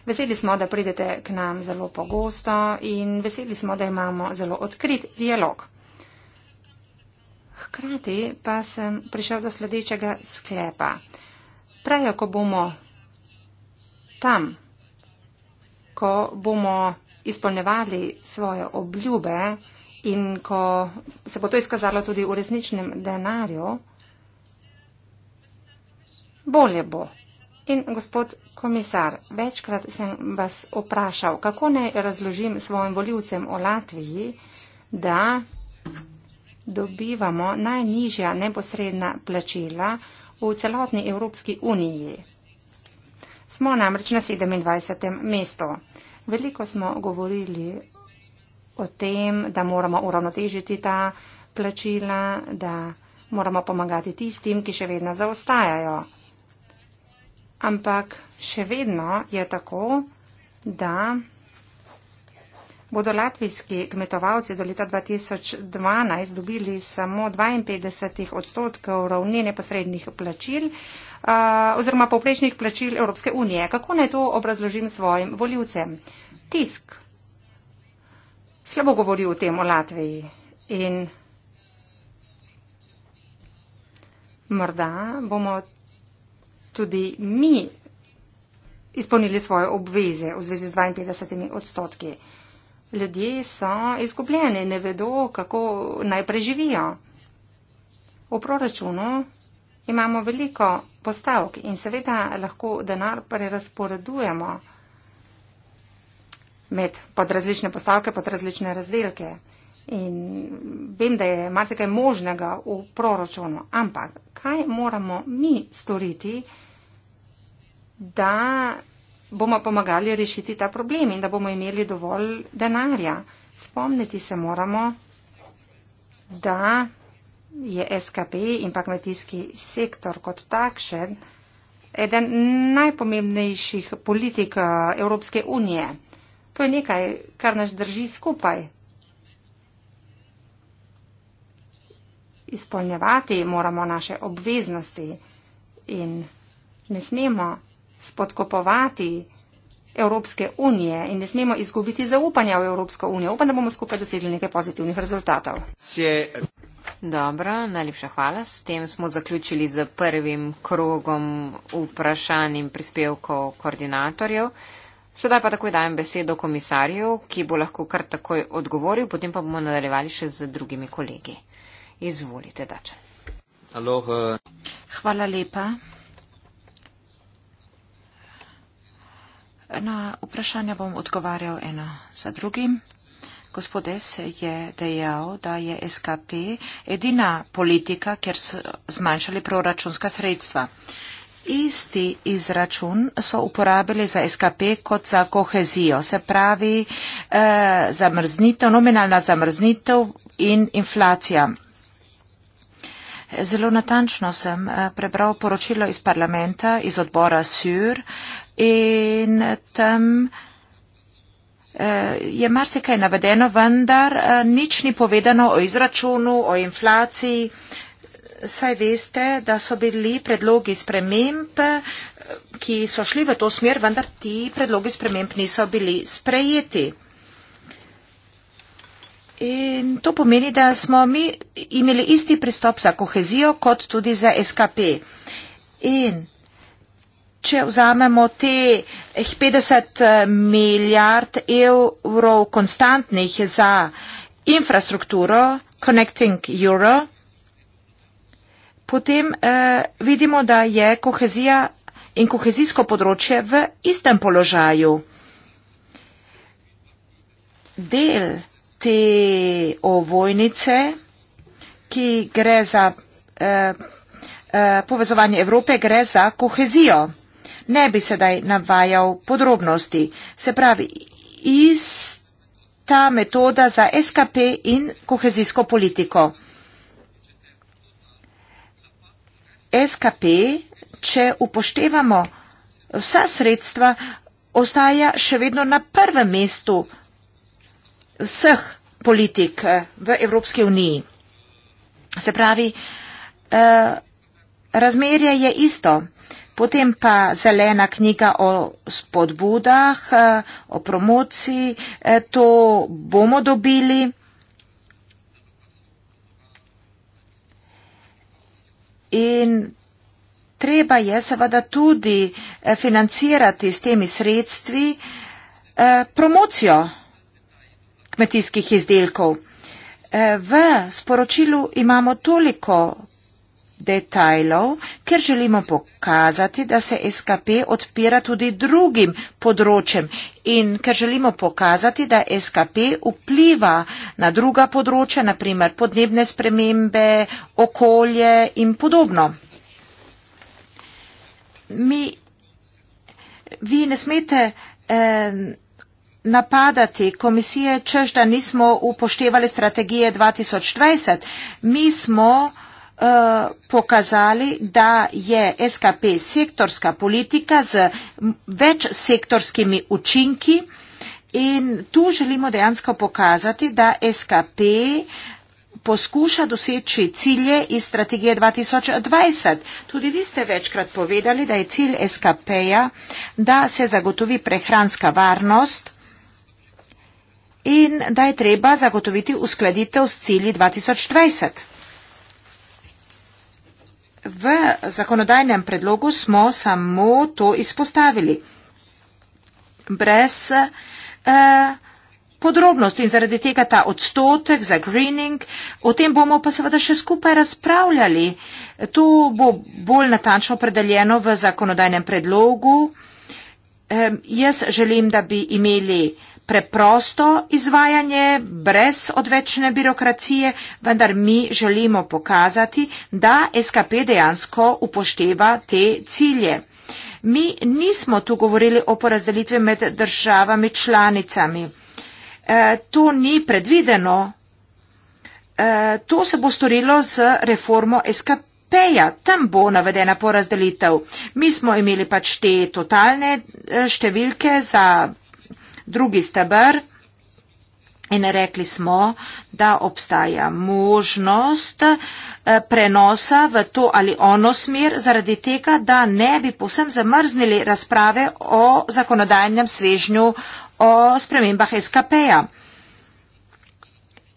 Veseli smo, da pridete k nam zelo pogosto in veseli smo, da imamo zelo odkrit dialog. Hkrati pa sem prišel do sledečega sklepa. Prej, ko bomo tam, ko bomo izpolnevali svoje obljube in ko se bo to izkazalo tudi v resničnem denarju, bolje bo. In gospod komisar, večkrat sem vas vprašal, kako naj razložim svojim voljivcem o Latviji, da dobivamo najnižja neposredna plačila v celotni Evropski uniji. Smo namreč na 27. mestu. Veliko smo govorili o tem, da moramo uravnotežiti ta plačila, da moramo pomagati tistim, ki še vedno zaostajajo ampak še vedno je tako, da bodo latvijski kmetovalci do leta 2012 dobili samo 52 odstotkov ravni neposrednih plačil eh, oziroma poprečnih plačil Evropske unije. Kako naj to obrazložim svojim voljivcem? Tisk. Slabo govori o tem o Latviji in morda bomo tudi mi izpolnili svoje obveze v zvezi z 52 odstotki. Ljudje so izgubljeni, ne vedo, kako naj preživijo. V proračunu imamo veliko postavk in seveda lahko denar prerasporedujemo med pod različne postavke, pod različne razdelke. In vem, da je marsikaj možnega v proračunu, ampak kaj moramo mi storiti, da bomo pomagali rešiti ta problem in da bomo imeli dovolj denarja. Spomniti se moramo, da je SKP in pa kmetijski sektor kot takšen eden najpomembnejših politik eh, Evropske unije. To je nekaj, kar nas drži skupaj. Izpolnjevati moramo naše obveznosti in ne smemo spodkopovati Evropske unije in ne smemo izgubiti zaupanja v Evropsko unijo. Upam, da bomo skupaj dosegli nekaj pozitivnih rezultatov. Dobro, najlepša hvala. S tem smo zaključili z prvim krogom vprašanj in prispevkov koordinatorjev. Sedaj pa takoj dajem besedo komisarju, ki bo lahko kar takoj odgovoril, potem pa bomo nadaljevali še z drugimi kolegi. Izvolite, Dačan. Hvala lepa. Na vprašanje bom odgovarjal eno za drugim. Gospodes je dejal, da je SKP edina politika, kjer so zmanjšali proračunska sredstva. Isti izračun so uporabili za SKP kot za kohezijo, se pravi eh, zamrznitev, nominalna zamrznitev in inflacija. Zelo natančno sem eh, prebral poročilo iz parlamenta, iz odbora SUR, eh, in tam eh, je marsikaj navedeno, vendar eh, nič ni povedano o izračunu, o inflaciji. Saj veste, da so bili predlogi sprememb, eh, ki so šli v to smer, vendar ti predlogi sprememb niso bili sprejeti. In to pomeni, da smo mi imeli isti pristop za kohezijo kot tudi za SKP. In če vzamemo te 50 eh, eh, milijard evrov konstantnih za infrastrukturo Connecting Euro, potem eh, vidimo, da je kohezija in kohezijsko področje v istem položaju. Del te ovojnice, ki gre za eh, eh, povezovanje Evrope, gre za kohezijo ne bi sedaj navajal podrobnosti. Se pravi, ista metoda za SKP in kohezijsko politiko. SKP, če upoštevamo vsa sredstva, ostaja še vedno na prvem mestu vseh politik eh, v Evropske uniji. Se pravi, eh, razmerje je isto. Potem pa zelena knjiga o spodbudah, eh, o promociji, eh, to bomo dobili. In treba je seveda tudi eh, financirati s temi sredstvi promocijo kmetijskih izdelkov. V sporočilu imamo toliko detajlov, ker želimo pokazati, da se SKP odpira tudi drugim področjem in ker želimo pokazati, da SKP vpliva na druga področja, naprimer podnebne spremembe, okolje in podobno. Mi, vi ne smete eh, napadati komisije, čež da nismo upoštevali strategije 2020. Mi smo Eh, pokazali, da je SKP sektorska politika z več sektorskimi učinki in tu želimo dejansko pokazati, da SKP poskuša doseči cilje iz strategije 2020. Tudi vi ste večkrat povedali, da je cilj SKP-ja, da se zagotovi prehranska varnost in da je treba zagotoviti uskladitev s cilji 2020 v zakonodajnem predlogu smo samo to izpostavili. Brez eh, podrobnosti in zaradi tega ta odstotek za greening, o tem bomo pa seveda še skupaj razpravljali. To bo bolj natančno opredeljeno v zakonodajnem predlogu. Jaz želim, da bi imeli preprosto izvajanje, brez odvečne birokracije, vendar mi želimo pokazati, da SKP dejansko upošteva te cilje. Mi nismo tu govorili o porazdelitvi med državami članicami. E, to ni predvideno. E, to se bo storilo z reformo SKP. Peja, tam bo navedena porazdelitev. Mi smo imeli pač te totalne e, številke za drugi steber in rekli smo, da obstaja možnost eh, prenosa v to ali ono smer zaradi tega, da ne bi povsem zamrznili razprave o zakonodajnem svežnju o spremembah SKP-ja.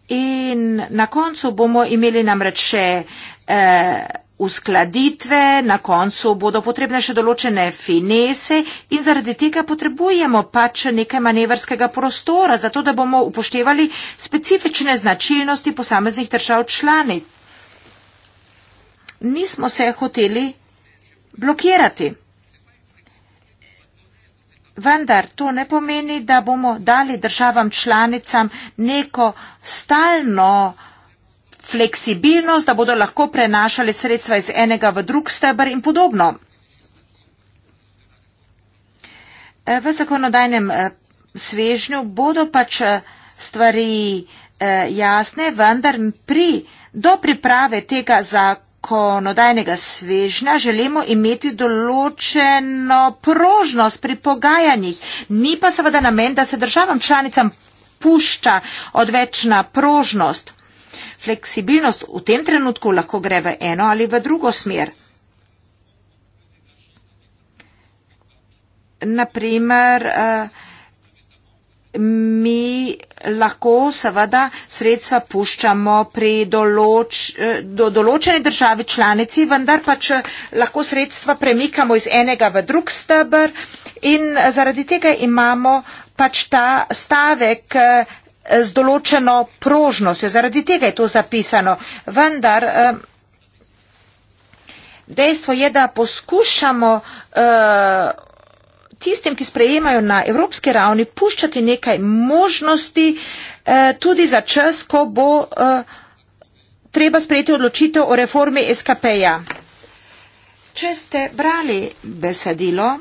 In na koncu bomo imeli namreč še eh, uskladitve, na koncu bodo potrebne še določene finese in zaradi tega potrebujemo pač nekaj manevrskega prostora, zato da bomo upoštevali specifične značilnosti posameznih držav člani. Nismo se hoteli blokirati. Vendar to ne pomeni, da bomo dali državam članicam neko stalno uh, fleksibilnost, da bodo lahko prenašali sredstva iz enega v drug stebr in podobno. E, v zakonodajnem e, svežnju bodo pač e, stvari jasne, vendar pri do priprave tega zakonodajnega svežnja želimo imeti določeno prožnost pri pogajanjih. Ni pa seveda namen, da se državam članicam pušča odvečna prožnost fleksibilnost v tem trenutku lahko gre v eno ali v drugo smer. Naprimer, eh, mi lahko seveda sredstva puščamo pri določ, eh, do določene države članici, vendar pač eh, lahko sredstva premikamo iz enega v drug stebr in zaradi tega imamo pač ta stavek z določeno prožnostjo. Zaradi tega je to zapisano. Vendar eh, dejstvo je, da poskušamo eh, tistim, ki sprejemajo na evropski ravni, puščati nekaj možnosti eh, tudi za čas, ko bo treba sprejeti odločitev o reformi SKP-ja. Če ste brali besedilo,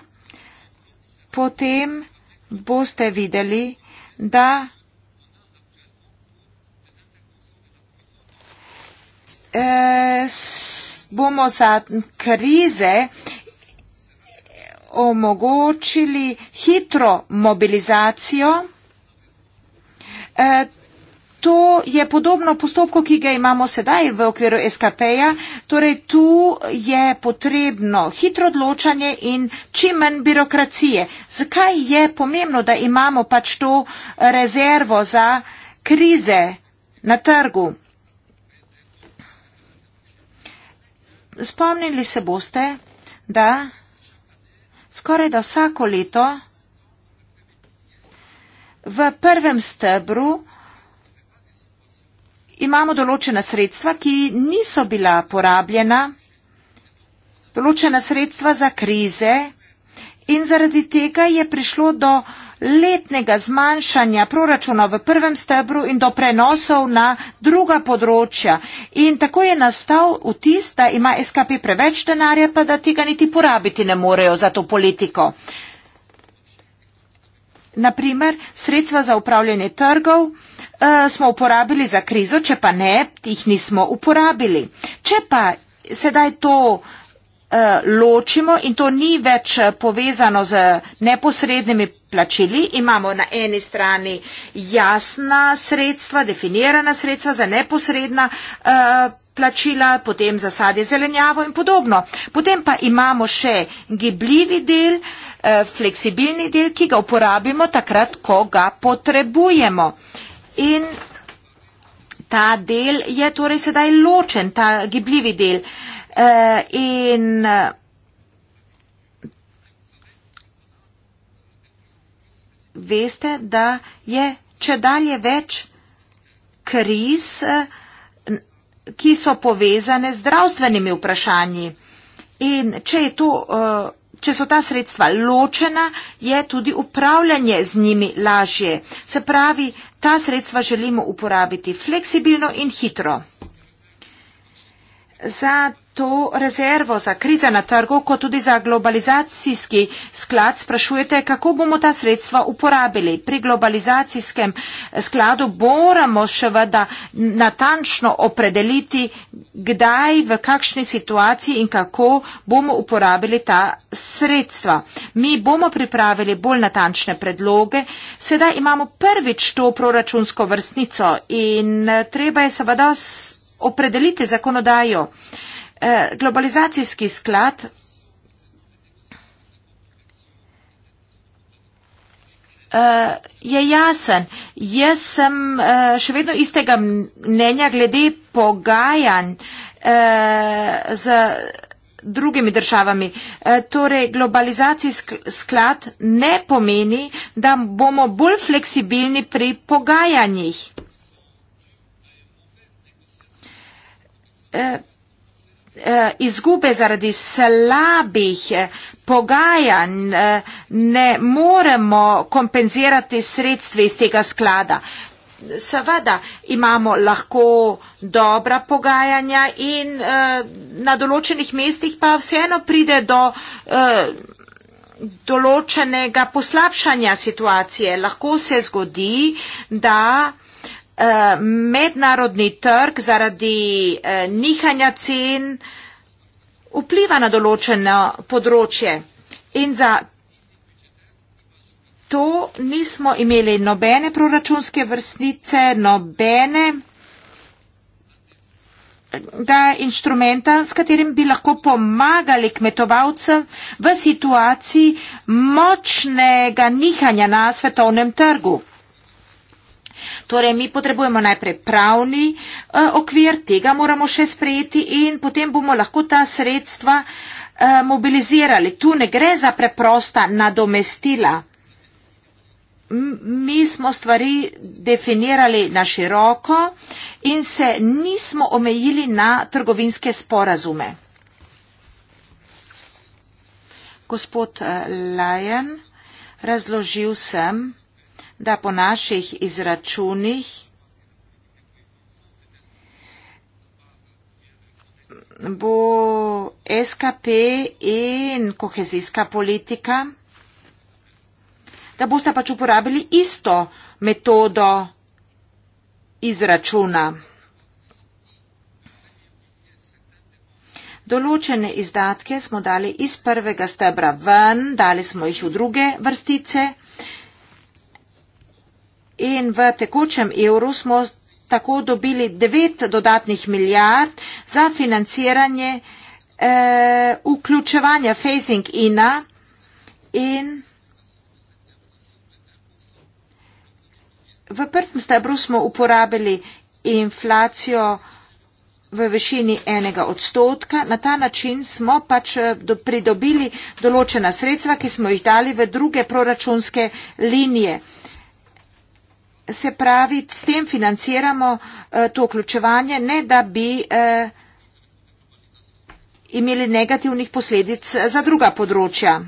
potem boste videli, da E, bomo za krize omogočili hitro mobilizacijo. E, to je podobno postopku, ki ga imamo sedaj v okviru SKP-ja. Torej, tu je potrebno hitro odločanje in čim manj birokracije. Zakaj je pomembno, da imamo pač to rezervo za krize na trgu? Spomnili se boste, da skoraj da vsako leto v prvem stebru imamo določena sredstva, ki niso bila porabljena, določena sredstva za krize in zaradi tega je prišlo do letnega zmanjšanja proračuna v prvem stebru in do prenosov na druga področja. In tako je nastal vtis, da ima SKP preveč denarja, pa da tega niti porabiti ne morejo za to politiko. Naprimer, sredstva za upravljanje trgov eh, smo uporabili za krizo, če pa ne, jih nismo uporabili. Če pa sedaj to eh, ločimo in to ni več eh, povezano z neposrednimi plačili, imamo na eni strani jasna sredstva, definirana sredstva za neposredna uh, plačila, potem za sadje, zelenjavo in podobno. Potem pa imamo še gibljivi del, uh, fleksibilni del, ki ga uporabimo takrat, ko ga potrebujemo. In ta del je torej sedaj ločen, ta gibljivi del. Uh, in, uh, veste, da je če dalje več kriz, ki so povezane z zdravstvenimi vprašanji. In če, to, eh, če so ta sredstva ločena, je tudi upravljanje z njimi lažje. Se pravi, ta sredstva želimo uporabiti fleksibilno in hitro za to rezervo, za krize na trgu, kot tudi za globalizacijski sklad, sprašujete, kako bomo ta sredstva uporabili. Pri globalizacijskem eh, skladu moramo še veda natančno opredeliti, kdaj, v kakšni situaciji in kako bomo uporabili ta sredstva. Mi bomo pripravili bolj natančne predloge. Sedaj imamo prvič to proračunsko vrstnico in eh, treba je seveda opredeliti zakonodajo. Eh, globalizacijski sklad eh, je jasen. Jaz sem eh, še vedno istega mnenja glede pogajanj z drugimi državami. Torej, globalizacijski sklad ne pomeni, da bomo bolj fleksibilni pri pogajanjih. Eh, eh, izgube zaradi slabih eh, pogajanj ne moremo kompenzirati sredstvi iz tega sklada. Seveda imamo lahko dobra pogajanja in na določenih mestih pa vseeno pride do določenega poslabšanja situacije. Lahko se zgodi, da Eh, mednarodni trg zaradi eh, nihanja cen vpliva na določeno področje. In za to nismo imeli nobene proračunske vrstnice, nobene eh, inštrumenta, s katerim bi lahko pomagali kmetovalcem v situaciji močnega nihanja na svetovnem trgu. Torej, mi potrebujemo najprej pravni eh, okvir, tega moramo še sprejeti in potem bomo lahko ta sredstva eh, mobilizirali. Tu ne gre za preprosta nadomestila. Mi smo stvari definirali na široko in se nismo omejili na trgovinske sporazume. Gospod eh, Lajen, razložil sem, da po naših izračunih bo SKP in kohezijska politika, da boste pač uporabili isto metodo izračuna. Določene izdatke smo dali iz prvega stebra ven, dali smo jih v druge vrstice in v tekočem evru smo tako dobili 9 dodatnih milijard za financiranje e, vključevanja phasing ina in v prvem stebru smo uporabili inflacijo v višini enega odstotka. Na ta način smo pač eh, do, pridobili določena sredstva, ki smo jih dali v druge proračunske linije se pravi, s tem financiramo eh, to vključevanje, ne da bi eh, imeli negativnih posledic za druga področja.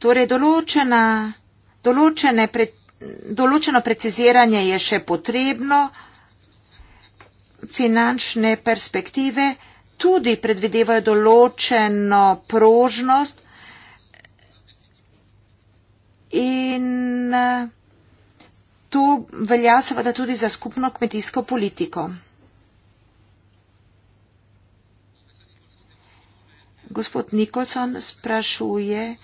Torej, določena, določene pre, določeno preciziranje je še potrebno, finančne perspektive tudi predvidevajo določeno prožnost in eh, To velja seveda tudi za skupno kmetijsko politiko. Gospod Nikolson sprašuje,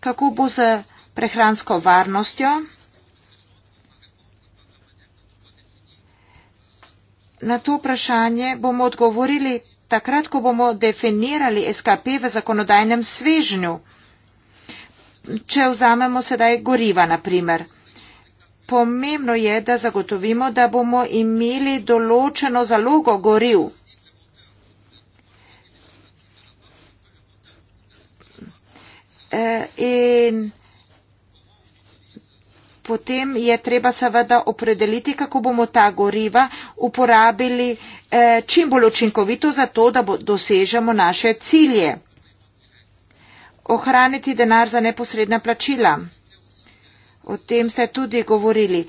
kako bo z prehransko varnostjo. Na to vprašanje bomo odgovorili takrat, ko bomo definirali SKP v zakonodajnem svežnju. Če vzamemo sedaj goriva, na primer pomembno je, da zagotovimo, da bomo imeli določeno zalogo goril. E, in potem je treba seveda opredeliti, kako bomo ta goriva uporabili e, čim bolj učinkovito za to, da dosežemo naše cilje. Ohraniti denar za neposredna plačila. O tem ste tudi govorili.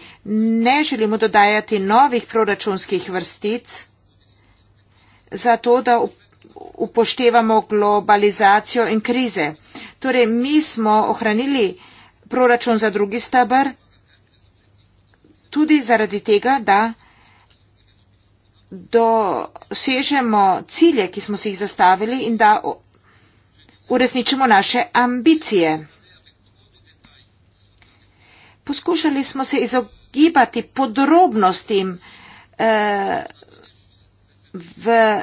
Ne želimo dodajati novih proračunskih vrstic, zato da upoštevamo globalizacijo in krize. Torej, mi smo ohranili proračun za drugi stabr tudi zaradi tega, da dosežemo cilje, ki smo si jih zastavili in da uresničimo naše ambicije poskušali smo se izogibati podrobnostim eh, v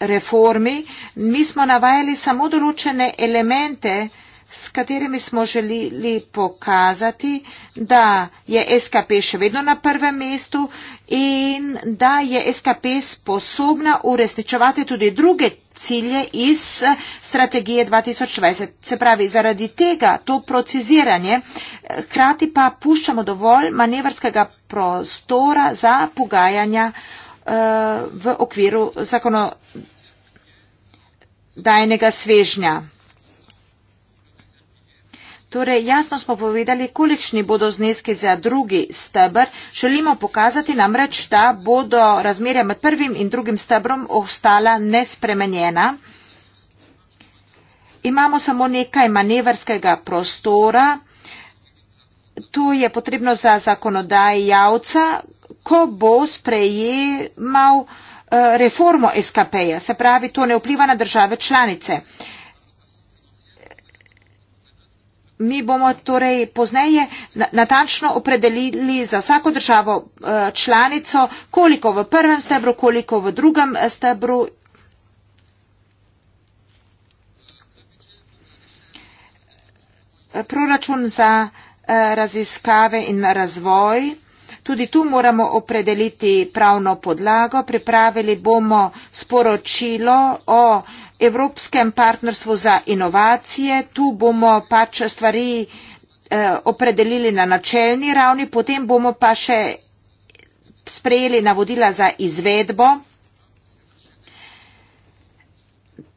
reformi, nismo navajali samo določene elemente, eh, s katerimi smo želeli pokazati, da je SKP še vedno na prvem mestu in da je SKP sposobna uresničevati tudi druge cilje iz strategije 2020. Se pravi, zaradi tega to prociziranje, eh, hkrati pa puščamo dovolj manevrskega prostora za pogajanja uh, v okviru zakonodajnega svežnja. Torej, jasno smo povedali, kolikšni bodo zneski za drugi stebr. Želimo pokazati namreč, da bodo razmerja med prvim in drugim stebrom ostala nespremenjena. Imamo samo nekaj manevrskega prostora. Tu je potrebno za zakonodajalca, ko bo sprejemal eh, reformo SKP-ja. Se pravi, to ne vpliva na države članice mi bomo torej pozneje natančno opredelili za vsako državo eh, članico, koliko v prvem stebru, koliko v drugem eh, stebru. Eh, proračun za raziskave in razvoj. Tudi tu moramo opredeliti pravno podlago. Pripravili bomo sporočilo o Evropskem partnerstvu za inovacije. Tu bomo pač stvari eh, opredelili na načeljni ravni, potem bomo pa še sprejeli navodila za izvedbo.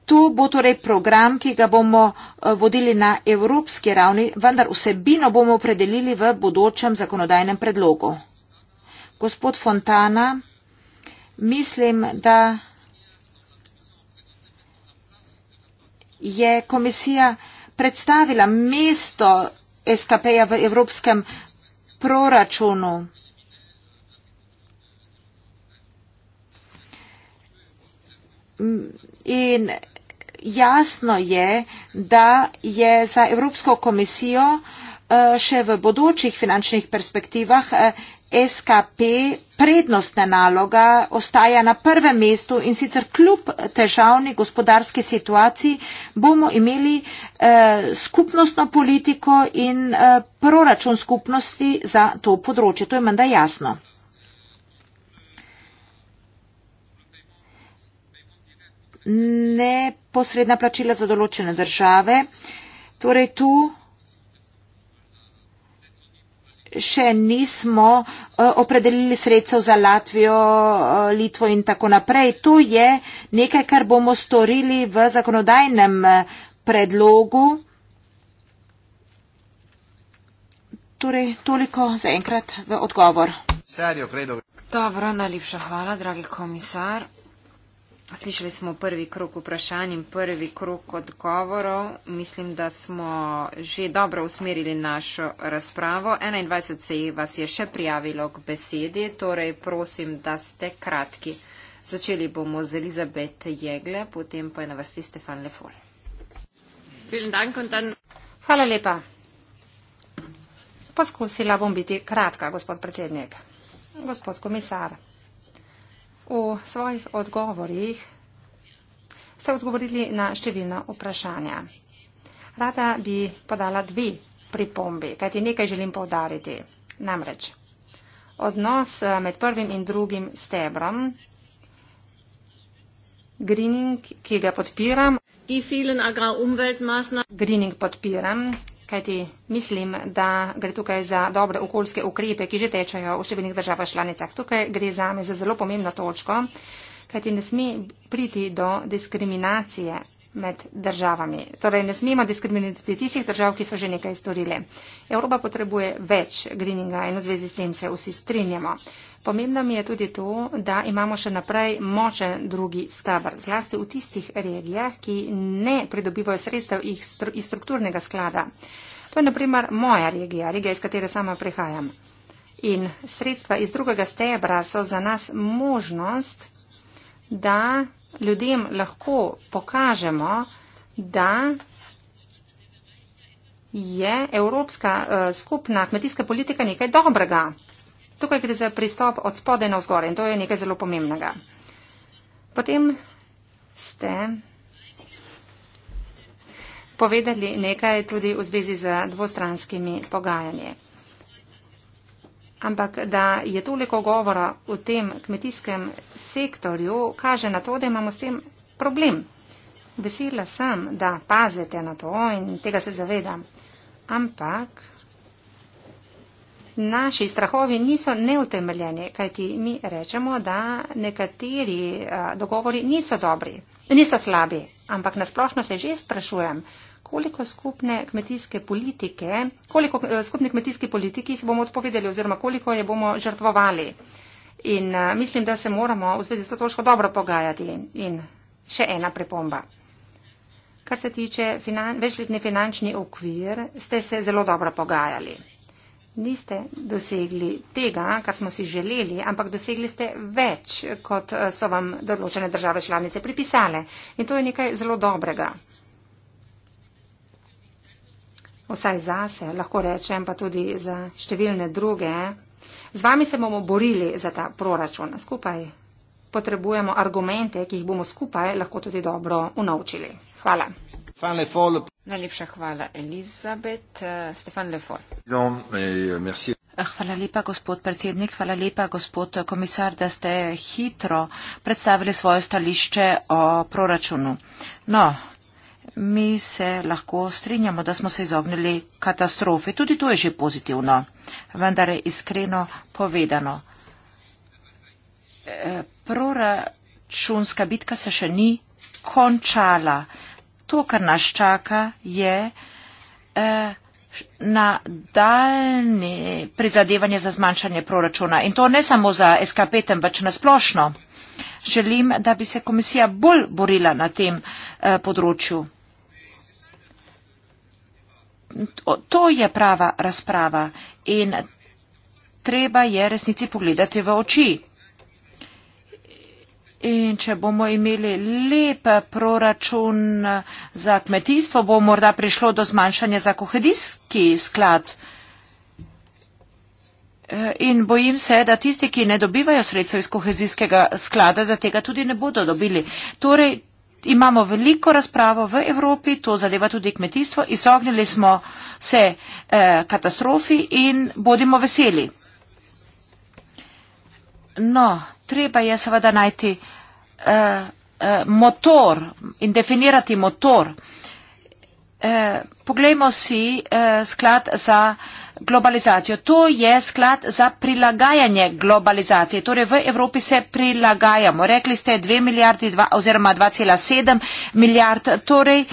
To bo torej program, ki ga bomo eh, vodili na evropski ravni, vendar vsebino bomo opredelili v bodočem zakonodajnem predlogu. Gospod Fontana, mislim, da. je komisija predstavila mesto SKP-ja v evropskem proračunu. In jasno je, da je za Evropsko komisijo eh, še v bodočih finančnih perspektivah eh, SKP prednostna naloga ostaja na prvem mestu in sicer kljub težavni gospodarski situaciji bomo imeli eh, skupnostno politiko in eh, proračun skupnosti za to področje. To je menda jasno. Neposredna plačila za določene države. Torej tu še nismo eh, opredelili sredstev za Latvijo, eh, Litvo in tako naprej. To je nekaj, kar bomo storili v zakonodajnem eh, predlogu. Torej, toliko za enkrat v odgovor. Dobro, najlepša hvala, dragi komisar. Slišali smo prvi krok vprašanj in prvi krok odgovorov. Mislim, da smo že dobro usmerili našo razpravo. 21 se vas je še prijavilo k besedi, torej prosim, da ste kratki. Začeli bomo z Elizabet Jegle, potem pa je na vrsti Stefan Lefol. Hvala lepa. Poskusila bom biti kratka, gospod predsednik. Gospod komisar. V svojih odgovorih ste odgovorili na številna vprašanja. Rada bi podala dve pripombi, kajti nekaj želim povdariti. Namreč, odnos eh, med prvim in drugim stebrom, greening, ki ga podpiram, greening podpiram, kajti mislim, da gre tukaj za dobre okoljske ukrepe, ki že tečejo v številnih državah članicah. Tukaj gre za me za zelo pomembno točko, kajti ne sme priti do diskriminacije med državami. Torej ne smemo diskriminirati tistih držav, ki so že nekaj storile. Evropa potrebuje več greeninga in v zvezi s tem se vsi strinjamo. Pomembno mi je tudi to, da imamo še naprej močen drugi stavr, zlasti v tistih regijah, ki ne pridobivajo sredstev iz strukturnega sklada. To je naprimer moja regija, regija, iz katere sama prihajam. In sredstva iz drugega stebra so za nas možnost, da ljudem lahko pokažemo, da je Evropska eh, skupna kmetijska politika nekaj dobrega. Tukaj gre za pristop od spode na vzgore in to je nekaj zelo pomembnega. Potem ste povedali nekaj tudi v zvezi z dvostranskimi pogajanji. Ampak, da je toliko govora v tem kmetijskem sektorju, kaže na to, da imamo s tem problem. Vesela sem, da pazite na to in tega se zavedam. Ampak. Naši strahovi niso neutemeljeni, kajti mi rečemo, da nekateri eh, dogovori niso dobri, niso slabi, ampak nasplošno se že sprašujem, koliko skupne kmetijske politike, koliko eh, skupne kmetijske politiki se bomo odpovedali oziroma koliko je bomo žrtvovali. In eh, mislim, da se moramo v zvezi s to točko dobro pogajati. In še ena pripomba. Kar se tiče finan večletni finančni okvir, ste se zelo dobro pogajali. Niste dosegli tega, kar smo si želeli, ampak dosegli ste več, kot eh, so vam določene države članice pripisale. In to je nekaj zelo dobrega vsaj zase, lahko rečem pa tudi za številne druge. Z vami se bomo borili za ta proračun. Skupaj potrebujemo argumente, ki jih bomo skupaj lahko tudi dobro unovčili. Hvala. Najlepša hvala, Elizabet. Stefan Lefort. Hvala lepa, gospod predsednik. Hvala lepa, gospod komisar, da ste hitro predstavili svoje stališče o proračunu. No, mi se lahko strinjamo, da smo se izognili katastrofi. Tudi to je že pozitivno, vendar je iskreno povedano. Eh, proračunska bitka se še ni končala. To, kar nas čaka, je eh, nadaljne prizadevanje za zmanjšanje proračuna. In to ne samo za SKP, temveč nasplošno. Želim, da bi se komisija bolj borila na tem eh, področju to je prava razprava in treba je resnici pogledati v oči. In če bomo imeli lep proračun za kmetijstvo, bo morda prišlo do zmanjšanja za kohedijski sklad. In bojim se, da tisti, ki ne dobivajo sredstva iz kohezijskega sklada, da tega tudi ne bodo dobili. Torej, imamo veliko razpravo v Evropi, to zadeva tudi kmetijstvo, izognili smo se eh, katastrofi in bodimo veseli. No, treba je seveda najti eh, eh, motor in definirati motor. Eh, poglejmo si eh, sklad za eh, globalizacijo. To je sklad za prilagajanje globalizacije. Torej v Evropi se prilagajamo. Rekli ste 2 milijardi oziroma 2,7 milijard, torej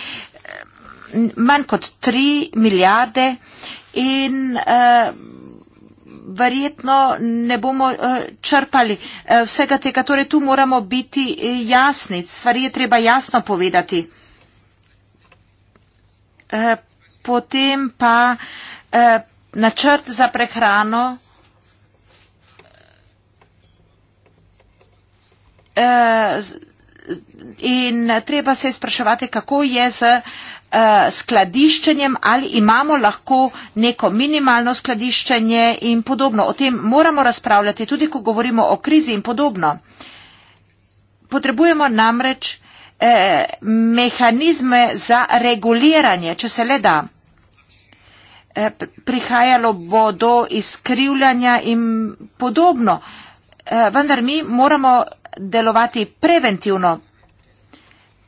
manj kot 3 milijarde in uh, verjetno ne bomo uh, črpali uh, vsega tega. Torej tu moramo biti jasni, stvari je treba jasno povedati. Uh, potem pa uh, načrt za prehrano eh, in treba se spraševati, kako je z eh, skladiščenjem, ali imamo lahko neko minimalno skladiščenje in podobno. O tem moramo razpravljati, tudi ko govorimo o krizi in podobno. Potrebujemo namreč eh, mehanizme za reguliranje, če se le da. Eh, prihajalo bo do izkrivljanja in podobno. Eh, vendar mi moramo delovati preventivno.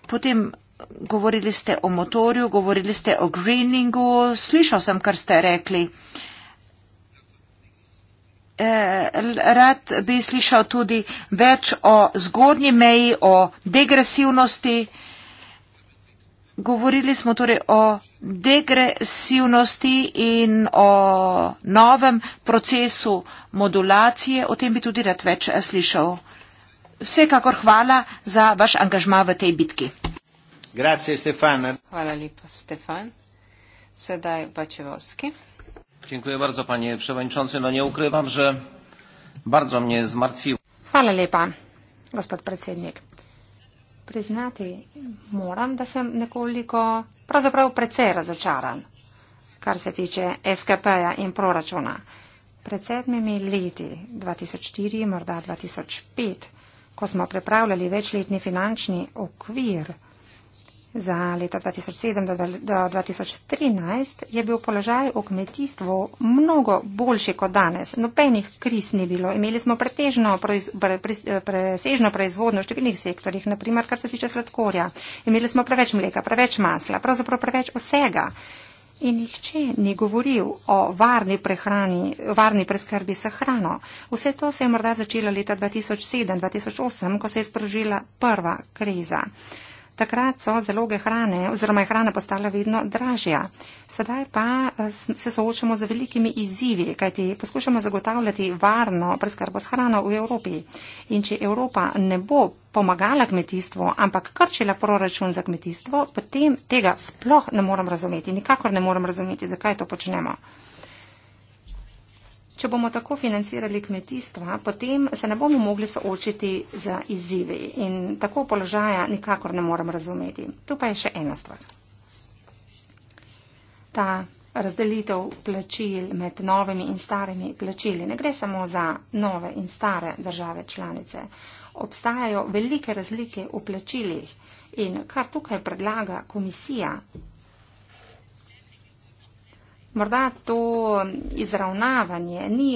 Potem govorili ste o motorju, govorili ste o greeningu, slišal sem, kar ste rekli. Eh, rad bi slišal tudi več o zgodnji meji, o degresivnosti. Govorili smo torej o degresivnosti in o novem procesu modulacije. O tem bi tudi rad več eh, slišal. Vsekakor hvala za vaš angažma v tej bitki. Grazie, Stefan. Hvala lepa, Stefan. Sedaj Bačevovski. Dziękuję bardzo, panie przewodniczący. No nie ukrywam, że bardzo mnie zmartwiło. Hvala lepa, gospod predsednik priznati, moram, da sem nekoliko, pravzaprav precej razočaran, kar se tiče SKP-ja in proračuna. Pred sedmimi leti, 2004, morda 2005, ko smo pripravljali večletni finančni okvir, Za leto 2007 do 2013 je bil položaj v kmetijstvu mnogo boljši kot danes. Nobenih kriz ni bilo. Imeli smo pretežno, presežno proizvodno v številnih sektorjih, naprimer kar se tiče sladkorja. Imeli smo preveč mleka, preveč masla, pravzaprav preveč vsega. In nihče ni govoril o varni prehrani, varni preskrbi s hrano. Vse to se je morda začelo leta 2007-2008, ko se je sprožila prva kriza. Takrat so zaloge hrane oziroma je hrana postala vedno dražja. Sedaj pa eh, se soočamo z velikimi izzivi, kajti poskušamo zagotavljati varno preskrbo s hrano v Evropi. In če Evropa ne bo pomagala kmetijstvu, ampak krčila proračun za kmetijstvo, potem tega sploh ne morem razumeti, nikakor ne morem razumeti, zakaj to počnemo. Če bomo tako financirali kmetijstva, potem se ne bomo mogli soočiti z izzivi in tako položaja nikakor ne morem razumeti. Tu pa je še ena stvar. Ta razdelitev plačil med novimi in starimi plačili ne gre samo za nove in stare države članice. Obstajajo velike razlike v plačilih in kar tukaj predlaga komisija morda to izravnavanje, ni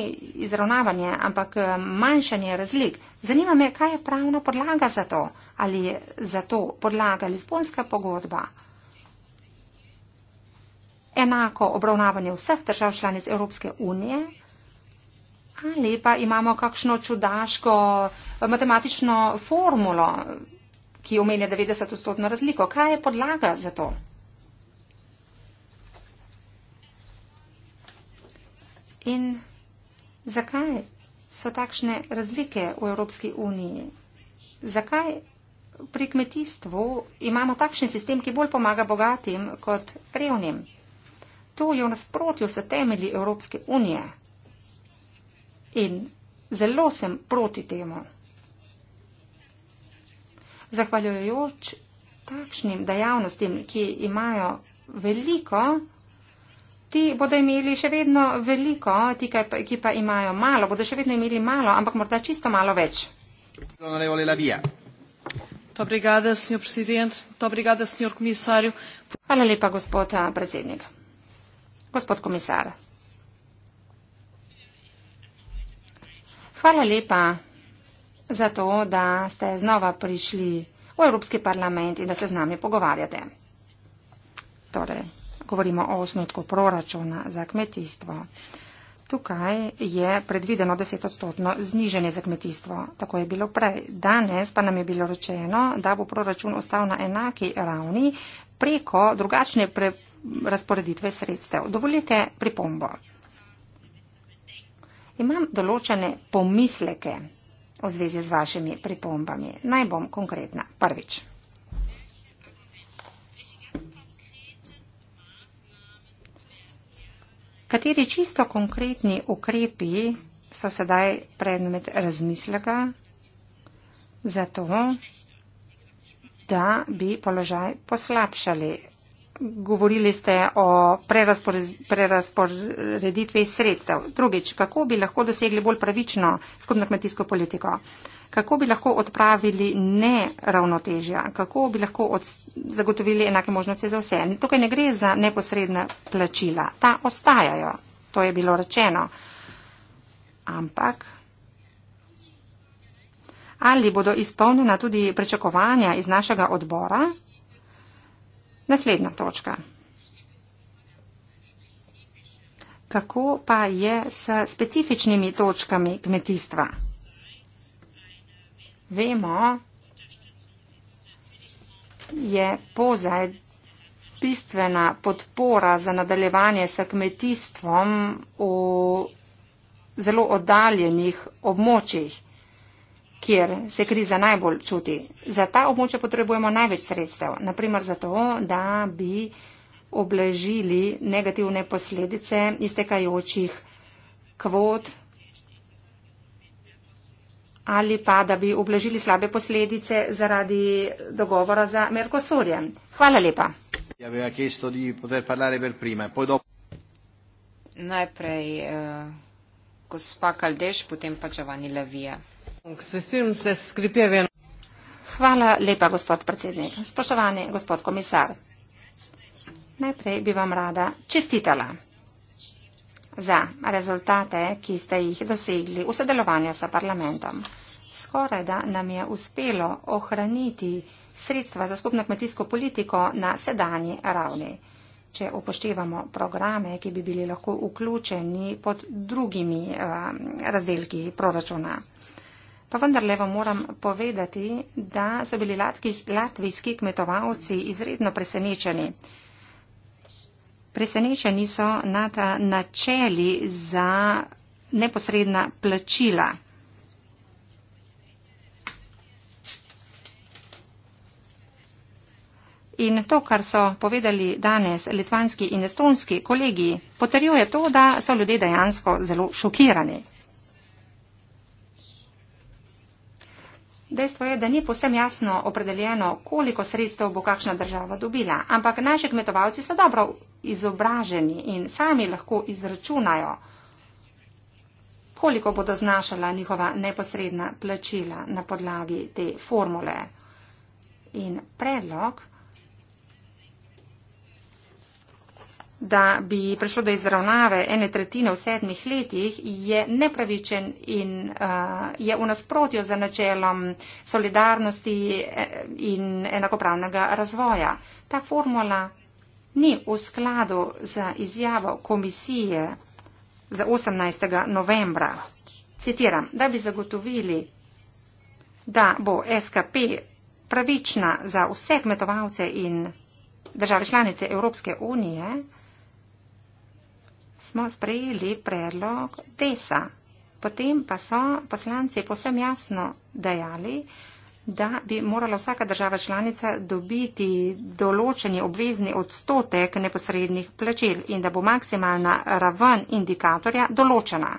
izravnavanje, ampak eh, manjšanje razlik. Zanima me, kaj je pravna podlaga za to? Ali je za to podlaga Lizbonska pogodba? Enako obravnavanje vseh držav članic Evropske unije? Ali pa imamo kakšno čudaško eh, matematično formulo, ki omenja 90-odstotno razliko? Kaj je podlaga za to? In zakaj so takšne razlike v Evropski uniji? Zakaj pri kmetijstvu imamo takšen sistem, ki bolj pomaga bogatim kot revnim? To je v nasprotju s temelji Evropske unije. In zelo sem proti temu. Zahvaljujoč takšnim dejavnostim, ki imajo veliko ti bodo imeli še vedno veliko, ti, ki pa imajo malo, bodo še vedno imeli malo, ampak morda čisto malo več. Hvala lepa, gospod eh, predsednik. Gospod komisar. Hvala lepa za to, da ste znova prišli v Evropski parlament in da se z nami pogovarjate. Torej govorimo o osnotku proračuna za kmetijstvo. Tukaj je predvideno desetodstotno zniženje za kmetijstvo, tako je bilo prej. Danes pa nam je bilo rečeno, da bo proračun ostal na enaki ravni preko drugačne pre razporeditve sredstev. Dovolite pripombo. Imam določene pomisleke v zvezi z vašimi pripombami. Naj bom konkretna. Prvič. Kateri čisto konkretni ukrepi so sedaj predmet razmisleka za to, da bi položaj poslabšali? Govorili ste o prerasporeditvi sredstev. Drugič, kako bi lahko dosegli bolj pravično skupno kmetijsko politiko? kako bi lahko odpravili neravnotežja, kako bi lahko zagotovili enake možnosti za vse. Tukaj ne gre za neposredna plačila, ta ostajajo, to je bilo rečeno. Ampak. Ali bodo izpolnjena tudi pričakovanja iz našega odbora? Naslednja točka. Kako pa je s specifičnimi točkami kmetijstva? vemo, je pozaj bistvena podpora za nadaljevanje s kmetijstvom v zelo oddaljenih območjih, kjer se kriza najbolj čuti. Za ta območja potrebujemo največ sredstev, naprimer zato, da bi oblažili negativne posledice iztekajočih kvot ali pa da bi oblažili slabe posledice zaradi dogovora za Merkosurje. Hvala lepa. Ja, ja najprej uh, gospa Kaldeš, potem pa Čavani Levija. Hvala lepa, gospod predsednik. Spoštovani gospod komisar, najprej bi vam rada čestitala za rezultate, ki ste jih dosegli v sodelovanju s parlamentom. Skoraj da nam je uspelo ohraniti sredstva za skupno kmetijsko politiko na sedanji ravni. Če upoštevamo programe, ki bi bili lahko vključeni pod drugimi um, razdelki proračuna. Pa vendarle vam moram povedati, da so bili latki, latvijski kmetovalci izredno presenečeni presenečeni so na ta načeli za neposredna plačila. In to, kar so povedali danes litvanski in estonski kolegi, potrjuje to, da so ljudje dejansko zelo šokirani. Dejstvo je, da ni posem jasno opredeljeno, koliko sredstev bo kakšna država dobila, ampak naši kmetovalci so dobro izobraženi in sami lahko izračunajo, koliko bodo znašala njihova neposredna plačila na podlagi te formule. In predlog da bi prišlo do izravnave ene tretjine v sedmih letih, je nepravičen in uh, je v nasprotju z načelom solidarnosti eh, in enakopravnega razvoja. Ta formula ni v skladu z izjavo komisije za 18. novembra. Citiram, da bi zagotovili, da bo SKP pravična za vse kmetovalce in države članice Evropske unije, smo sprejeli predlog desa. Potem pa so poslanci posem jasno dejali, da bi morala vsaka država članica dobiti določeni obvezni odstotek neposrednih plačil in da bo maksimalna raven indikatorja določena.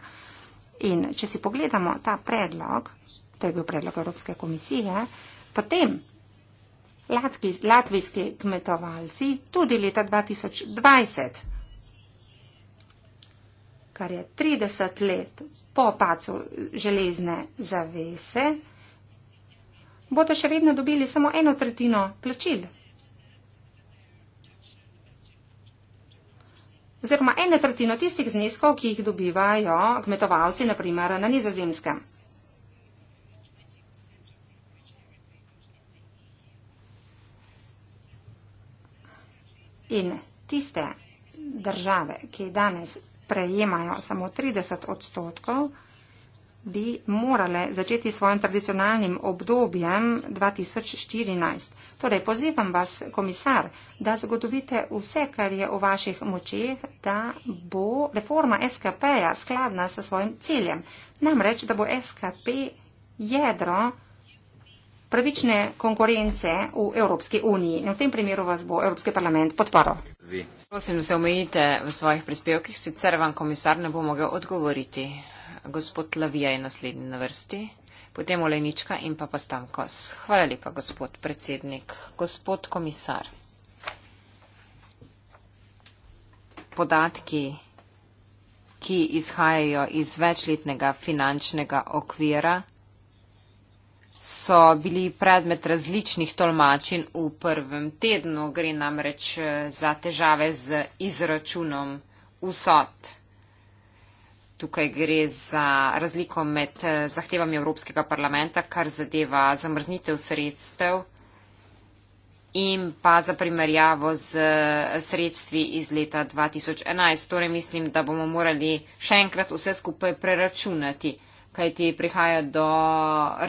In če si pogledamo ta predlog, to je bil predlog Evropske komisije, potem latvijski kmetovalci tudi leta 2020 kar je 30 let po pacu železne zavese, bodo še vedno dobili samo eno tretjino plačil. Oziroma eno tretjino tistih zneskov, ki jih dobivajo kmetovalci, naprimer na nizozemskem. In tiste države, ki danes prejemajo samo 30 odstotkov, bi morale začeti s svojim tradicionalnim obdobjem 2014. Torej, pozivam vas, komisar, da zagotovite vse, kar je v vaših močeh, da bo reforma SKP-ja skladna s svojim ciljem. Namreč, da bo SKP jedro pravične konkurence v Evropski uniji. In v tem primeru vas bo Evropski parlament podporil. Prosim, da se omejite v svojih prispevkih, sicer vam komisar ne bo mogel odgovoriti. Gospod Lavija je naslednji na vrsti, potem Olejnička in pa Postankos. Hvala lepa, gospod predsednik. Gospod komisar. Podatki, ki izhajajo iz večletnega finančnega okvira, so bili predmet različnih tolmačin v prvem tednu, gre namreč eh, za težave z izračunom vsot. Tukaj gre za razliko med eh, zahtevami Evropskega parlamenta, kar zadeva zamrznitev sredstev in pa za primerjavo z eh, sredstvi iz leta 2011. Torej mislim, da bomo morali še enkrat vse skupaj preračunati kajti prihaja do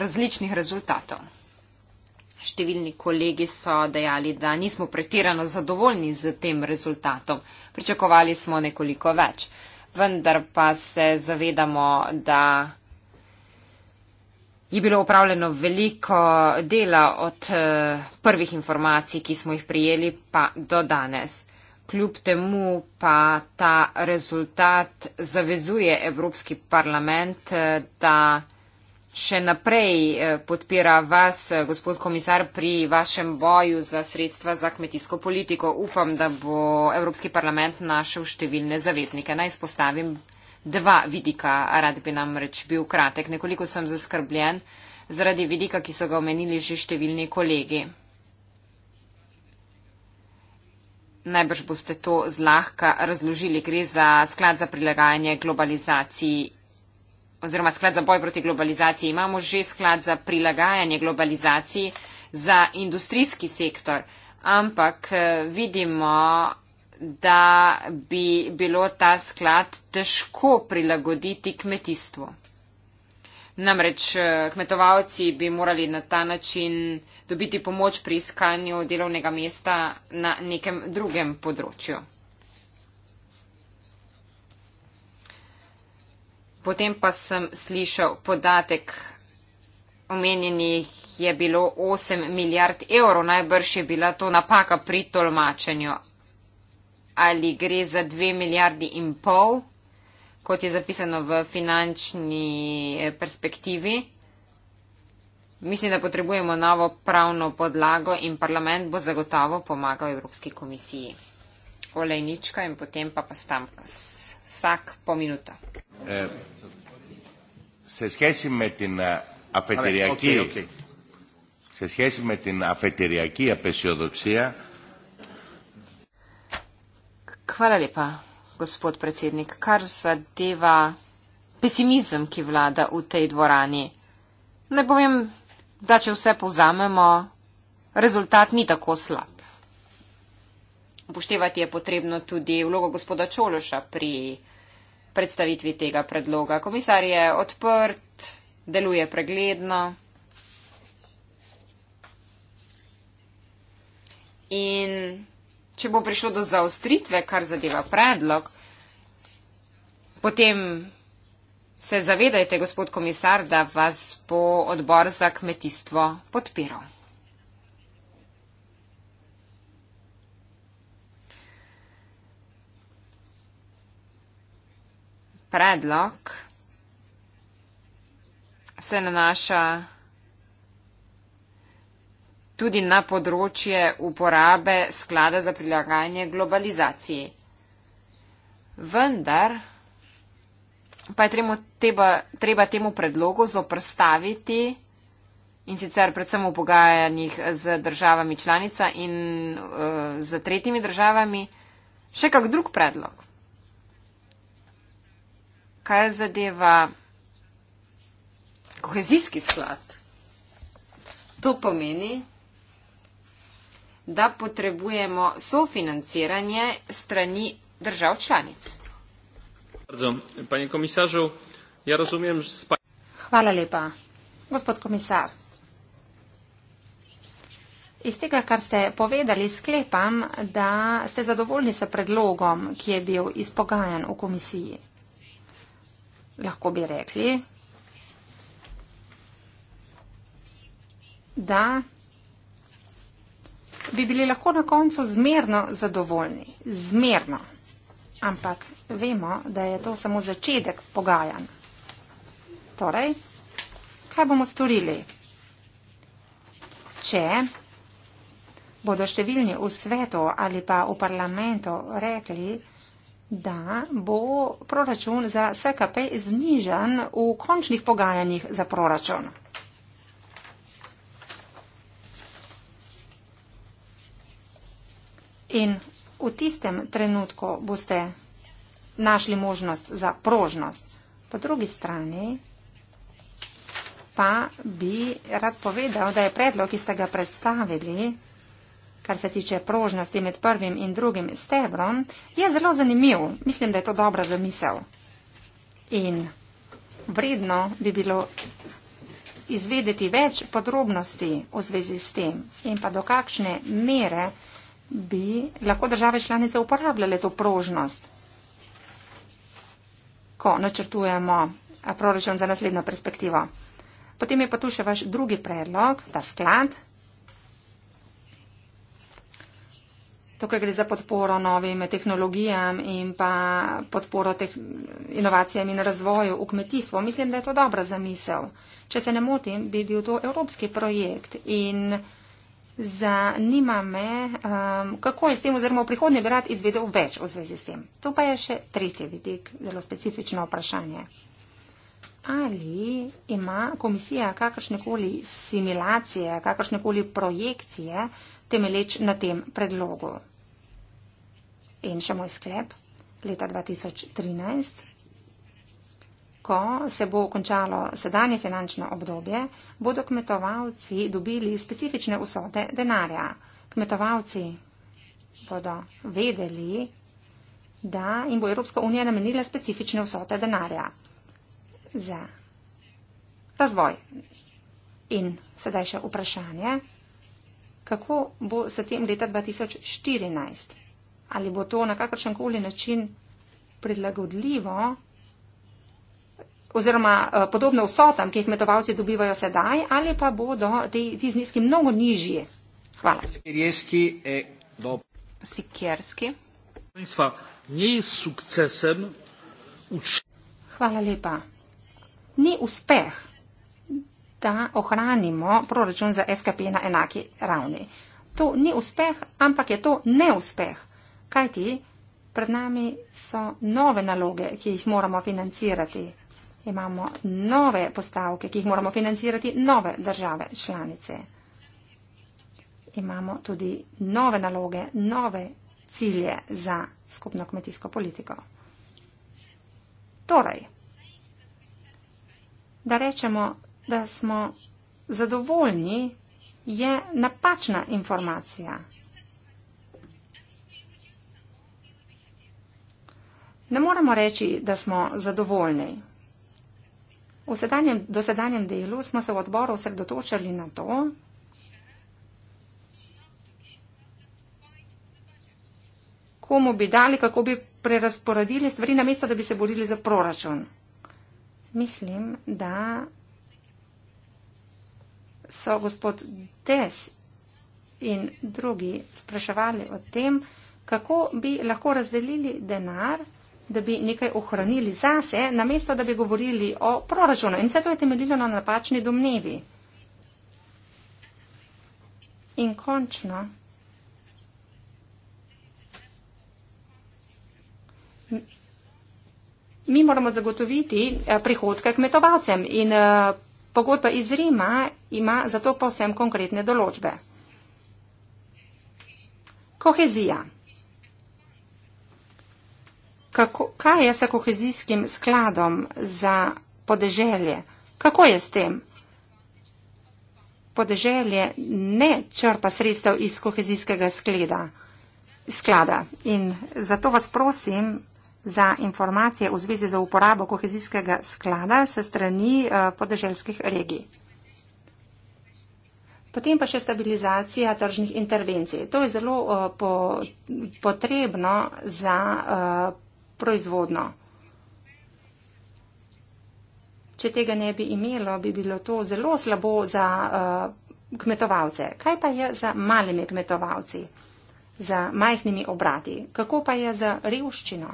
različnih rezultatov. Številni kolegi so dejali, da nismo pretirano zadovoljni z tem rezultatom. Pričakovali smo nekoliko več. Vendar pa se zavedamo, da je bilo upravljeno veliko dela od eh, prvih informacij, ki smo jih prijeli, pa do danes. Kljub temu pa ta rezultat zavezuje Evropski parlament, eh, da še naprej eh, podpira vas, eh, gospod komisar, pri vašem boju za sredstva za kmetijsko politiko. Upam, da bo Evropski parlament našel številne zaveznike. Naj spostavim dva vidika, rad bi nam reč bil kratek. Nekoliko sem zaskrbljen zaradi vidika, ki so ga omenili že številni kolegi. Najbrž boste to zlahka razložili. Gre za sklad za prilagajanje globalizaciji oziroma sklad za boj proti globalizaciji. Imamo že sklad za prilagajanje globalizaciji za industrijski sektor, ampak eh, vidimo, da bi bilo ta sklad težko prilagoditi kmetijstvu. Namreč eh, kmetovalci bi morali na ta način dobiti pomoč pri iskanju delovnega mesta na nekem drugem področju. Potem pa sem slišal podatek, omenjenih je bilo 8 milijard evrov, najbrž je bila to napaka pri tolmačenju. Ali gre za 2 milijardi in pol, kot je zapisano v finančni eh, perspektivi? Mislim, da potrebujemo novo pravno podlago in parlament bo zagotovo pomagal Evropski komisiji. Olejnička in potem pa postampka. Vsak po minuto. Eh, eh, Hvala lepa, gospod predsednik. Kar zadeva pesimizem, ki vlada v tej dvorani. Ne bojem da če vse povzamemo, rezultat ni tako slab. Upoštevati je potrebno tudi vlogo gospoda Čološa pri predstavitvi tega predloga. Komisar je odprt, deluje pregledno in če bo prišlo do zaostritve, kar zadeva predlog, potem Se zavedajte, gospod komisar, da vas bo odbor za kmetijstvo podpiral. Predlog se nanaša tudi na področje uporabe sklada za prilagajanje globalizaciji. Vendar pa je treba, teba, treba temu predlogu zoprstaviti in sicer predvsem v pogajanjih z državami članica in uh, z tretjimi državami še kak drug predlog, kar zadeva kohezijski sklad. To pomeni, da potrebujemo sofinanciranje strani držav članic. Ja Hvala lepa. Gospod komisar, iz tega, kar ste povedali, sklepam, da ste zadovoljni s predlogom, ki je bil izpogajan v komisiji. Lahko bi rekli, da bi bili lahko na koncu zmerno zadovoljni. Zmerno. Ampak vemo, da je to samo začetek pogajanj. Torej, kaj bomo storili? Če bodo številni v svetu ali pa v parlamentu rekli, da bo proračun za SKP znižan v končnih pogajanjih za proračun. In V tistem trenutku boste našli možnost za prožnost. Po drugi strani pa bi rad povedal, da je predlog, ki ste ga predstavili, kar se tiče prožnosti med prvim in drugim stebrom, je zelo zanimiv. Mislim, da je to dobra zamisel. In vredno bi bilo izvedeti več podrobnosti v zvezi s tem in pa do kakšne mere vsega, bi lahko države članice uporabljale to prožnost, ko načrtujemo eh, proračun za naslednjo perspektivo. Potem je pa tu še vaš drugi predlog, ta sklad. Tukaj gre za podporo novim tehnologijam in pa podporo teh inovacijam in razvoju v kmetijstvu. Mislim, da je to dobra zamisel. Če se ne motim, bi bil to evropski projekt in Zanima me, um, kako je s tem oziroma v prihodnje bi rad izvedel več v zvezi s tem. To pa je še tretji vidik, zelo specifično vprašanje. Ali ima komisija kakršnekoli simulacije, kakršnekoli projekcije temeleč na tem predlogu? In še moj sklep. Leta 2013 Ko se bo končalo sedanje finančno obdobje, bodo kmetovalci dobili specifične usode denarja. Kmetovalci bodo vedeli, da jim bo Evropska unija namenila specifične usode denarja za razvoj. In sedaj še vprašanje, kako bo s tem leta 2014? Ali bo to na kakršen koli način prilagodljivo? oziroma eh, podobno vsotam, ki jih kmetovalci dobivajo sedaj, ali pa bodo te, ti zniski mnogo nižji. Hvala. Sikerski. Sikerski. Hvala lepa. Ni uspeh, da ohranimo proračun za SKP na enaki ravni. To ni uspeh, ampak je to neuspeh. Kajti, pred nami so nove naloge, ki jih moramo financirati imamo nove postavke, ki jih moramo financirati, nove države članice. Imamo tudi nove naloge, nove cilje za skupno kmetijsko politiko. Torej, da rečemo, da smo zadovoljni, je napačna informacija. Ne moramo reči, da smo zadovoljni. V sedanjem, dosedanjem delu smo se v odboru osredotočili na to, komu bi dali, kako bi prerasporedili stvari, namesto da bi se borili za proračun. Mislim, da so gospod Des in drugi spraševali o tem, kako bi lahko razdelili denar da bi nekaj ohranili zase, namesto da bi govorili o proračunu. In vse to je temeljilo na napačni domnevi. In končno. Mi moramo zagotoviti eh, prihodke kmetovalcem in eh, pogodba iz Rima ima zato povsem konkretne določbe. Kohezija. Kako, kaj je s kohezijskim skladom za podeželje? Kako je s tem? Podeželje ne črpa sredstev iz kohezijskega skleda, sklada. In zato vas prosim za informacije v zvezi za uporabo kohezijskega sklada se strani eh, podeželskih regij. Potem pa še stabilizacija tržnih intervencij. To je zelo eh, potrebno za eh, proizvodno. Če tega ne bi imelo, bi bilo to zelo slabo za uh, kmetovalce. Kaj pa je za malimi kmetovalci, za majhnimi obrati? Kako pa je za revščino?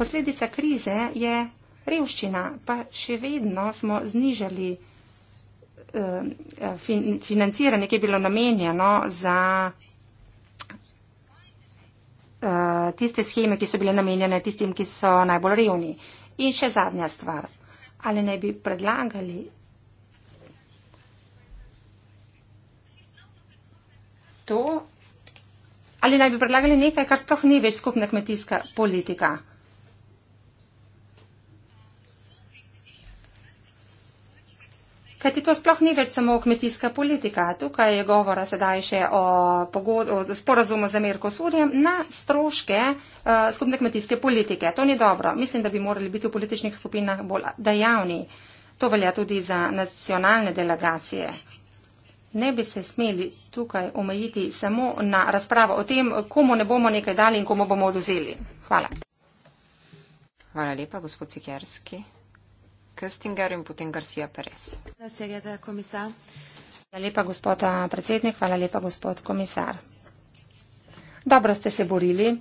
Posledica krize je revščina, pa še vedno smo znižali uh, financiranje, ki je bilo namenjeno za Eh, tiste scheme, ki so bile namenjene tistim, ki so najbolj revni. In še zadnja stvar. Ali ne bi predlagali to? Ali naj bi predlagali nekaj, kar sploh ni več skupna kmetijska politika? Kajti to sploh ni več samo kmetijska politika. Tukaj je govora sedaj še o, pogod, o sporazumu z Amerikosurjem na stroške uh, skupne kmetijske politike. To ni dobro. Mislim, da bi morali biti v političnih skupinah bolj dejavni. To velja tudi za nacionalne delegacije. Ne bi se smeli tukaj omejiti samo na razpravo o tem, komu ne bomo nekaj dali in komu bomo oduzeli. Hvala. Hvala lepa, gospod Sikerski. Kestinger in potem Garcia Perez. Hvala lepa, gospod predsednik, hvala lepa, gospod komisar. Dobro ste se borili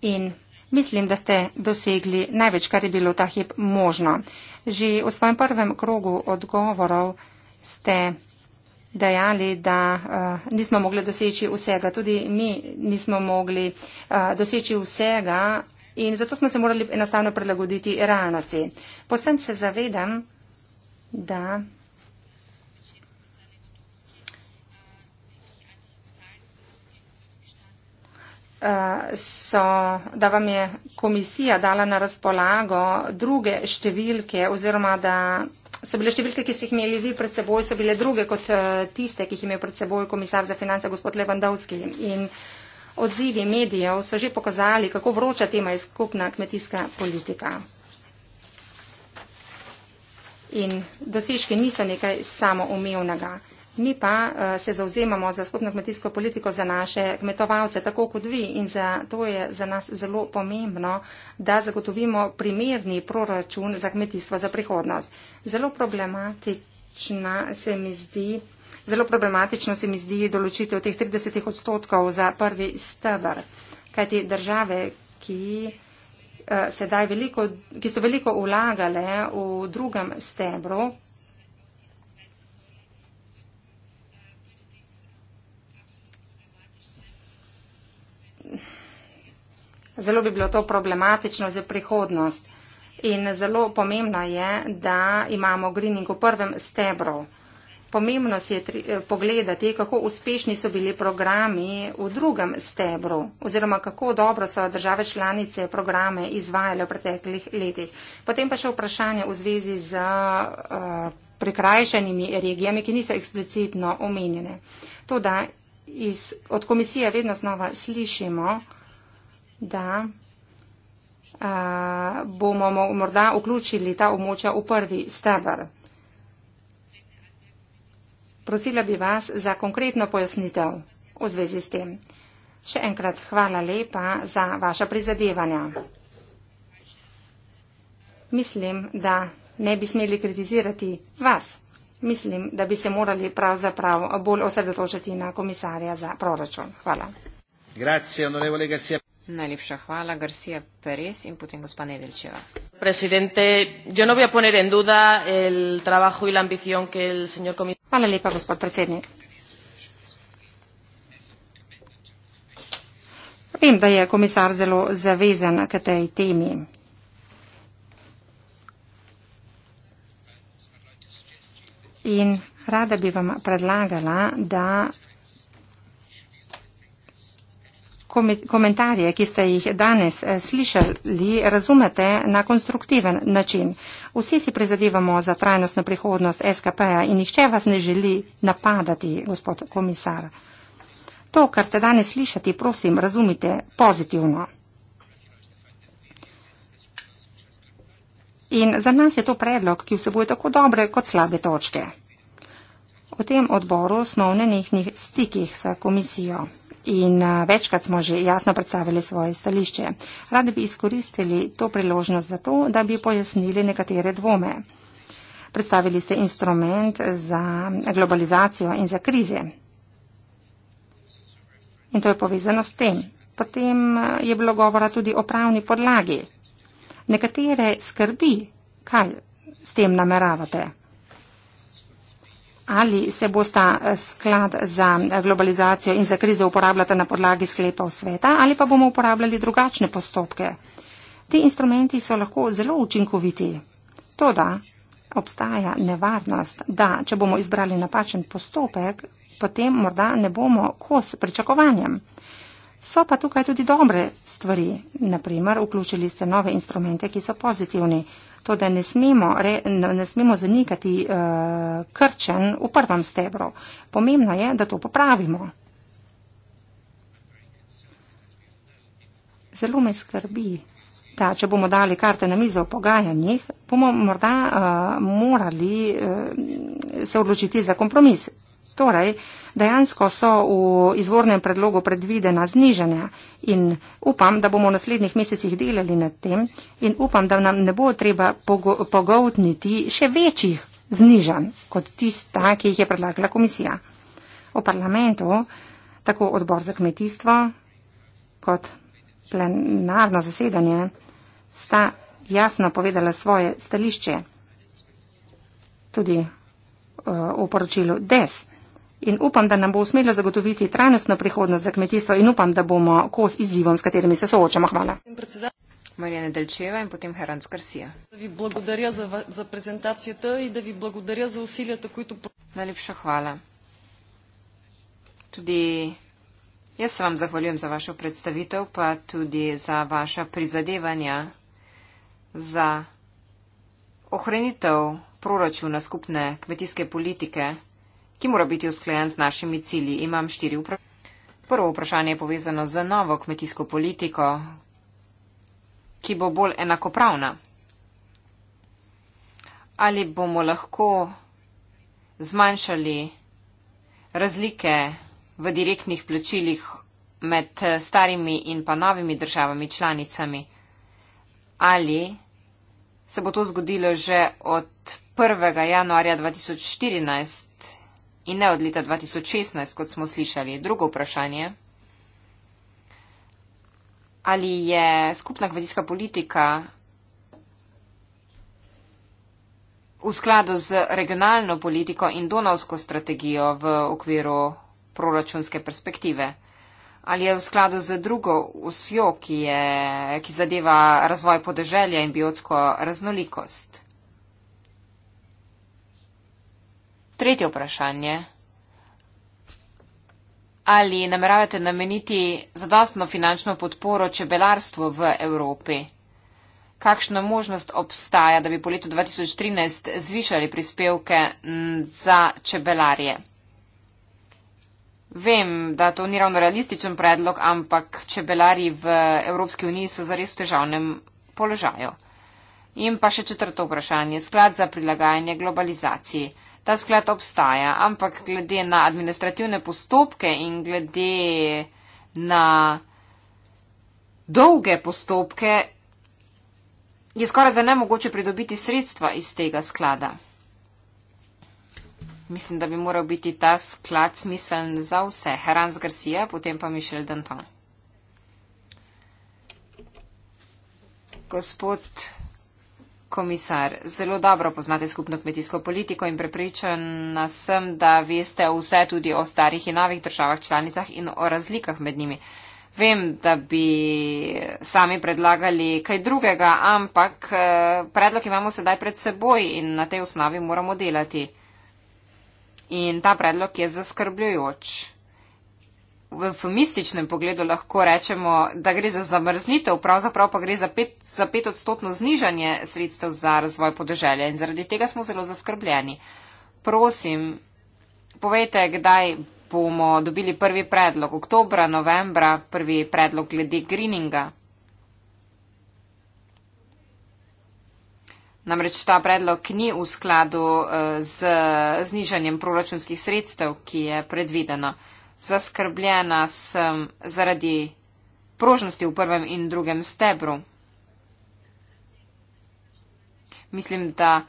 in mislim, da ste dosegli največ, kar je bilo ta hip možno. Že v svojem prvem krogu odgovorov ste dejali, da uh, nismo mogli doseči vsega. Tudi mi nismo mogli uh, doseči vsega, In zato smo se morali enostavno prilagoditi realnosti. Posem se zavedam, da eh, So, da vam je komisija dala na razpolago druge številke oziroma da so bile številke, ki ste jih imeli vi pred seboj, so bile druge kot eh, tiste, ki jih je imel pred seboj komisar za finance gospod Levandovski. In uh, odzivi medijev so že pokazali, kako vroča tema je skupna kmetijska politika. In dosežki niso nekaj samoumevnega. Mi pa uh, se zauzemamo za skupno kmetijsko politiko za naše kmetovalce, tako kot vi. In za, to je za nas zelo pomembno, da zagotovimo primerni proračun za kmetijstvo za prihodnost. Zelo problematična se mi zdi uh, Zelo problematično se mi zdi določitev teh 30 odstotkov za prvi stebr, kajti države, ki, eh, veliko, ki so veliko ulagale v drugem stebru, Zelo bi bilo to problematično za prihodnost in zelo pomembno je, da imamo greening v prvem stebru. Pomembno si je tri, eh, pogledati, kako uspešni so bili programi v drugem stebru oziroma kako dobro so države članice programe izvajale v preteklih letih. Potem pa še vprašanje v zvezi z uh, prikrajšanimi regijami, ki niso eksplicitno omenjene. To, da iz, od komisije vedno znova slišimo, da uh, bomo morda vključili ta območja v prvi stebr. Prosila bi vas za konkretno pojasnitev v zvezi s tem. Še enkrat hvala lepa za vaša prizadevanja. Mislim, da ne bi smeli kritizirati vas. Mislim, da bi se morali pravzaprav bolj osredotočiti na komisarja za proračun. Hvala. Grazie, Najlepša hvala, Garcia Perez in potem gospa Nedelčeva. No hvala lepa, gospod predsednik. Vem, da je komisar zelo zavezan k tej temi. In rada bi vam predlagala, da komentarje, ki ste jih danes eh, slišali, razumete na konstruktiven način. Vsi si prizadevamo za trajnostno prihodnost SKP-ja in nihče vas ne želi napadati, gospod komisar. To, kar ste danes slišati, prosim, razumite pozitivno. In za nas je to predlog, ki vsebuje tako dobre kot slabe točke. O tem odboru smo v nenehnih stikih s komisijo in eh, večkrat smo že jasno predstavili svoje stališče. Radi bi izkoristili to priložnost za to, da bi pojasnili nekatere dvome. Predstavili ste instrument za globalizacijo in za krize. In to je povezano s tem. Potem eh, je bilo govora tudi o pravni podlagi. Nekatere skrbi, kaj s tem nameravate. Ali se bosta eh, sklad za eh, globalizacijo in za krizo uporabljata na podlagi sklepov sveta ali pa bomo uporabljali drugačne postopke? Ti instrumenti so lahko zelo učinkoviti. Toda obstaja nevarnost, da če bomo izbrali napačen postopek, potem morda ne bomo kos pričakovanjem. So pa tukaj tudi dobre stvari. Naprimer, vključili ste nove instrumente, ki so pozitivni. To, da ne smemo, re, ne smemo zanikati uh, krčen v prvem stebru. Pomembno je, da to popravimo. Zelo me skrbi, da če bomo dali karte na mizo o pogajanjih, bomo morda uh, morali uh, se odločiti za kompromis. Torej, dejansko so v izvornem predlogu predvidena zniženja in upam, da bomo v naslednjih mesecih delali nad tem in upam, da nam ne bo treba pogoltniti še večjih znižanj kot tista, ki jih je predlagala komisija. V parlamentu tako odbor za kmetijstvo kot plenarno zasedanje sta jasno povedala svoje stališče tudi uh, v poročilu DES. In upam, da nam bo uspelo zagotoviti trajnostno prihodnost za kmetijstvo in upam, da bomo kos izzivom, s katerimi se soočamo. Hvala. Marijane Delčeva in potem Herans Garcia. Najlepša hvala. Tudi jaz se vam zahvaljujem za vašo predstavitev, pa tudi za vaša prizadevanja za ohranitev proračuna skupne kmetijske politike ki mora biti usklajen z našimi cilji. Imam štiri vprašanja. Prvo vprašanje je povezano z novo kmetijsko politiko, ki bo bolj enakopravna. Ali bomo lahko zmanjšali razlike v direktnih plačilih med starimi in pa novimi državami članicami? Ali se bo to zgodilo že od 1. januarja 2014? in ne od leta 2016, kot smo slišali. Drugo vprašanje. Ali je skupna kmetijska politika v skladu z regionalno politiko in donovsko strategijo v okviru proračunske perspektive? Ali je v skladu z drugo usjo, ki, je, ki zadeva razvoj podeželja in biotsko raznolikost? Tretje vprašanje. Ali nameravate nameniti zadostno finančno podporo čebelarstvu v Evropi? Kakšna možnost obstaja, da bi po letu 2013 zvišali prispevke za čebelarje? Vem, da to ni ravno realističen predlog, ampak čebelari v Evropski uniji so zares v težavnem položaju. In pa še četrto vprašanje. Sklad za prilagajanje globalizaciji ta sklad obstaja, ampak glede na administrativne postopke in glede na dolge postopke je skoraj da nemogoče pridobiti sredstva iz tega sklada. Mislim, da bi moral biti ta sklad smiseln za vse. Heranz Garcia, potem pa Mišel Danton. Gospod komisar, zelo dobro poznate skupno kmetijsko politiko in prepričan sem, da veste vse tudi o starih in novih državah članicah in o razlikah med njimi. Vem, da bi sami predlagali kaj drugega, ampak eh, predlog imamo sedaj pred seboj in na tej osnovi moramo delati. In ta predlog je zaskrbljujoč v eufemističnem pogledu lahko rečemo, da gre za zamrznitev, pravzaprav pa gre za pet, za pet odstotno znižanje sredstev za razvoj podeželja in zaradi tega smo zelo zaskrbljeni. Prosim, povejte, kdaj bomo dobili prvi predlog, oktobra, novembra, prvi predlog glede greeninga. Namreč ta predlog ni v skladu eh, z znižanjem proračunskih sredstev, ki je predvideno zaskrbljena sem zaradi prožnosti v prvem in drugem stebru. Mislim, da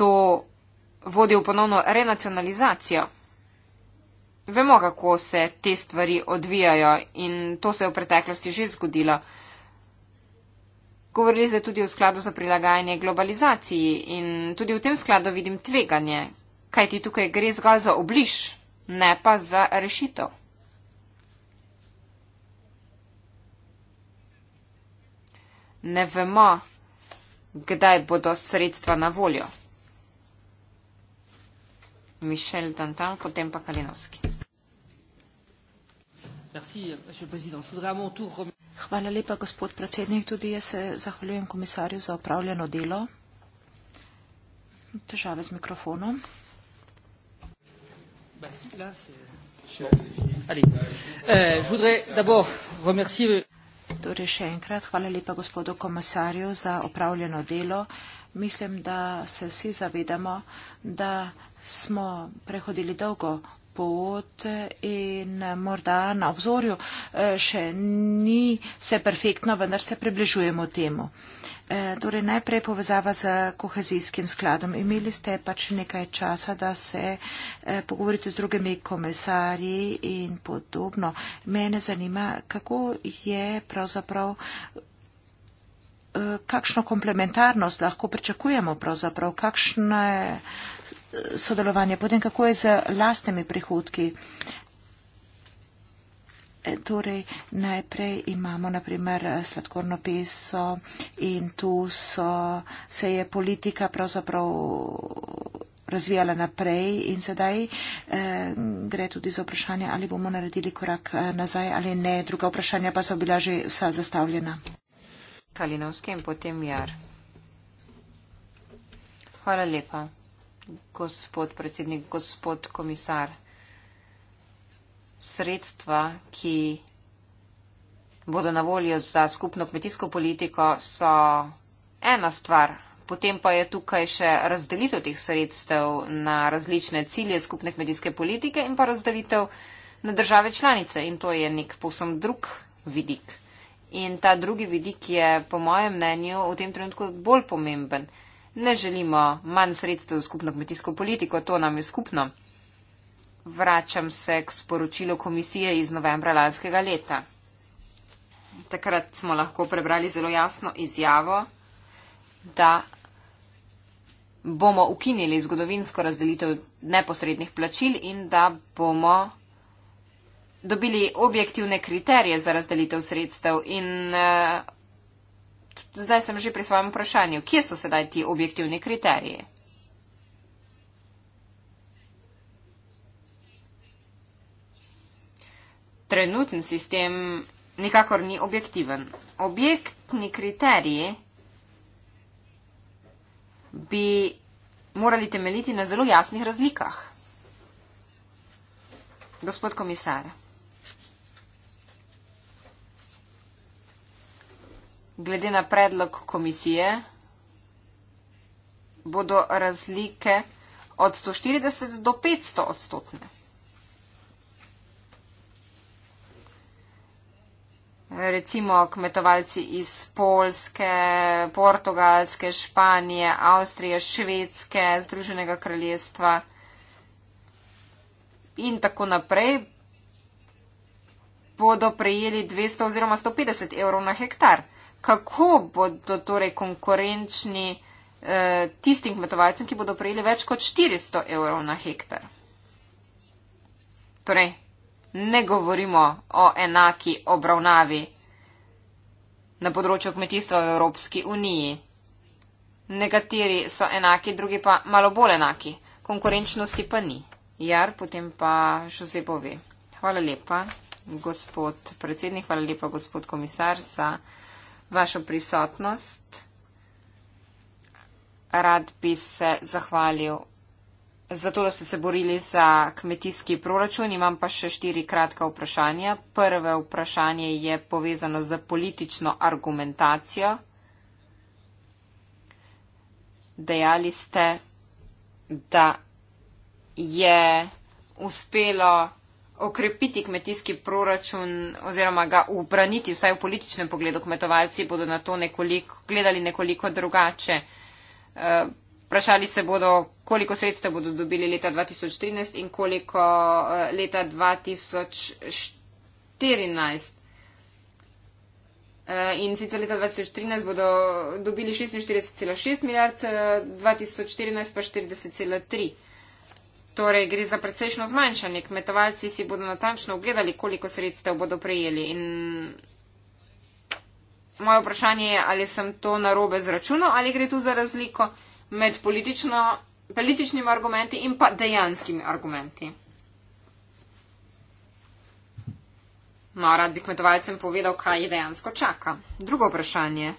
to vodi v ponovno renacionalizacijo. Vemo, kako se te stvari odvijajo in to se je v preteklosti že zgodilo. Govorili ste tudi o skladu za prilagajanje globalizaciji in tudi v tem skladu vidim tveganje, kajti tukaj gre zgolj za obliž ne pa za rešitev. Ne vemo, kdaj bodo sredstva na voljo. Mišel Dantan, potem pa Kalinovski. Hvala lepa, gospod predsednik. Tudi jaz se zahvaljujem komisarju za opravljeno delo. Težave z mikrofonom. Bah, là, bon, fini. Allez. Euh, je voudrais d'abord remercier. Euh, torej še enkrat hvala lepa gospodu komisarju za opravljeno delo. Mislim, da se vsi zavedamo, da smo prehodili dolgo pot in morda na obzorju eh, še ni vse perfektno, vendar se približujemo temu. E, torej najprej povezava z kohezijskim skladom. Imeli ste pač nekaj časa, da se e, pogovorite z drugimi komisarji in podobno. Mene zanima, kako je pravzaprav, e, kakšno komplementarnost lahko pričakujemo pravzaprav, kakšno sodelovanje, potem kako je z lastnimi prihodki. E, torej, najprej imamo naprimer sladkorno peso in tu so, se je politika pravzaprav razvijala naprej in sedaj eh, gre tudi za vprašanje, ali bomo naredili korak e, nazaj ali ne. Druga vprašanja pa so bila že vsa zastavljena. Kalinovski in potem Jar. Hvala lepa, gospod predsednik, gospod komisar sredstva, ki bodo na voljo za skupno kmetijsko politiko, so ena stvar. Potem pa je tukaj še razdelitev teh sredstev na različne cilje skupne kmetijske politike in pa razdelitev na države članice. In to je nek povsem drug vidik. In ta drugi vidik je, po mojem mnenju, v tem trenutku bolj pomemben. Ne želimo manj sredstev za skupno kmetijsko politiko, to nam je skupno vračam se k sporočilu komisije iz novembra lanskega leta. Takrat smo lahko prebrali zelo jasno izjavo, da bomo ukinili zgodovinsko razdelitev neposrednih plačil in da bomo dobili objektivne kriterije za razdelitev sredstev. In eh, zdaj sem že pri svojem vprašanju, kje so sedaj ti objektivni kriteriji? trenutni sistem nikakor ni objektiven. Objektni kriteriji bi morali temeljiti na zelo jasnih razlikah. Gospod komisar, glede na predlog komisije bodo razlike od 140 do 500 odstotne. recimo kmetovalci iz Polske, Portugalske, Španije, Avstrije, Švedske, Združenega kraljestva in tako naprej, bodo prejeli 200 oziroma 150 evrov na hektar. Kako bodo torej konkurenčni eh, tistim kmetovalcem, ki bodo prejeli več kot 400 evrov na hektar? Torej, ne govorimo o enaki obravnavi na področju kmetijstva v Evropski uniji. Nekateri so enaki, drugi pa malo bolj enaki. Konkurenčnosti pa ni. Jar, potem pa Jose pove. Hvala lepa, gospod predsednik, hvala lepa, gospod komisar, za vašo prisotnost. Rad bi se zahvalil zato, da ste se borili za kmetijski proračun. Imam pa še štiri kratka vprašanja. Prve vprašanje je povezano z politično argumentacijo. Dejali ste, da je uspelo okrepiti kmetijski proračun oziroma ga ubraniti, vsaj v političnem pogledu. Kmetovalci bodo na to nekoliko, gledali nekoliko drugače. Eh, Vprašali se bodo, koliko sredstev bodo dobili leta 2013 in koliko eh, leta 2014. Eh, in sicer leta 2013 bodo dobili 46,6 milijard, 2014 eh, pa 40,3. Torej gre za precejšno zmanjšanje. Kmetovalci si bodo natančno ogledali, koliko sredstev bodo prejeli. In moje vprašanje je, ali sem to narobe zračunal ali gre tu za razliko med politično, političnimi argumenti in pa dejanskimi argumenti. No, rad bi kmetovalcem povedal, kaj jih dejansko čaka. Drugo vprašanje.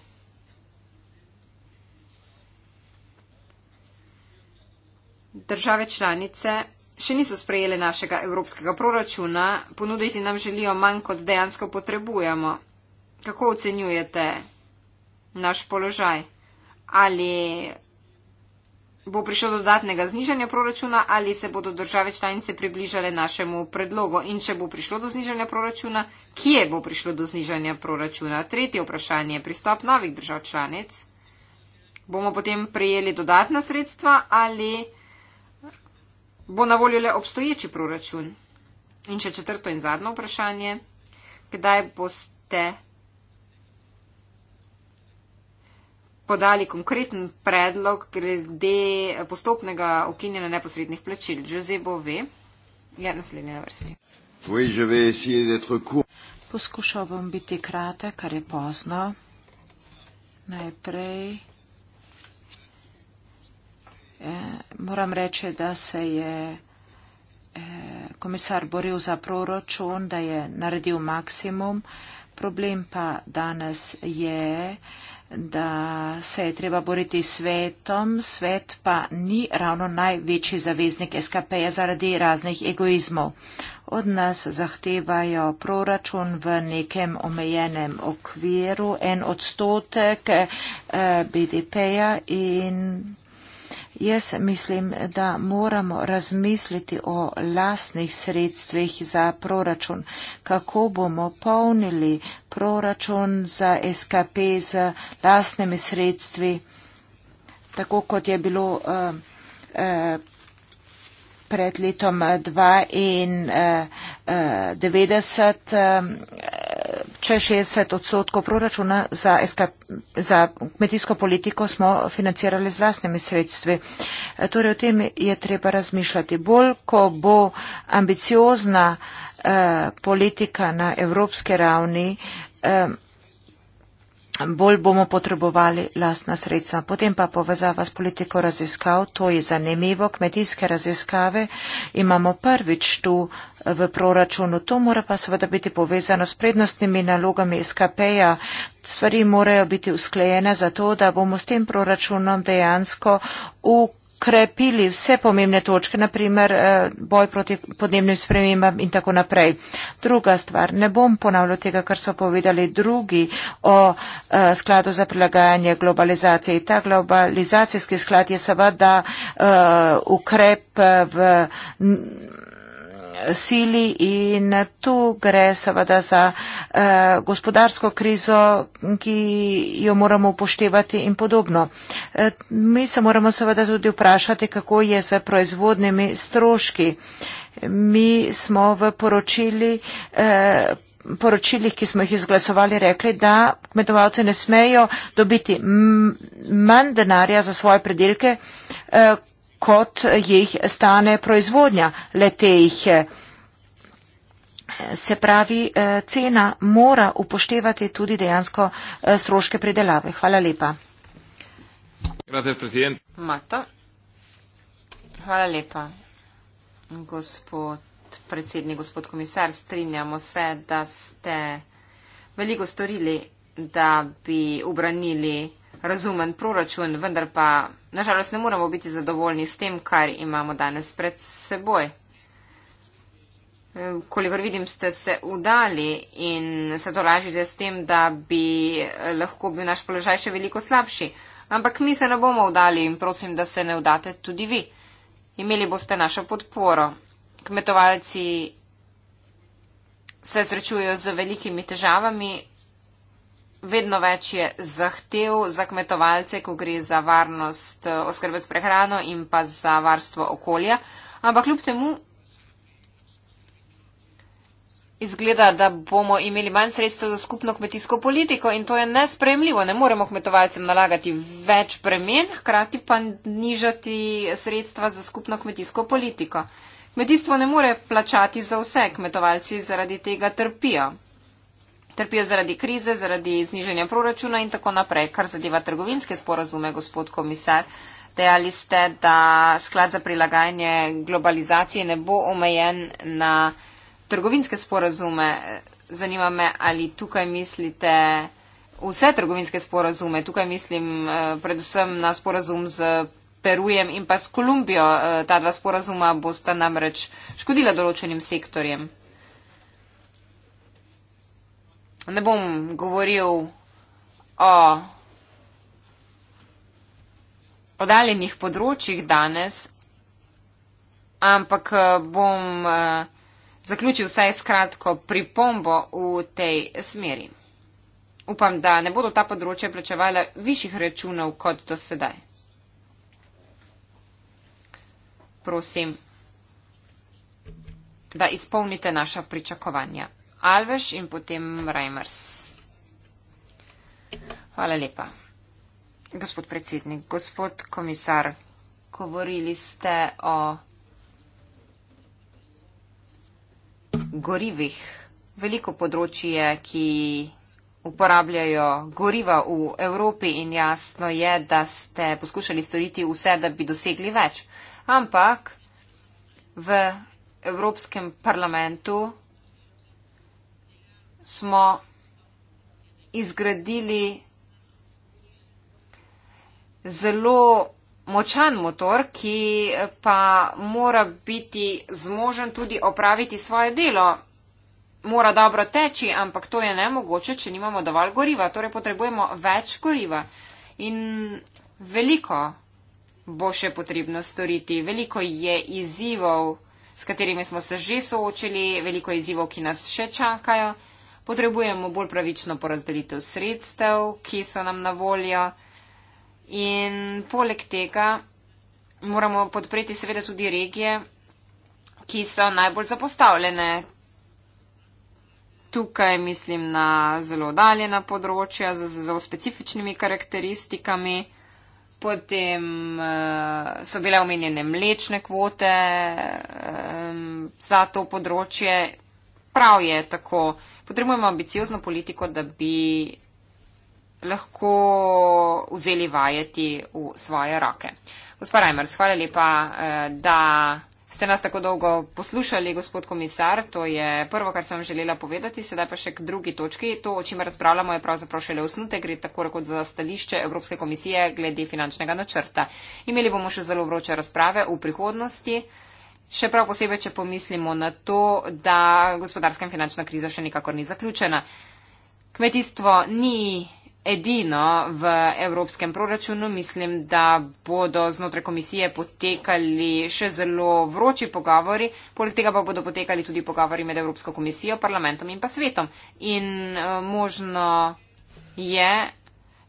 Države članice še niso sprejele našega evropskega proračuna, ponuditi nam želijo manj, kot dejansko potrebujemo. Kako ocenjujete naš položaj? Ali Bo prišlo do dodatnega znižanja proračuna ali se bodo države članice približale našemu predlogu? In če bo prišlo do znižanja proračuna, kje bo prišlo do znižanja proračuna? Tretje vprašanje, pristop novih držav članic. Bomo potem prejeli dodatna sredstva ali bo na voljo le obstoječi proračun? In še četrto in zadnjo vprašanje, kdaj boste podali konkreten predlog glede postopnega ukinjanja neposrednih plačil. Jose bo ve, je naslednja vrsti. Poskušal bom biti kratek, kar je pozno. Najprej eh, moram reči, da se je eh, komisar boril za proračun, da je naredil maksimum. Problem pa danes je, eh, da se je treba boriti s svetom, svet pa ni ravno največji zaveznik SKP-ja zaradi raznih egoizmov. Od nas zahtevajo proračun v nekem omejenem okviru, en odstotek eh, BDP-ja in Jaz mislim, da moramo razmisliti o lasnih sredstvih za proračun, kako bomo polnili proračun za SKP z lasnimi sredstvi, tako kot je bilo uh, uh, pred letom 92. Uh, uh, če 60 odstotkov proračuna za, SK, za kmetijsko politiko smo financirali z vlastnimi sredstvi. E, torej o tem je treba razmišljati. Bolj, ko bo ambiciozna eh, politika na evropske ravni, eh, bolj bomo potrebovali lastna sredstva. Potem pa povezava s politiko raziskav, to je zanimivo. Kmetijske raziskave imamo prvič tu v proračunu. To mora pa seveda biti povezano s prednostnimi nalogami SKP-ja. Stvari morajo biti usklejene zato, da bomo s tem proračunom dejansko v krepili vse pomembne točke, naprimer eh, boj proti podnebnim spremembam in tako naprej. Druga stvar, ne bom ponavljal tega, kar so povedali drugi o eh, skladu za prilagajanje globalizaciji. Ta globalizacijski sklad je seveda eh, ukrep v sili in tu gre seveda za eh, gospodarsko krizo, ki jo moramo upoštevati in podobno. Eh, mi se moramo seveda tudi vprašati, kako je z proizvodnimi stroški. Mi smo v poročili. Eh, poročilih, ki smo jih izglasovali, rekli, da kmetovalci ne smejo dobiti manj denarja za svoje predelke, eh, kot jih stane proizvodnja letejih. Se pravi, eh, cena mora upoštevati tudi dejansko eh, stroške pridelave. Hvala lepa. Mato. Hvala lepa, gospod predsednik, gospod komisar. Strinjamo se, da ste veliko storili, da bi obranili razumen proračun, vendar pa Nažalost, ne moremo biti zadovoljni s tem, kar imamo danes pred seboj. Eh, kolikor vidim, ste se udali in se dolažite s tem, da bi eh, lahko bil naš položaj še veliko slabši. Ampak mi se ne bomo udali in prosim, da se ne udate tudi vi. Imeli boste našo podporo. Kmetovalci se srečujejo z velikimi težavami vedno več je zahtev za kmetovalce, ko gre za varnost eh, oskrbe s prehrano in pa za varstvo okolja. Ampak kljub temu izgleda, da bomo imeli manj sredstev za skupno kmetijsko politiko in to je nespremljivo. Ne moremo kmetovalcem nalagati več premen, hkrati pa nižati sredstva za skupno kmetijsko politiko. Kmetijstvo ne more plačati za vse, kmetovalci zaradi tega trpijo trpijo zaradi krize, zaradi zniženja proračuna in tako naprej, kar zadeva trgovinske sporazume, gospod komisar. Dejali ste, da sklad za prilagajanje globalizacije ne bo omejen na trgovinske sporazume. Zanima me, ali tukaj mislite vse trgovinske sporazume. Tukaj mislim eh, predvsem na sporazum z Perujem in pa s Kolumbijo. Eh, ta dva sporazuma bosta namreč škodila določenim sektorjem ne bom govoril o oddaljenih področjih danes, ampak eh, bom eh, zaključil vsaj skratko pripombo v tej smeri. Upam, da ne bodo ta področja plačevala višjih računov kot do sedaj. Prosim, da izpolnite naša pričakovanja. Alves in potem Reimers. Hvala lepa. Gospod predsednik, gospod komisar, govorili ste o gorivih. Veliko področje, ki uporabljajo goriva v Evropi in jasno je, da ste poskušali storiti vse, da bi dosegli več. Ampak v Evropskem parlamentu smo izgradili zelo močan motor, ki pa mora biti zmožen tudi opraviti svoje delo. Mora dobro teči, ampak to je nemogoče, če nimamo dovolj goriva. Torej potrebujemo več goriva. In veliko bo še potrebno storiti. Veliko je izzivov, s katerimi smo se že soočili, veliko je izzivov, ki nas še čakajo potrebujemo bolj pravično porazdelitev sredstev, ki so nam na voljo. In poleg tega moramo podpreti seveda tudi regije, ki so najbolj zapostavljene. Tukaj mislim na zelo daljena področja z zelo specifičnimi karakteristikami. Potem eh, so bile omenjene mlečne kvote eh, za to področje. Prav je tako potrebujemo ambiciozno politiko, da bi lahko vzeli vajeti v svoje roke. Gospod Reimers, hvala lepa, eh, da ste nas tako dolgo poslušali, gospod komisar. To je prvo, kar sem želela povedati. Sedaj pa še k drugi točki. To, o čem razpravljamo, je pravzaprav šele osnutek. Gre tako rekoč za stališče Evropske komisije glede finančnega načrta. Imeli bomo še zelo vroče razprave v prihodnosti. Še prav posebej, če pomislimo na to, da gospodarska in finančna kriza še nikakor ni zaključena. Kmetijstvo ni edino v evropskem proračunu. Mislim, da bodo znotraj komisije potekali še zelo vroči pogovori, poleg tega pa bodo potekali tudi pogovori med Evropsko komisijo, parlamentom in pa svetom. In eh, možno je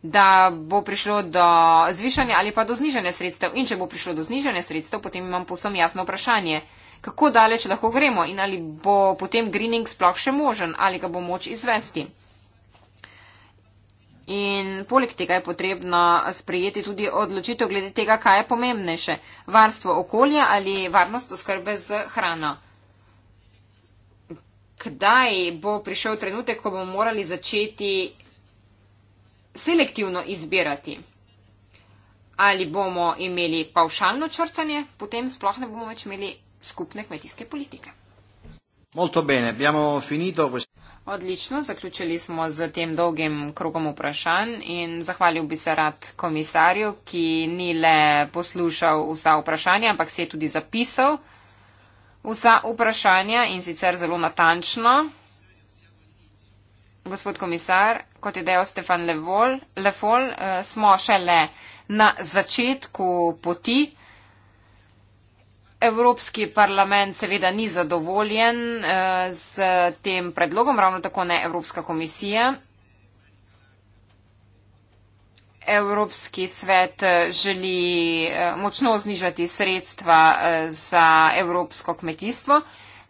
da bo prišlo do zvišanja ali pa do znižanja sredstev. In če bo prišlo do znižanja sredstev, potem imam posem jasno vprašanje, kako daleč lahko gremo in ali bo potem greening sploh še možen ali ga bo moč izvesti. In poleg tega je potrebno sprejeti tudi odločitev glede tega, kaj je pomembnejše, varstvo okolja ali varnost oskrbe z hrano. Kdaj bo prišel trenutek, ko bomo morali začeti selektivno izbirati. Ali bomo imeli pavšalno črtanje, potem sploh ne bomo več imeli skupne kmetijske politike. Molto bene, abbiamo finito. Odlično, zaključili smo z tem dolgim krogom vprašanj in zahvalil bi se rad komisarju, ki ni le poslušal vsa vprašanja, ampak se je tudi zapisal vsa vprašanja in sicer zelo natančno gospod komisar, kot je dejal Stefan Levol, Lefol, eh, smo šele na začetku poti. Evropski parlament seveda ni zadovoljen z eh, tem predlogom, ravno tako ne Evropska komisija. Evropski svet eh, želi močno znižati sredstva za evropsko kmetijstvo.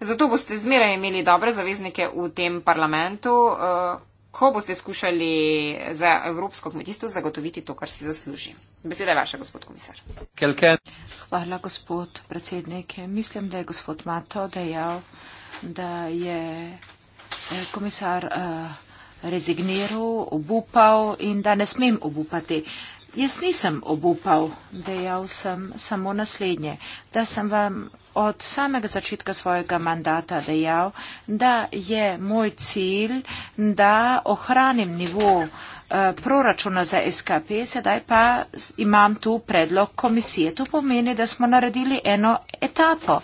Zato boste zmeraj imeli dobre zaveznike v tem parlamentu, eh, ko boste skušali za evropsko kmetijstvo zagotoviti to, kar si zasluži. Beseda je vaša, gospod komisar. Hvala, gospod predsednik. Mislim, da je gospod Mato dejal, da je eh, komisar eh, rezigniral, obupal in da ne smem obupati. Jaz nisem obupal, dejal sem samo naslednje, da sem vam od samega začetka svojega mandata dejal, da je moj cilj, da ohranim nivo eh, proračuna za SKP, sedaj pa imam tu predlog komisije. To pomeni, da smo naredili eno etapo.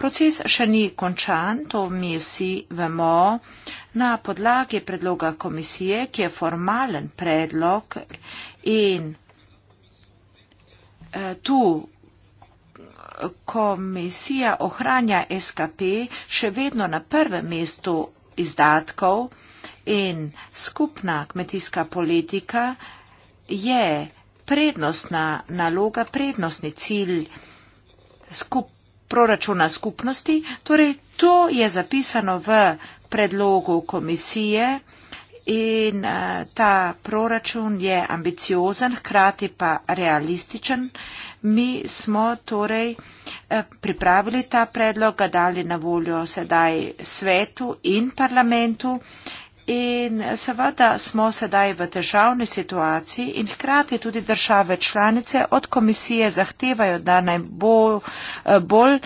Proces še ni končan, to mi vsi vemo. Na podlagi predloga komisije, ki je formalen predlog in eh, tu komisija ohranja SKP še vedno na prvem mestu izdatkov in skupna kmetijska politika je prednostna naloga, prednostni cilj skup, proračuna skupnosti. Torej, to je zapisano v predlogu komisije in uh, ta proračun je ambiciozen, hkrati pa realističen. Mi smo torej eh, pripravili ta predlog, ga dali na voljo sedaj svetu in parlamentu in eh, seveda smo sedaj v težavni situaciji in hkrati tudi države članice od komisije zahtevajo, da naj bo bolj. bolj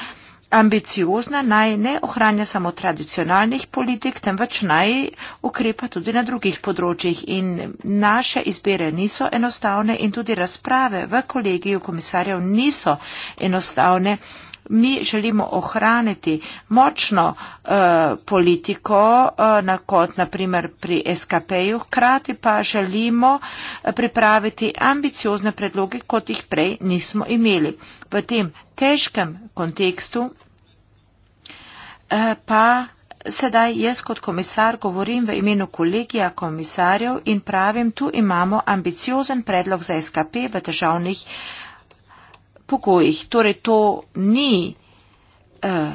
ambiciozna, naj ne ohranja samo tradicionalnih politik, temveč naj ukrepa tudi na drugih področjih. In naše izbire niso enostavne in tudi razprave v kolegiju komisarjev niso enostavne. Mi želimo ohraniti močno uh, politiko, uh, na kot naprimer pri SKP-ju, hkrati pa želimo eh, pripraviti ambiciozne predloge, kot jih prej nismo imeli. V tem težkem kontekstu Eh, pa sedaj jaz kot komisar govorim v imenu kolegija komisarjev in pravim, tu imamo ambiciozen predlog za SKP v državnih pokojih. Torej, to ni uh,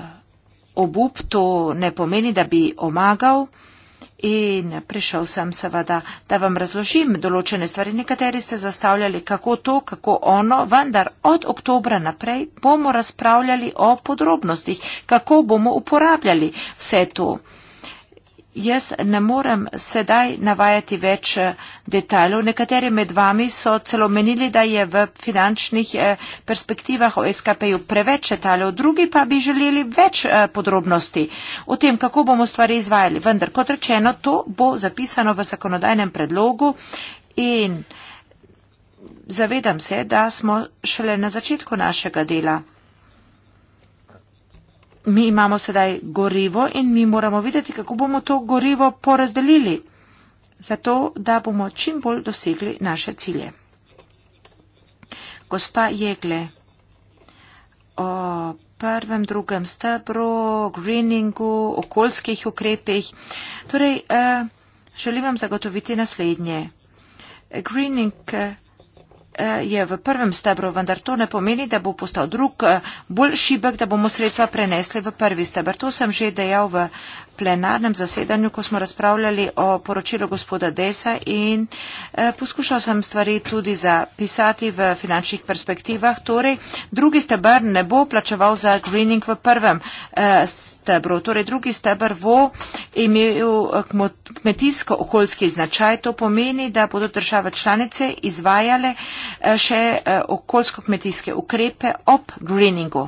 obup, to ne pomeni, da bi omagal. In prišel sem seveda, da vam razložim določene stvari. Nekateri ste zastavljali, kako to, kako ono, vendar od oktobra naprej bomo razpravljali o podrobnostih, kako bomo uporabljali vse to. Jaz ne morem sedaj navajati več eh, detaljev. Nekateri med vami so celo menili, da je v finančnih eh, perspektivah o SKP-ju preveč detaljev, drugi pa bi želeli več eh, podrobnosti o tem, kako bomo stvari izvajali. Vendar, kot rečeno, to bo zapisano v zakonodajnem predlogu in zavedam se, da smo šele na začetku našega dela mi imamo sedaj gorivo in mi moramo videti, kako bomo to gorivo porazdelili, zato da bomo čim bolj dosegli naše cilje. Gospa Jegle, o prvem, drugem stebru, greeningu, okoljskih ukrepih. Torej, eh, želim vam zagotoviti naslednje. Greening eh, Eh, je v prvem stebru, vendar to ne pomeni, da bo postal drug eh, bolj šibek, da bomo sredstva prenesli v prvi stebr. To sem že dejal v plenarnem zasedanju, ko smo razpravljali o poročilu gospoda Desa in eh, poskušal sem stvari tudi zapisati v finančnih perspektivah. Torej, drugi stebr ne bo plačeval za greening v prvem stebru. Torej, drugi stebr bo imel kmetijsko-okoljski značaj. To pomeni, da bodo države članice izvajale Eh, še eh, okoljsko-kmetijske ukrepe ob greeningu.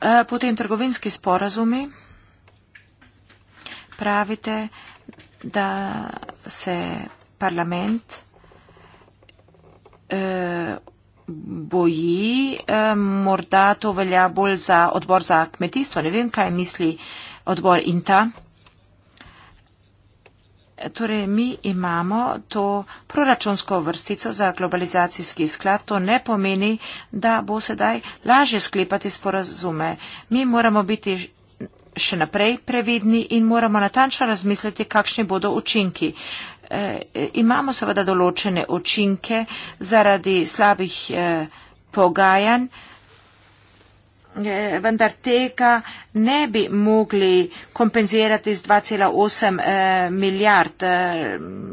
Eh, potem trgovinski sporazumi. Pravite, da se parlament boji, morda to velja bolj za odbor za kmetijstvo. Ne vem, kaj misli odbor INTA. Torej, mi imamo to proračunsko vrstico za globalizacijski sklad. To ne pomeni, da bo sedaj lažje sklepati sporazume. Mi moramo biti še naprej previdni in moramo natančno razmisliti, kakšni bodo učinki. E, imamo seveda določene učinke zaradi slabih e, pogajanj. Eh, vendar tega ne bi mogli kompenzirati z 2,8 eh, milijard. Eh,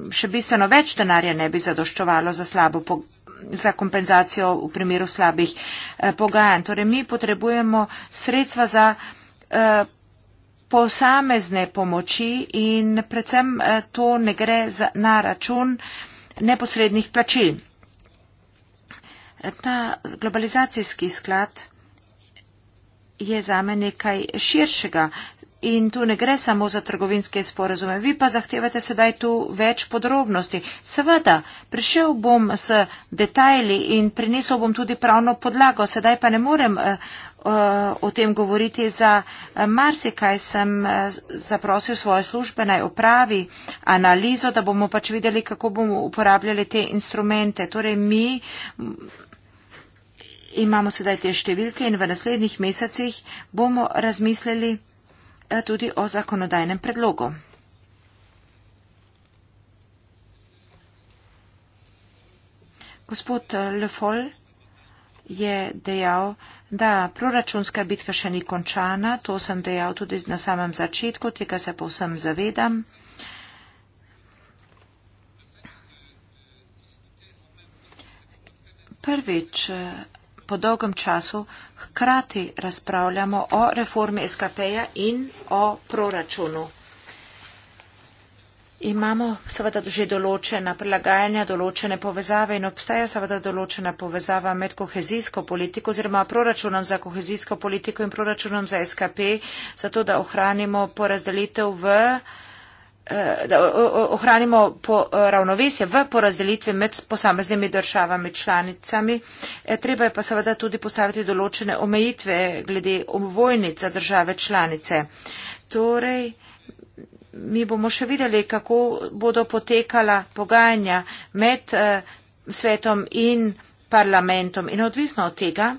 še bistveno več denarja ne bi zadoščovalo za slabo za kompenzacijo v primeru slabih pogajanj. Torej, mi potrebujemo sredstva za posamezne pomoči in predvsem to ne gre za, na račun neposrednih plačil. Ta globalizacijski sklad je zame nekaj širšega. In tu ne gre samo za trgovinske sporazume. Vi pa zahtevate sedaj tu več podrobnosti. Seveda, prišel bom s detajli in prinesel bom tudi pravno podlago. Sedaj pa ne morem uh, uh, o tem govoriti za uh, marsikaj. Sem uh, zaprosil svoje službe naj opravi analizo, da bomo pač videli, kako bomo uporabljali te instrumente. Torej, mi imamo sedaj te številke in v naslednjih mesecih bomo razmislili eh, tudi o zakonodajnem predlogu. Gospod eh, Le Foll je dejal, da proračunska bitka še ni končana, to sem dejal tudi na samem začetku, tega se povsem zavedam. Prvič, eh, po dolgem času hkrati razpravljamo o reformi SKP-ja in o proračunu. Imamo seveda že določena prilagajanja, določene povezave in obstaja seveda določena povezava med kohezijsko politiko oziroma proračunom za kohezijsko politiko in proračunom za SKP, zato da ohranimo porazdelitev v Eh, da ohranimo po eh, ravnovesje v porazdelitvi med posameznimi državami članicami. Eh, treba je pa seveda tudi postaviti določene omejitve glede vojnic za države članice. Torej, mi bomo še videli, kako bodo potekala pogajanja med svetom in parlamentom. In odvisno od tega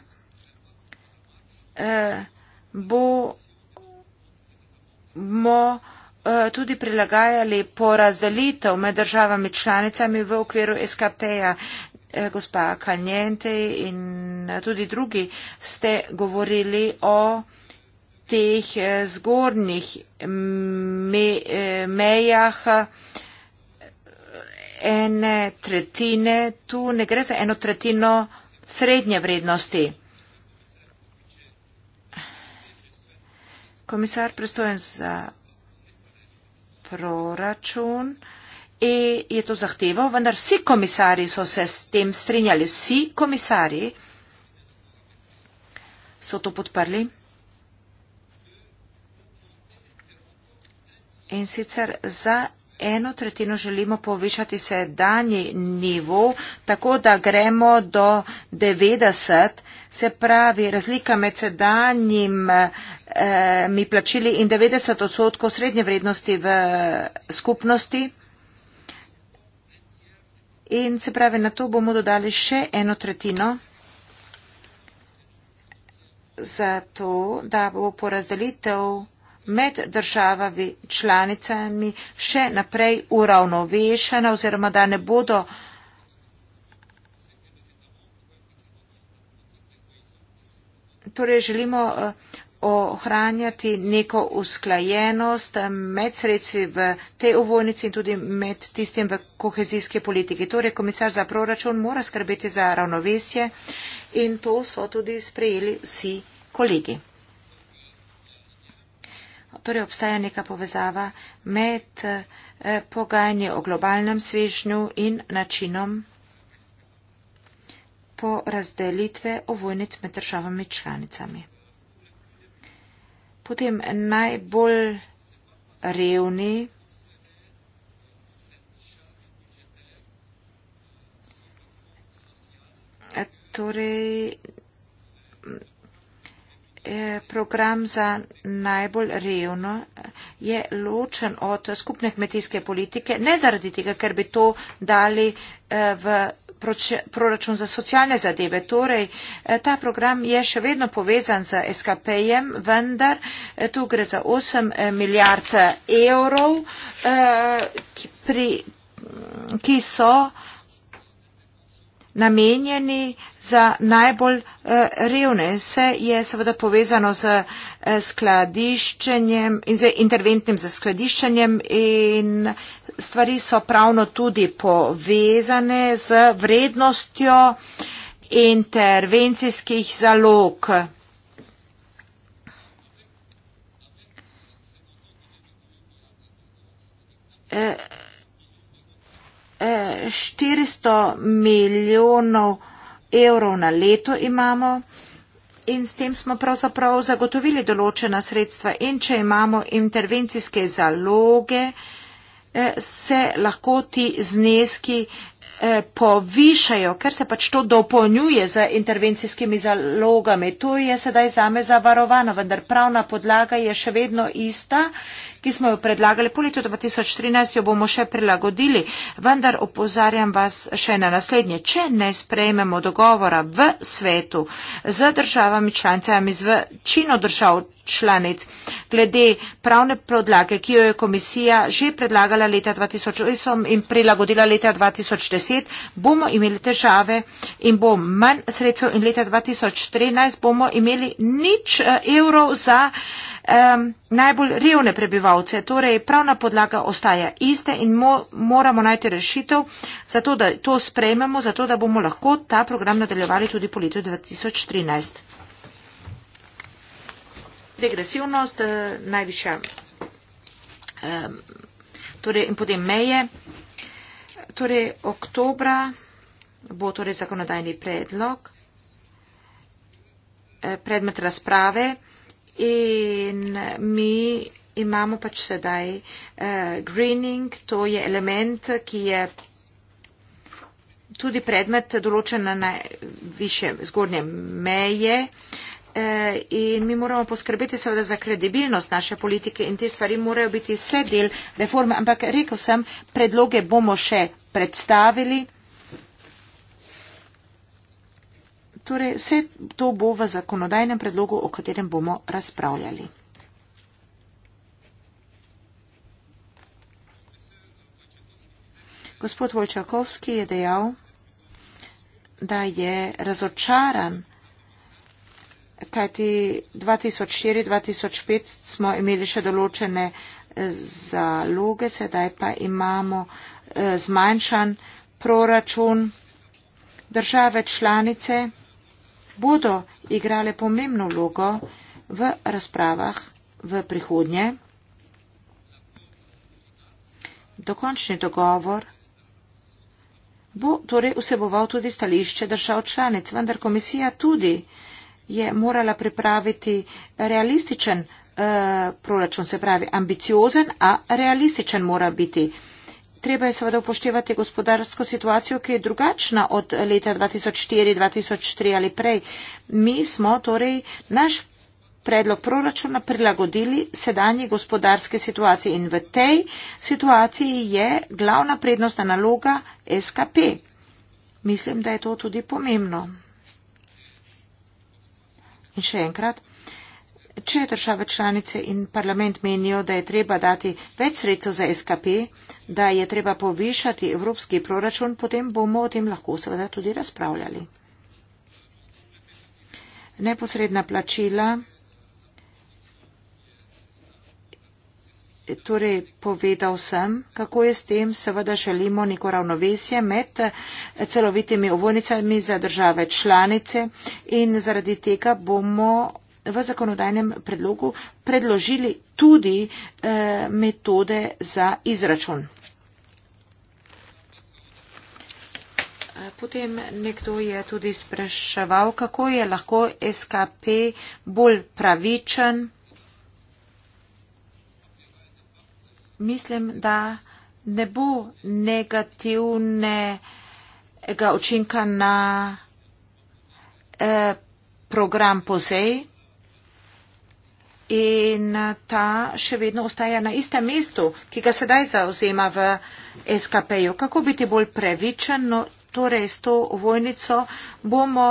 bomo Eh, tudi prilagajali po razdelitev med državami članicami v okviru SKP-ja. Eh, gospa Kaljente in eh, tudi drugi ste govorili o teh zgornjih mejah ene tretjine, tu ne gre za eno tretjino srednje vrednosti. Komisar, pristojen za proračun. E je to zahtevo, vendar vsi komisari so se s tem strinjali. Vsi komisari so to podprli. In sicer za eno tretjino želimo povišati sedanji nivo, tako da gremo do 90 Se pravi, razlika med sedanjimi eh, plačili in 90 odstotkov srednje vrednosti v eh, skupnosti. In se pravi, na to bomo dodali še eno tretjino, zato da bo porazdelitev med državami članicami še naprej uravnovešena oziroma da ne bodo eh, torej želimo eh, ohranjati neko usklajenost eh, med sredstvi v tej ovojnici in tudi med tistim v kohezijski politiki. Torej, komisar za proračun mora skrbeti za ravnovesje in to so tudi sprejeli vsi kolegi. Torej, obstaja neka povezava med eh, pogajanje o globalnem svežnju in načinom po razdelitve ovojnic med državami članicami. Potem najbolj revni torej, eh, program za najbolj revno je ločen od skupne kmetijske politike, ne zaradi tega, ker bi to dali eh, v proračun za socialne zadeve. Torej, eh, ta program je še vedno povezan z SKP-jem, vendar eh, tu gre za 8 eh, milijard evrov, pri, mm, ki so namenjeni za najbolj revne. Vse je seveda povezano z skladiščenjem in z interventnim zaskladiščenjem in stvari so pravno tudi povezane z vrednostjo intervencijskih zalog. E, e, štiristo milijonov evrov na leto imamo in s tem smo pravzaprav zagotovili določena sredstva. In če imamo intervencijske zaloge, eh, Eh, se lahko ti zneski eh, povišajo, ker se pač to dopolnjuje z intervencijskimi zalogami. To je sedaj zame zavarovano, vendar pravna podlaga je še vedno ista, ki smo jo predlagali. Po letu 2013 jo bomo še prilagodili, vendar opozarjam vas še na naslednje. Če ne sprejmemo dogovora v svetu z državami članicami, z večino držav članic. Glede pravne podlage, ki jo je komisija že predlagala leta 2008 in prilagodila leta 2010, bomo imeli težave in bo manj sredstev in leta 2013 bomo imeli nič eh, evrov za um, najbolj revne prebivalce. Torej, pravna podlaga ostaja ista in mo moramo najti rešitev, zato da to sprejmemo, zato da bomo lahko ta program nadaljevali tudi po letu 2013 degresivnost, eh, najviše torej in potem meje. Torej, oktobra bo torej zakonodajni predlog, eh, predmet razprave in mi imamo pač sedaj eh, greening, to je element, ki je tudi predmet določena na više zgornje meje, Eh, in mi moramo poskrbeti seveda za kredibilnost naše politike in te stvari morajo biti vse del reforme. Ampak rekel sem, predloge bomo še predstavili. Torej, vse to bo v zakonodajnem predlogu, o katerem bomo razpravljali. Gospod Vojčakovski je dejal, da je razočaran kajti 2004-2005 smo imeli še določene eh, zaloge, sedaj pa imamo eh, zmanjšan proračun. Države članice bodo igrale pomembno vlogo v razpravah v prihodnje. Dokončni dogovor bo torej vseboval tudi stališče držav članic, vendar komisija tudi je morala pripraviti realističen uh, proračun, se pravi ambiciozen, a realističen mora biti. Treba je seveda upoštevati gospodarsko situacijo, ki je drugačna od leta 2004, 2003 ali prej. Mi smo torej naš predlog proračuna prilagodili sedanji gospodarske situacije in v tej situaciji je glavna prednostna naloga SKP. Mislim, da je to tudi pomembno. In še enkrat, če države članice in parlament menijo, da je treba dati več sredstev za SKP, da je treba povišati evropski proračun, potem bomo o tem lahko seveda tudi razpravljali. Neposredna plačila. torej povedal sem, kako je s tem, seveda želimo neko ravnovesje med celovitimi ovojnicami za države članice in zaradi tega bomo v zakonodajnem predlogu predložili tudi eh, metode za izračun. Eh, potem nekdo je tudi spraševal, kako je lahko SKP bolj pravičen. mislim, da ne bo negativnega učinka na eh, program posej in eh, ta še vedno ostaja na istem mestu, ki ga sedaj zauzema v SKP-ju. Kako biti bolj previčen, no, torej s to vojnico bomo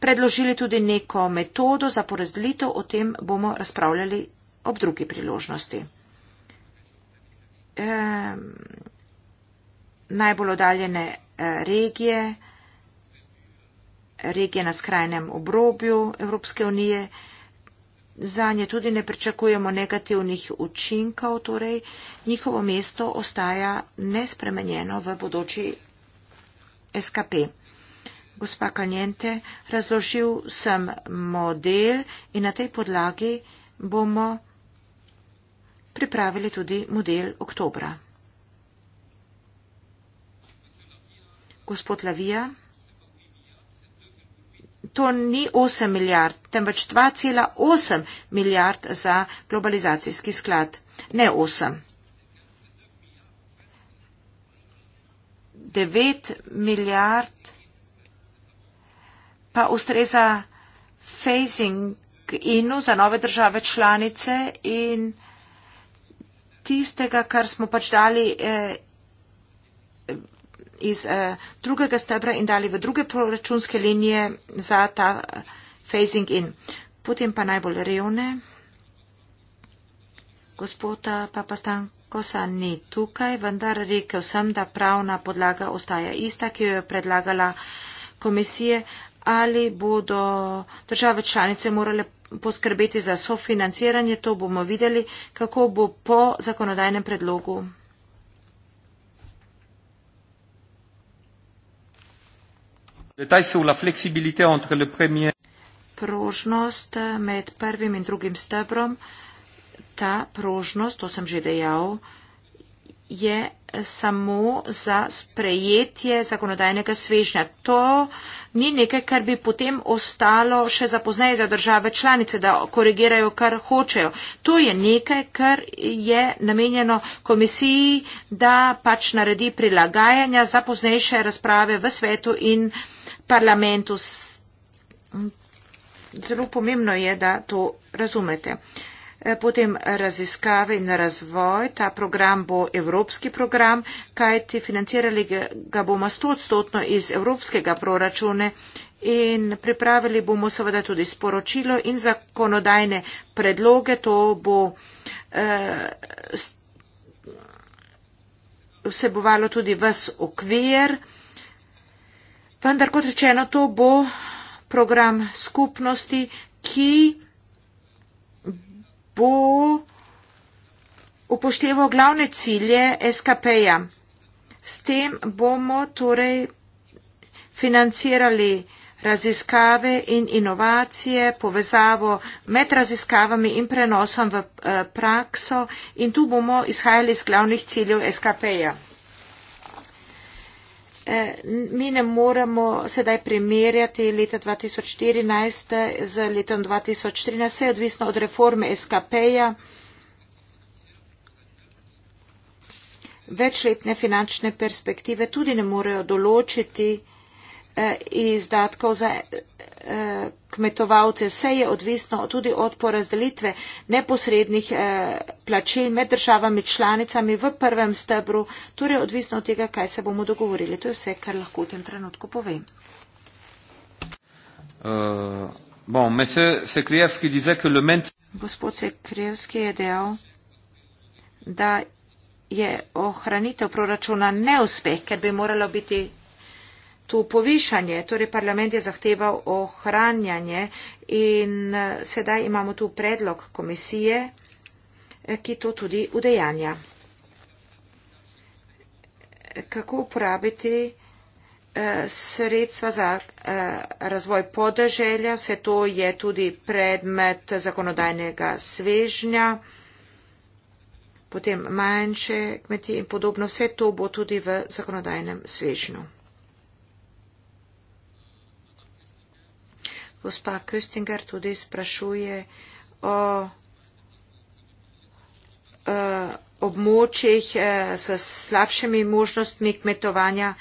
predložili tudi neko metodo za porazdelitev, o tem bomo razpravljali ob drugi priložnosti eh, najbolj oddaljene eh, regije, regije na skrajnem obrobju Evropske unije. Za nje tudi ne pričakujemo negativnih učinkov, torej njihovo mesto ostaja nespremenjeno v bodoči SKP. Gospa Kaljente, razložil sem model in na tej podlagi bomo pripravili tudi model oktobra. Gospod Lavija, to ni 8 milijard, temveč 2,8 milijard za globalizacijski sklad. Ne 8. 9 milijard pa ustreza phasing inu za nove države članice in tistega, kar smo pač dali eh, iz eh, drugega stebra in dali v druge proračunske linije za ta eh, phasing in. Potem pa najbolj revne. Gospoda Papa Stankosa ni tukaj, vendar rekel sem, da pravna podlaga ostaja ista, ki jo je predlagala komisije, ali bodo države članice morale poskrbeti za sofinanciranje, to bomo videli, kako bo po zakonodajnem predlogu. Prožnost eh, med prvim in drugim stebrom, ta prožnost, to sem že dejal, je samo za sprejetje zakonodajnega svežnja. To ni nekaj, kar bi potem ostalo še za pozneje za države članice, da korigirajo, kar hočejo. To je nekaj, kar je namenjeno komisiji, da pač naredi prilagajanja za poznejše razprave v svetu in parlamentu. Zelo pomembno je, da to razumete. Eh, potem raziskave in razvoj. Ta program bo evropski program, kajti financirali ga bomo stotstotno iz evropskega proračune in pripravili bomo seveda tudi sporočilo in zakonodajne predloge. To bo eh, vsebovalo tudi vas okvir. Vendar, kot rečeno, to bo program skupnosti, ki bo upošteval glavne cilje SKP-ja. S tem bomo torej financirali raziskave in inovacije, povezavo med raziskavami in prenosom v eh, prakso in tu bomo izhajali iz glavnih ciljev SKP-ja. Eh, mi ne moremo sedaj primerjati leta 2014 eh, z letom 2013, vse je odvisno od reforme SKP-ja. Večletne finančne perspektive tudi ne morejo določiti, Eh, izdatkov za eh, kmetovalce. Vse je odvisno tudi od porazdelitve neposrednih eh, plačil med državami članicami v prvem stebru, torej odvisno od tega, kaj se bomo dogovorili. To je vse, kar lahko v tem trenutku povem. Gospod Sekrijevski je dejal, da je ohranitev proračuna neuspeh, ker bi moralo biti tu povišanje, torej parlament je zahteval ohranjanje in eh, sedaj imamo tu predlog komisije, eh, ki to tudi udejanja. Kako uporabiti eh, sredstva za razvoj podeželja, vse to je tudi predmet zakonodajnega svežnja, potem manjše kmetije in podobno, vse to bo tudi v zakonodajnem svežnju. Gospa Köstinger tudi sprašuje o eh, območjih eh, s slabšimi možnostmi kmetovanja.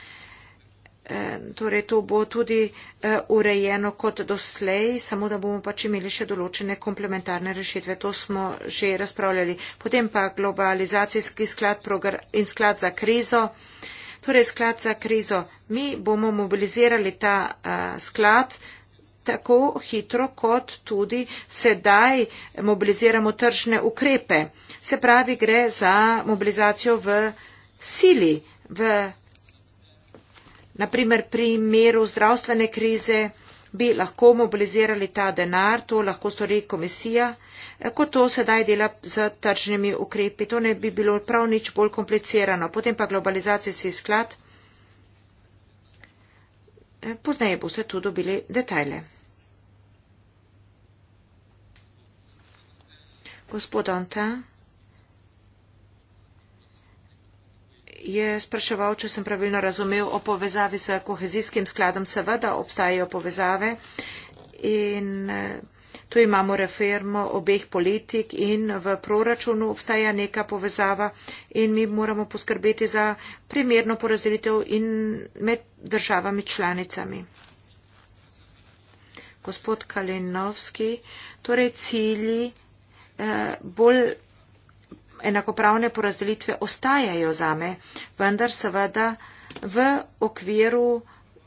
Eh, torej, to bo tudi urejeno kot doslej, samo da bomo pač imeli še določene komplementarne rešitve. To smo že razpravljali. Potem pa globalizacijski sklad in sklad za krizo. Torej, sklad za krizo. Mi bomo mobilizirali ta sklad tako hitro, kot tudi sedaj mobiliziramo tržne ukrepe. Se pravi, gre za mobilizacijo v sili, v naprimer primeru zdravstvene krize bi lahko mobilizirali ta denar, to lahko stori komisija, kot to sedaj dela z tržnimi ukrepi. To ne bi bilo prav nič bolj komplicirano. Potem pa globalizacijski sklad pozneje boste tu dobili detajle. Gospod Anta je spraševal, če sem pravilno razumel o povezavi s kohezijskim skladom. Seveda obstajajo povezave in povezave. Eh, Tu imamo reformo obeh politik in v proračunu obstaja neka povezava in mi moramo poskrbeti za primerno porazdelitev in med državami članicami. Gospod Kalinovski, torej cilji eh, bolj enakopravne porazdelitve ostajajo zame, vendar seveda v okviru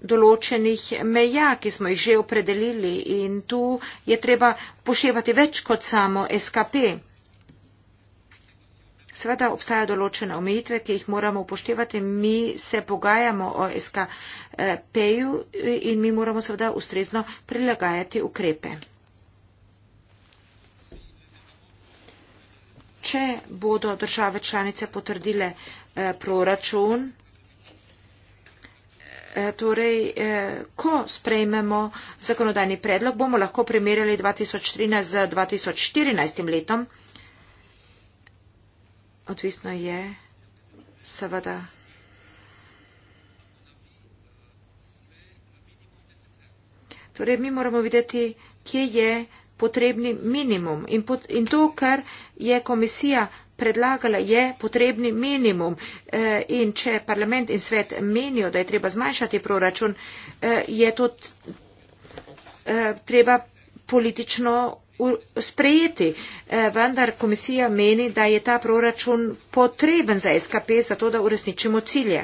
določenih meja, ki smo jih že opredelili in tu je treba poševati več kot samo SKP. Sveda obstaja določene omejitve, ki jih moramo upoštevati. Mi se pogajamo o SKP-ju in mi moramo seveda ustrezno prilagajati ukrepe. Če bodo države članice potrdile eh, proračun, E, torej, e, ko sprejmemo zakonodajni predlog, bomo lahko primerjali 2013 z 2014 letom. Odvisno je seveda Torej, mi moramo videti, kje je potrebni minimum. In, pot, in to, kar je komisija predlagala je potrebni minimum eh, in če parlament in svet menijo, da je treba zmanjšati proračun, eh, je to eh, treba politično sprejeti. Vendar komisija meni, da je ta proračun potreben za SKP, zato da uresničimo cilje.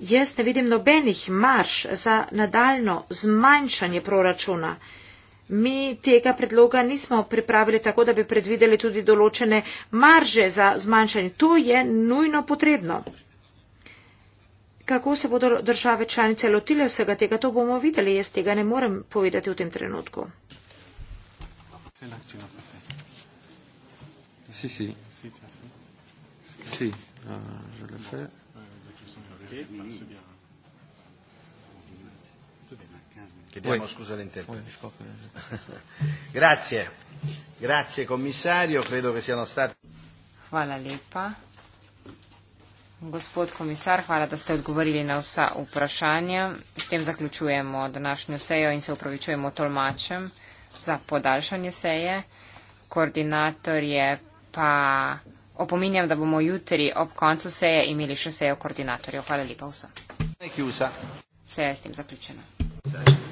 Jaz ne vidim nobenih marš za nadaljno zmanjšanje proračuna. Mi tega predloga nismo pripravili tako, da bi predvideli tudi določene marže za zmanjšanje. To je nujno potrebno. Kako se bodo države članice lotile vsega tega, to bomo videli. Jaz tega ne morem povedati v tem trenutku. Si, si. Si, uh, chiediamo Poi. scusa all'interno. *laughs* grazie, grazie commissario, credo che siano stati. Hvala lepa. Gospod komisar, hvala, da ste odgovorili na vsa vprašanja. S tem zaključujemo današnjo sejo in se upravičujemo tolmačem za podaljšanje seje. Koordinator je pa opominjam, da bomo jutri ob koncu seje imeli še sejo koordinatorjev. Hvala lepa vsem. Seja je s tem zaključena. Zdaj.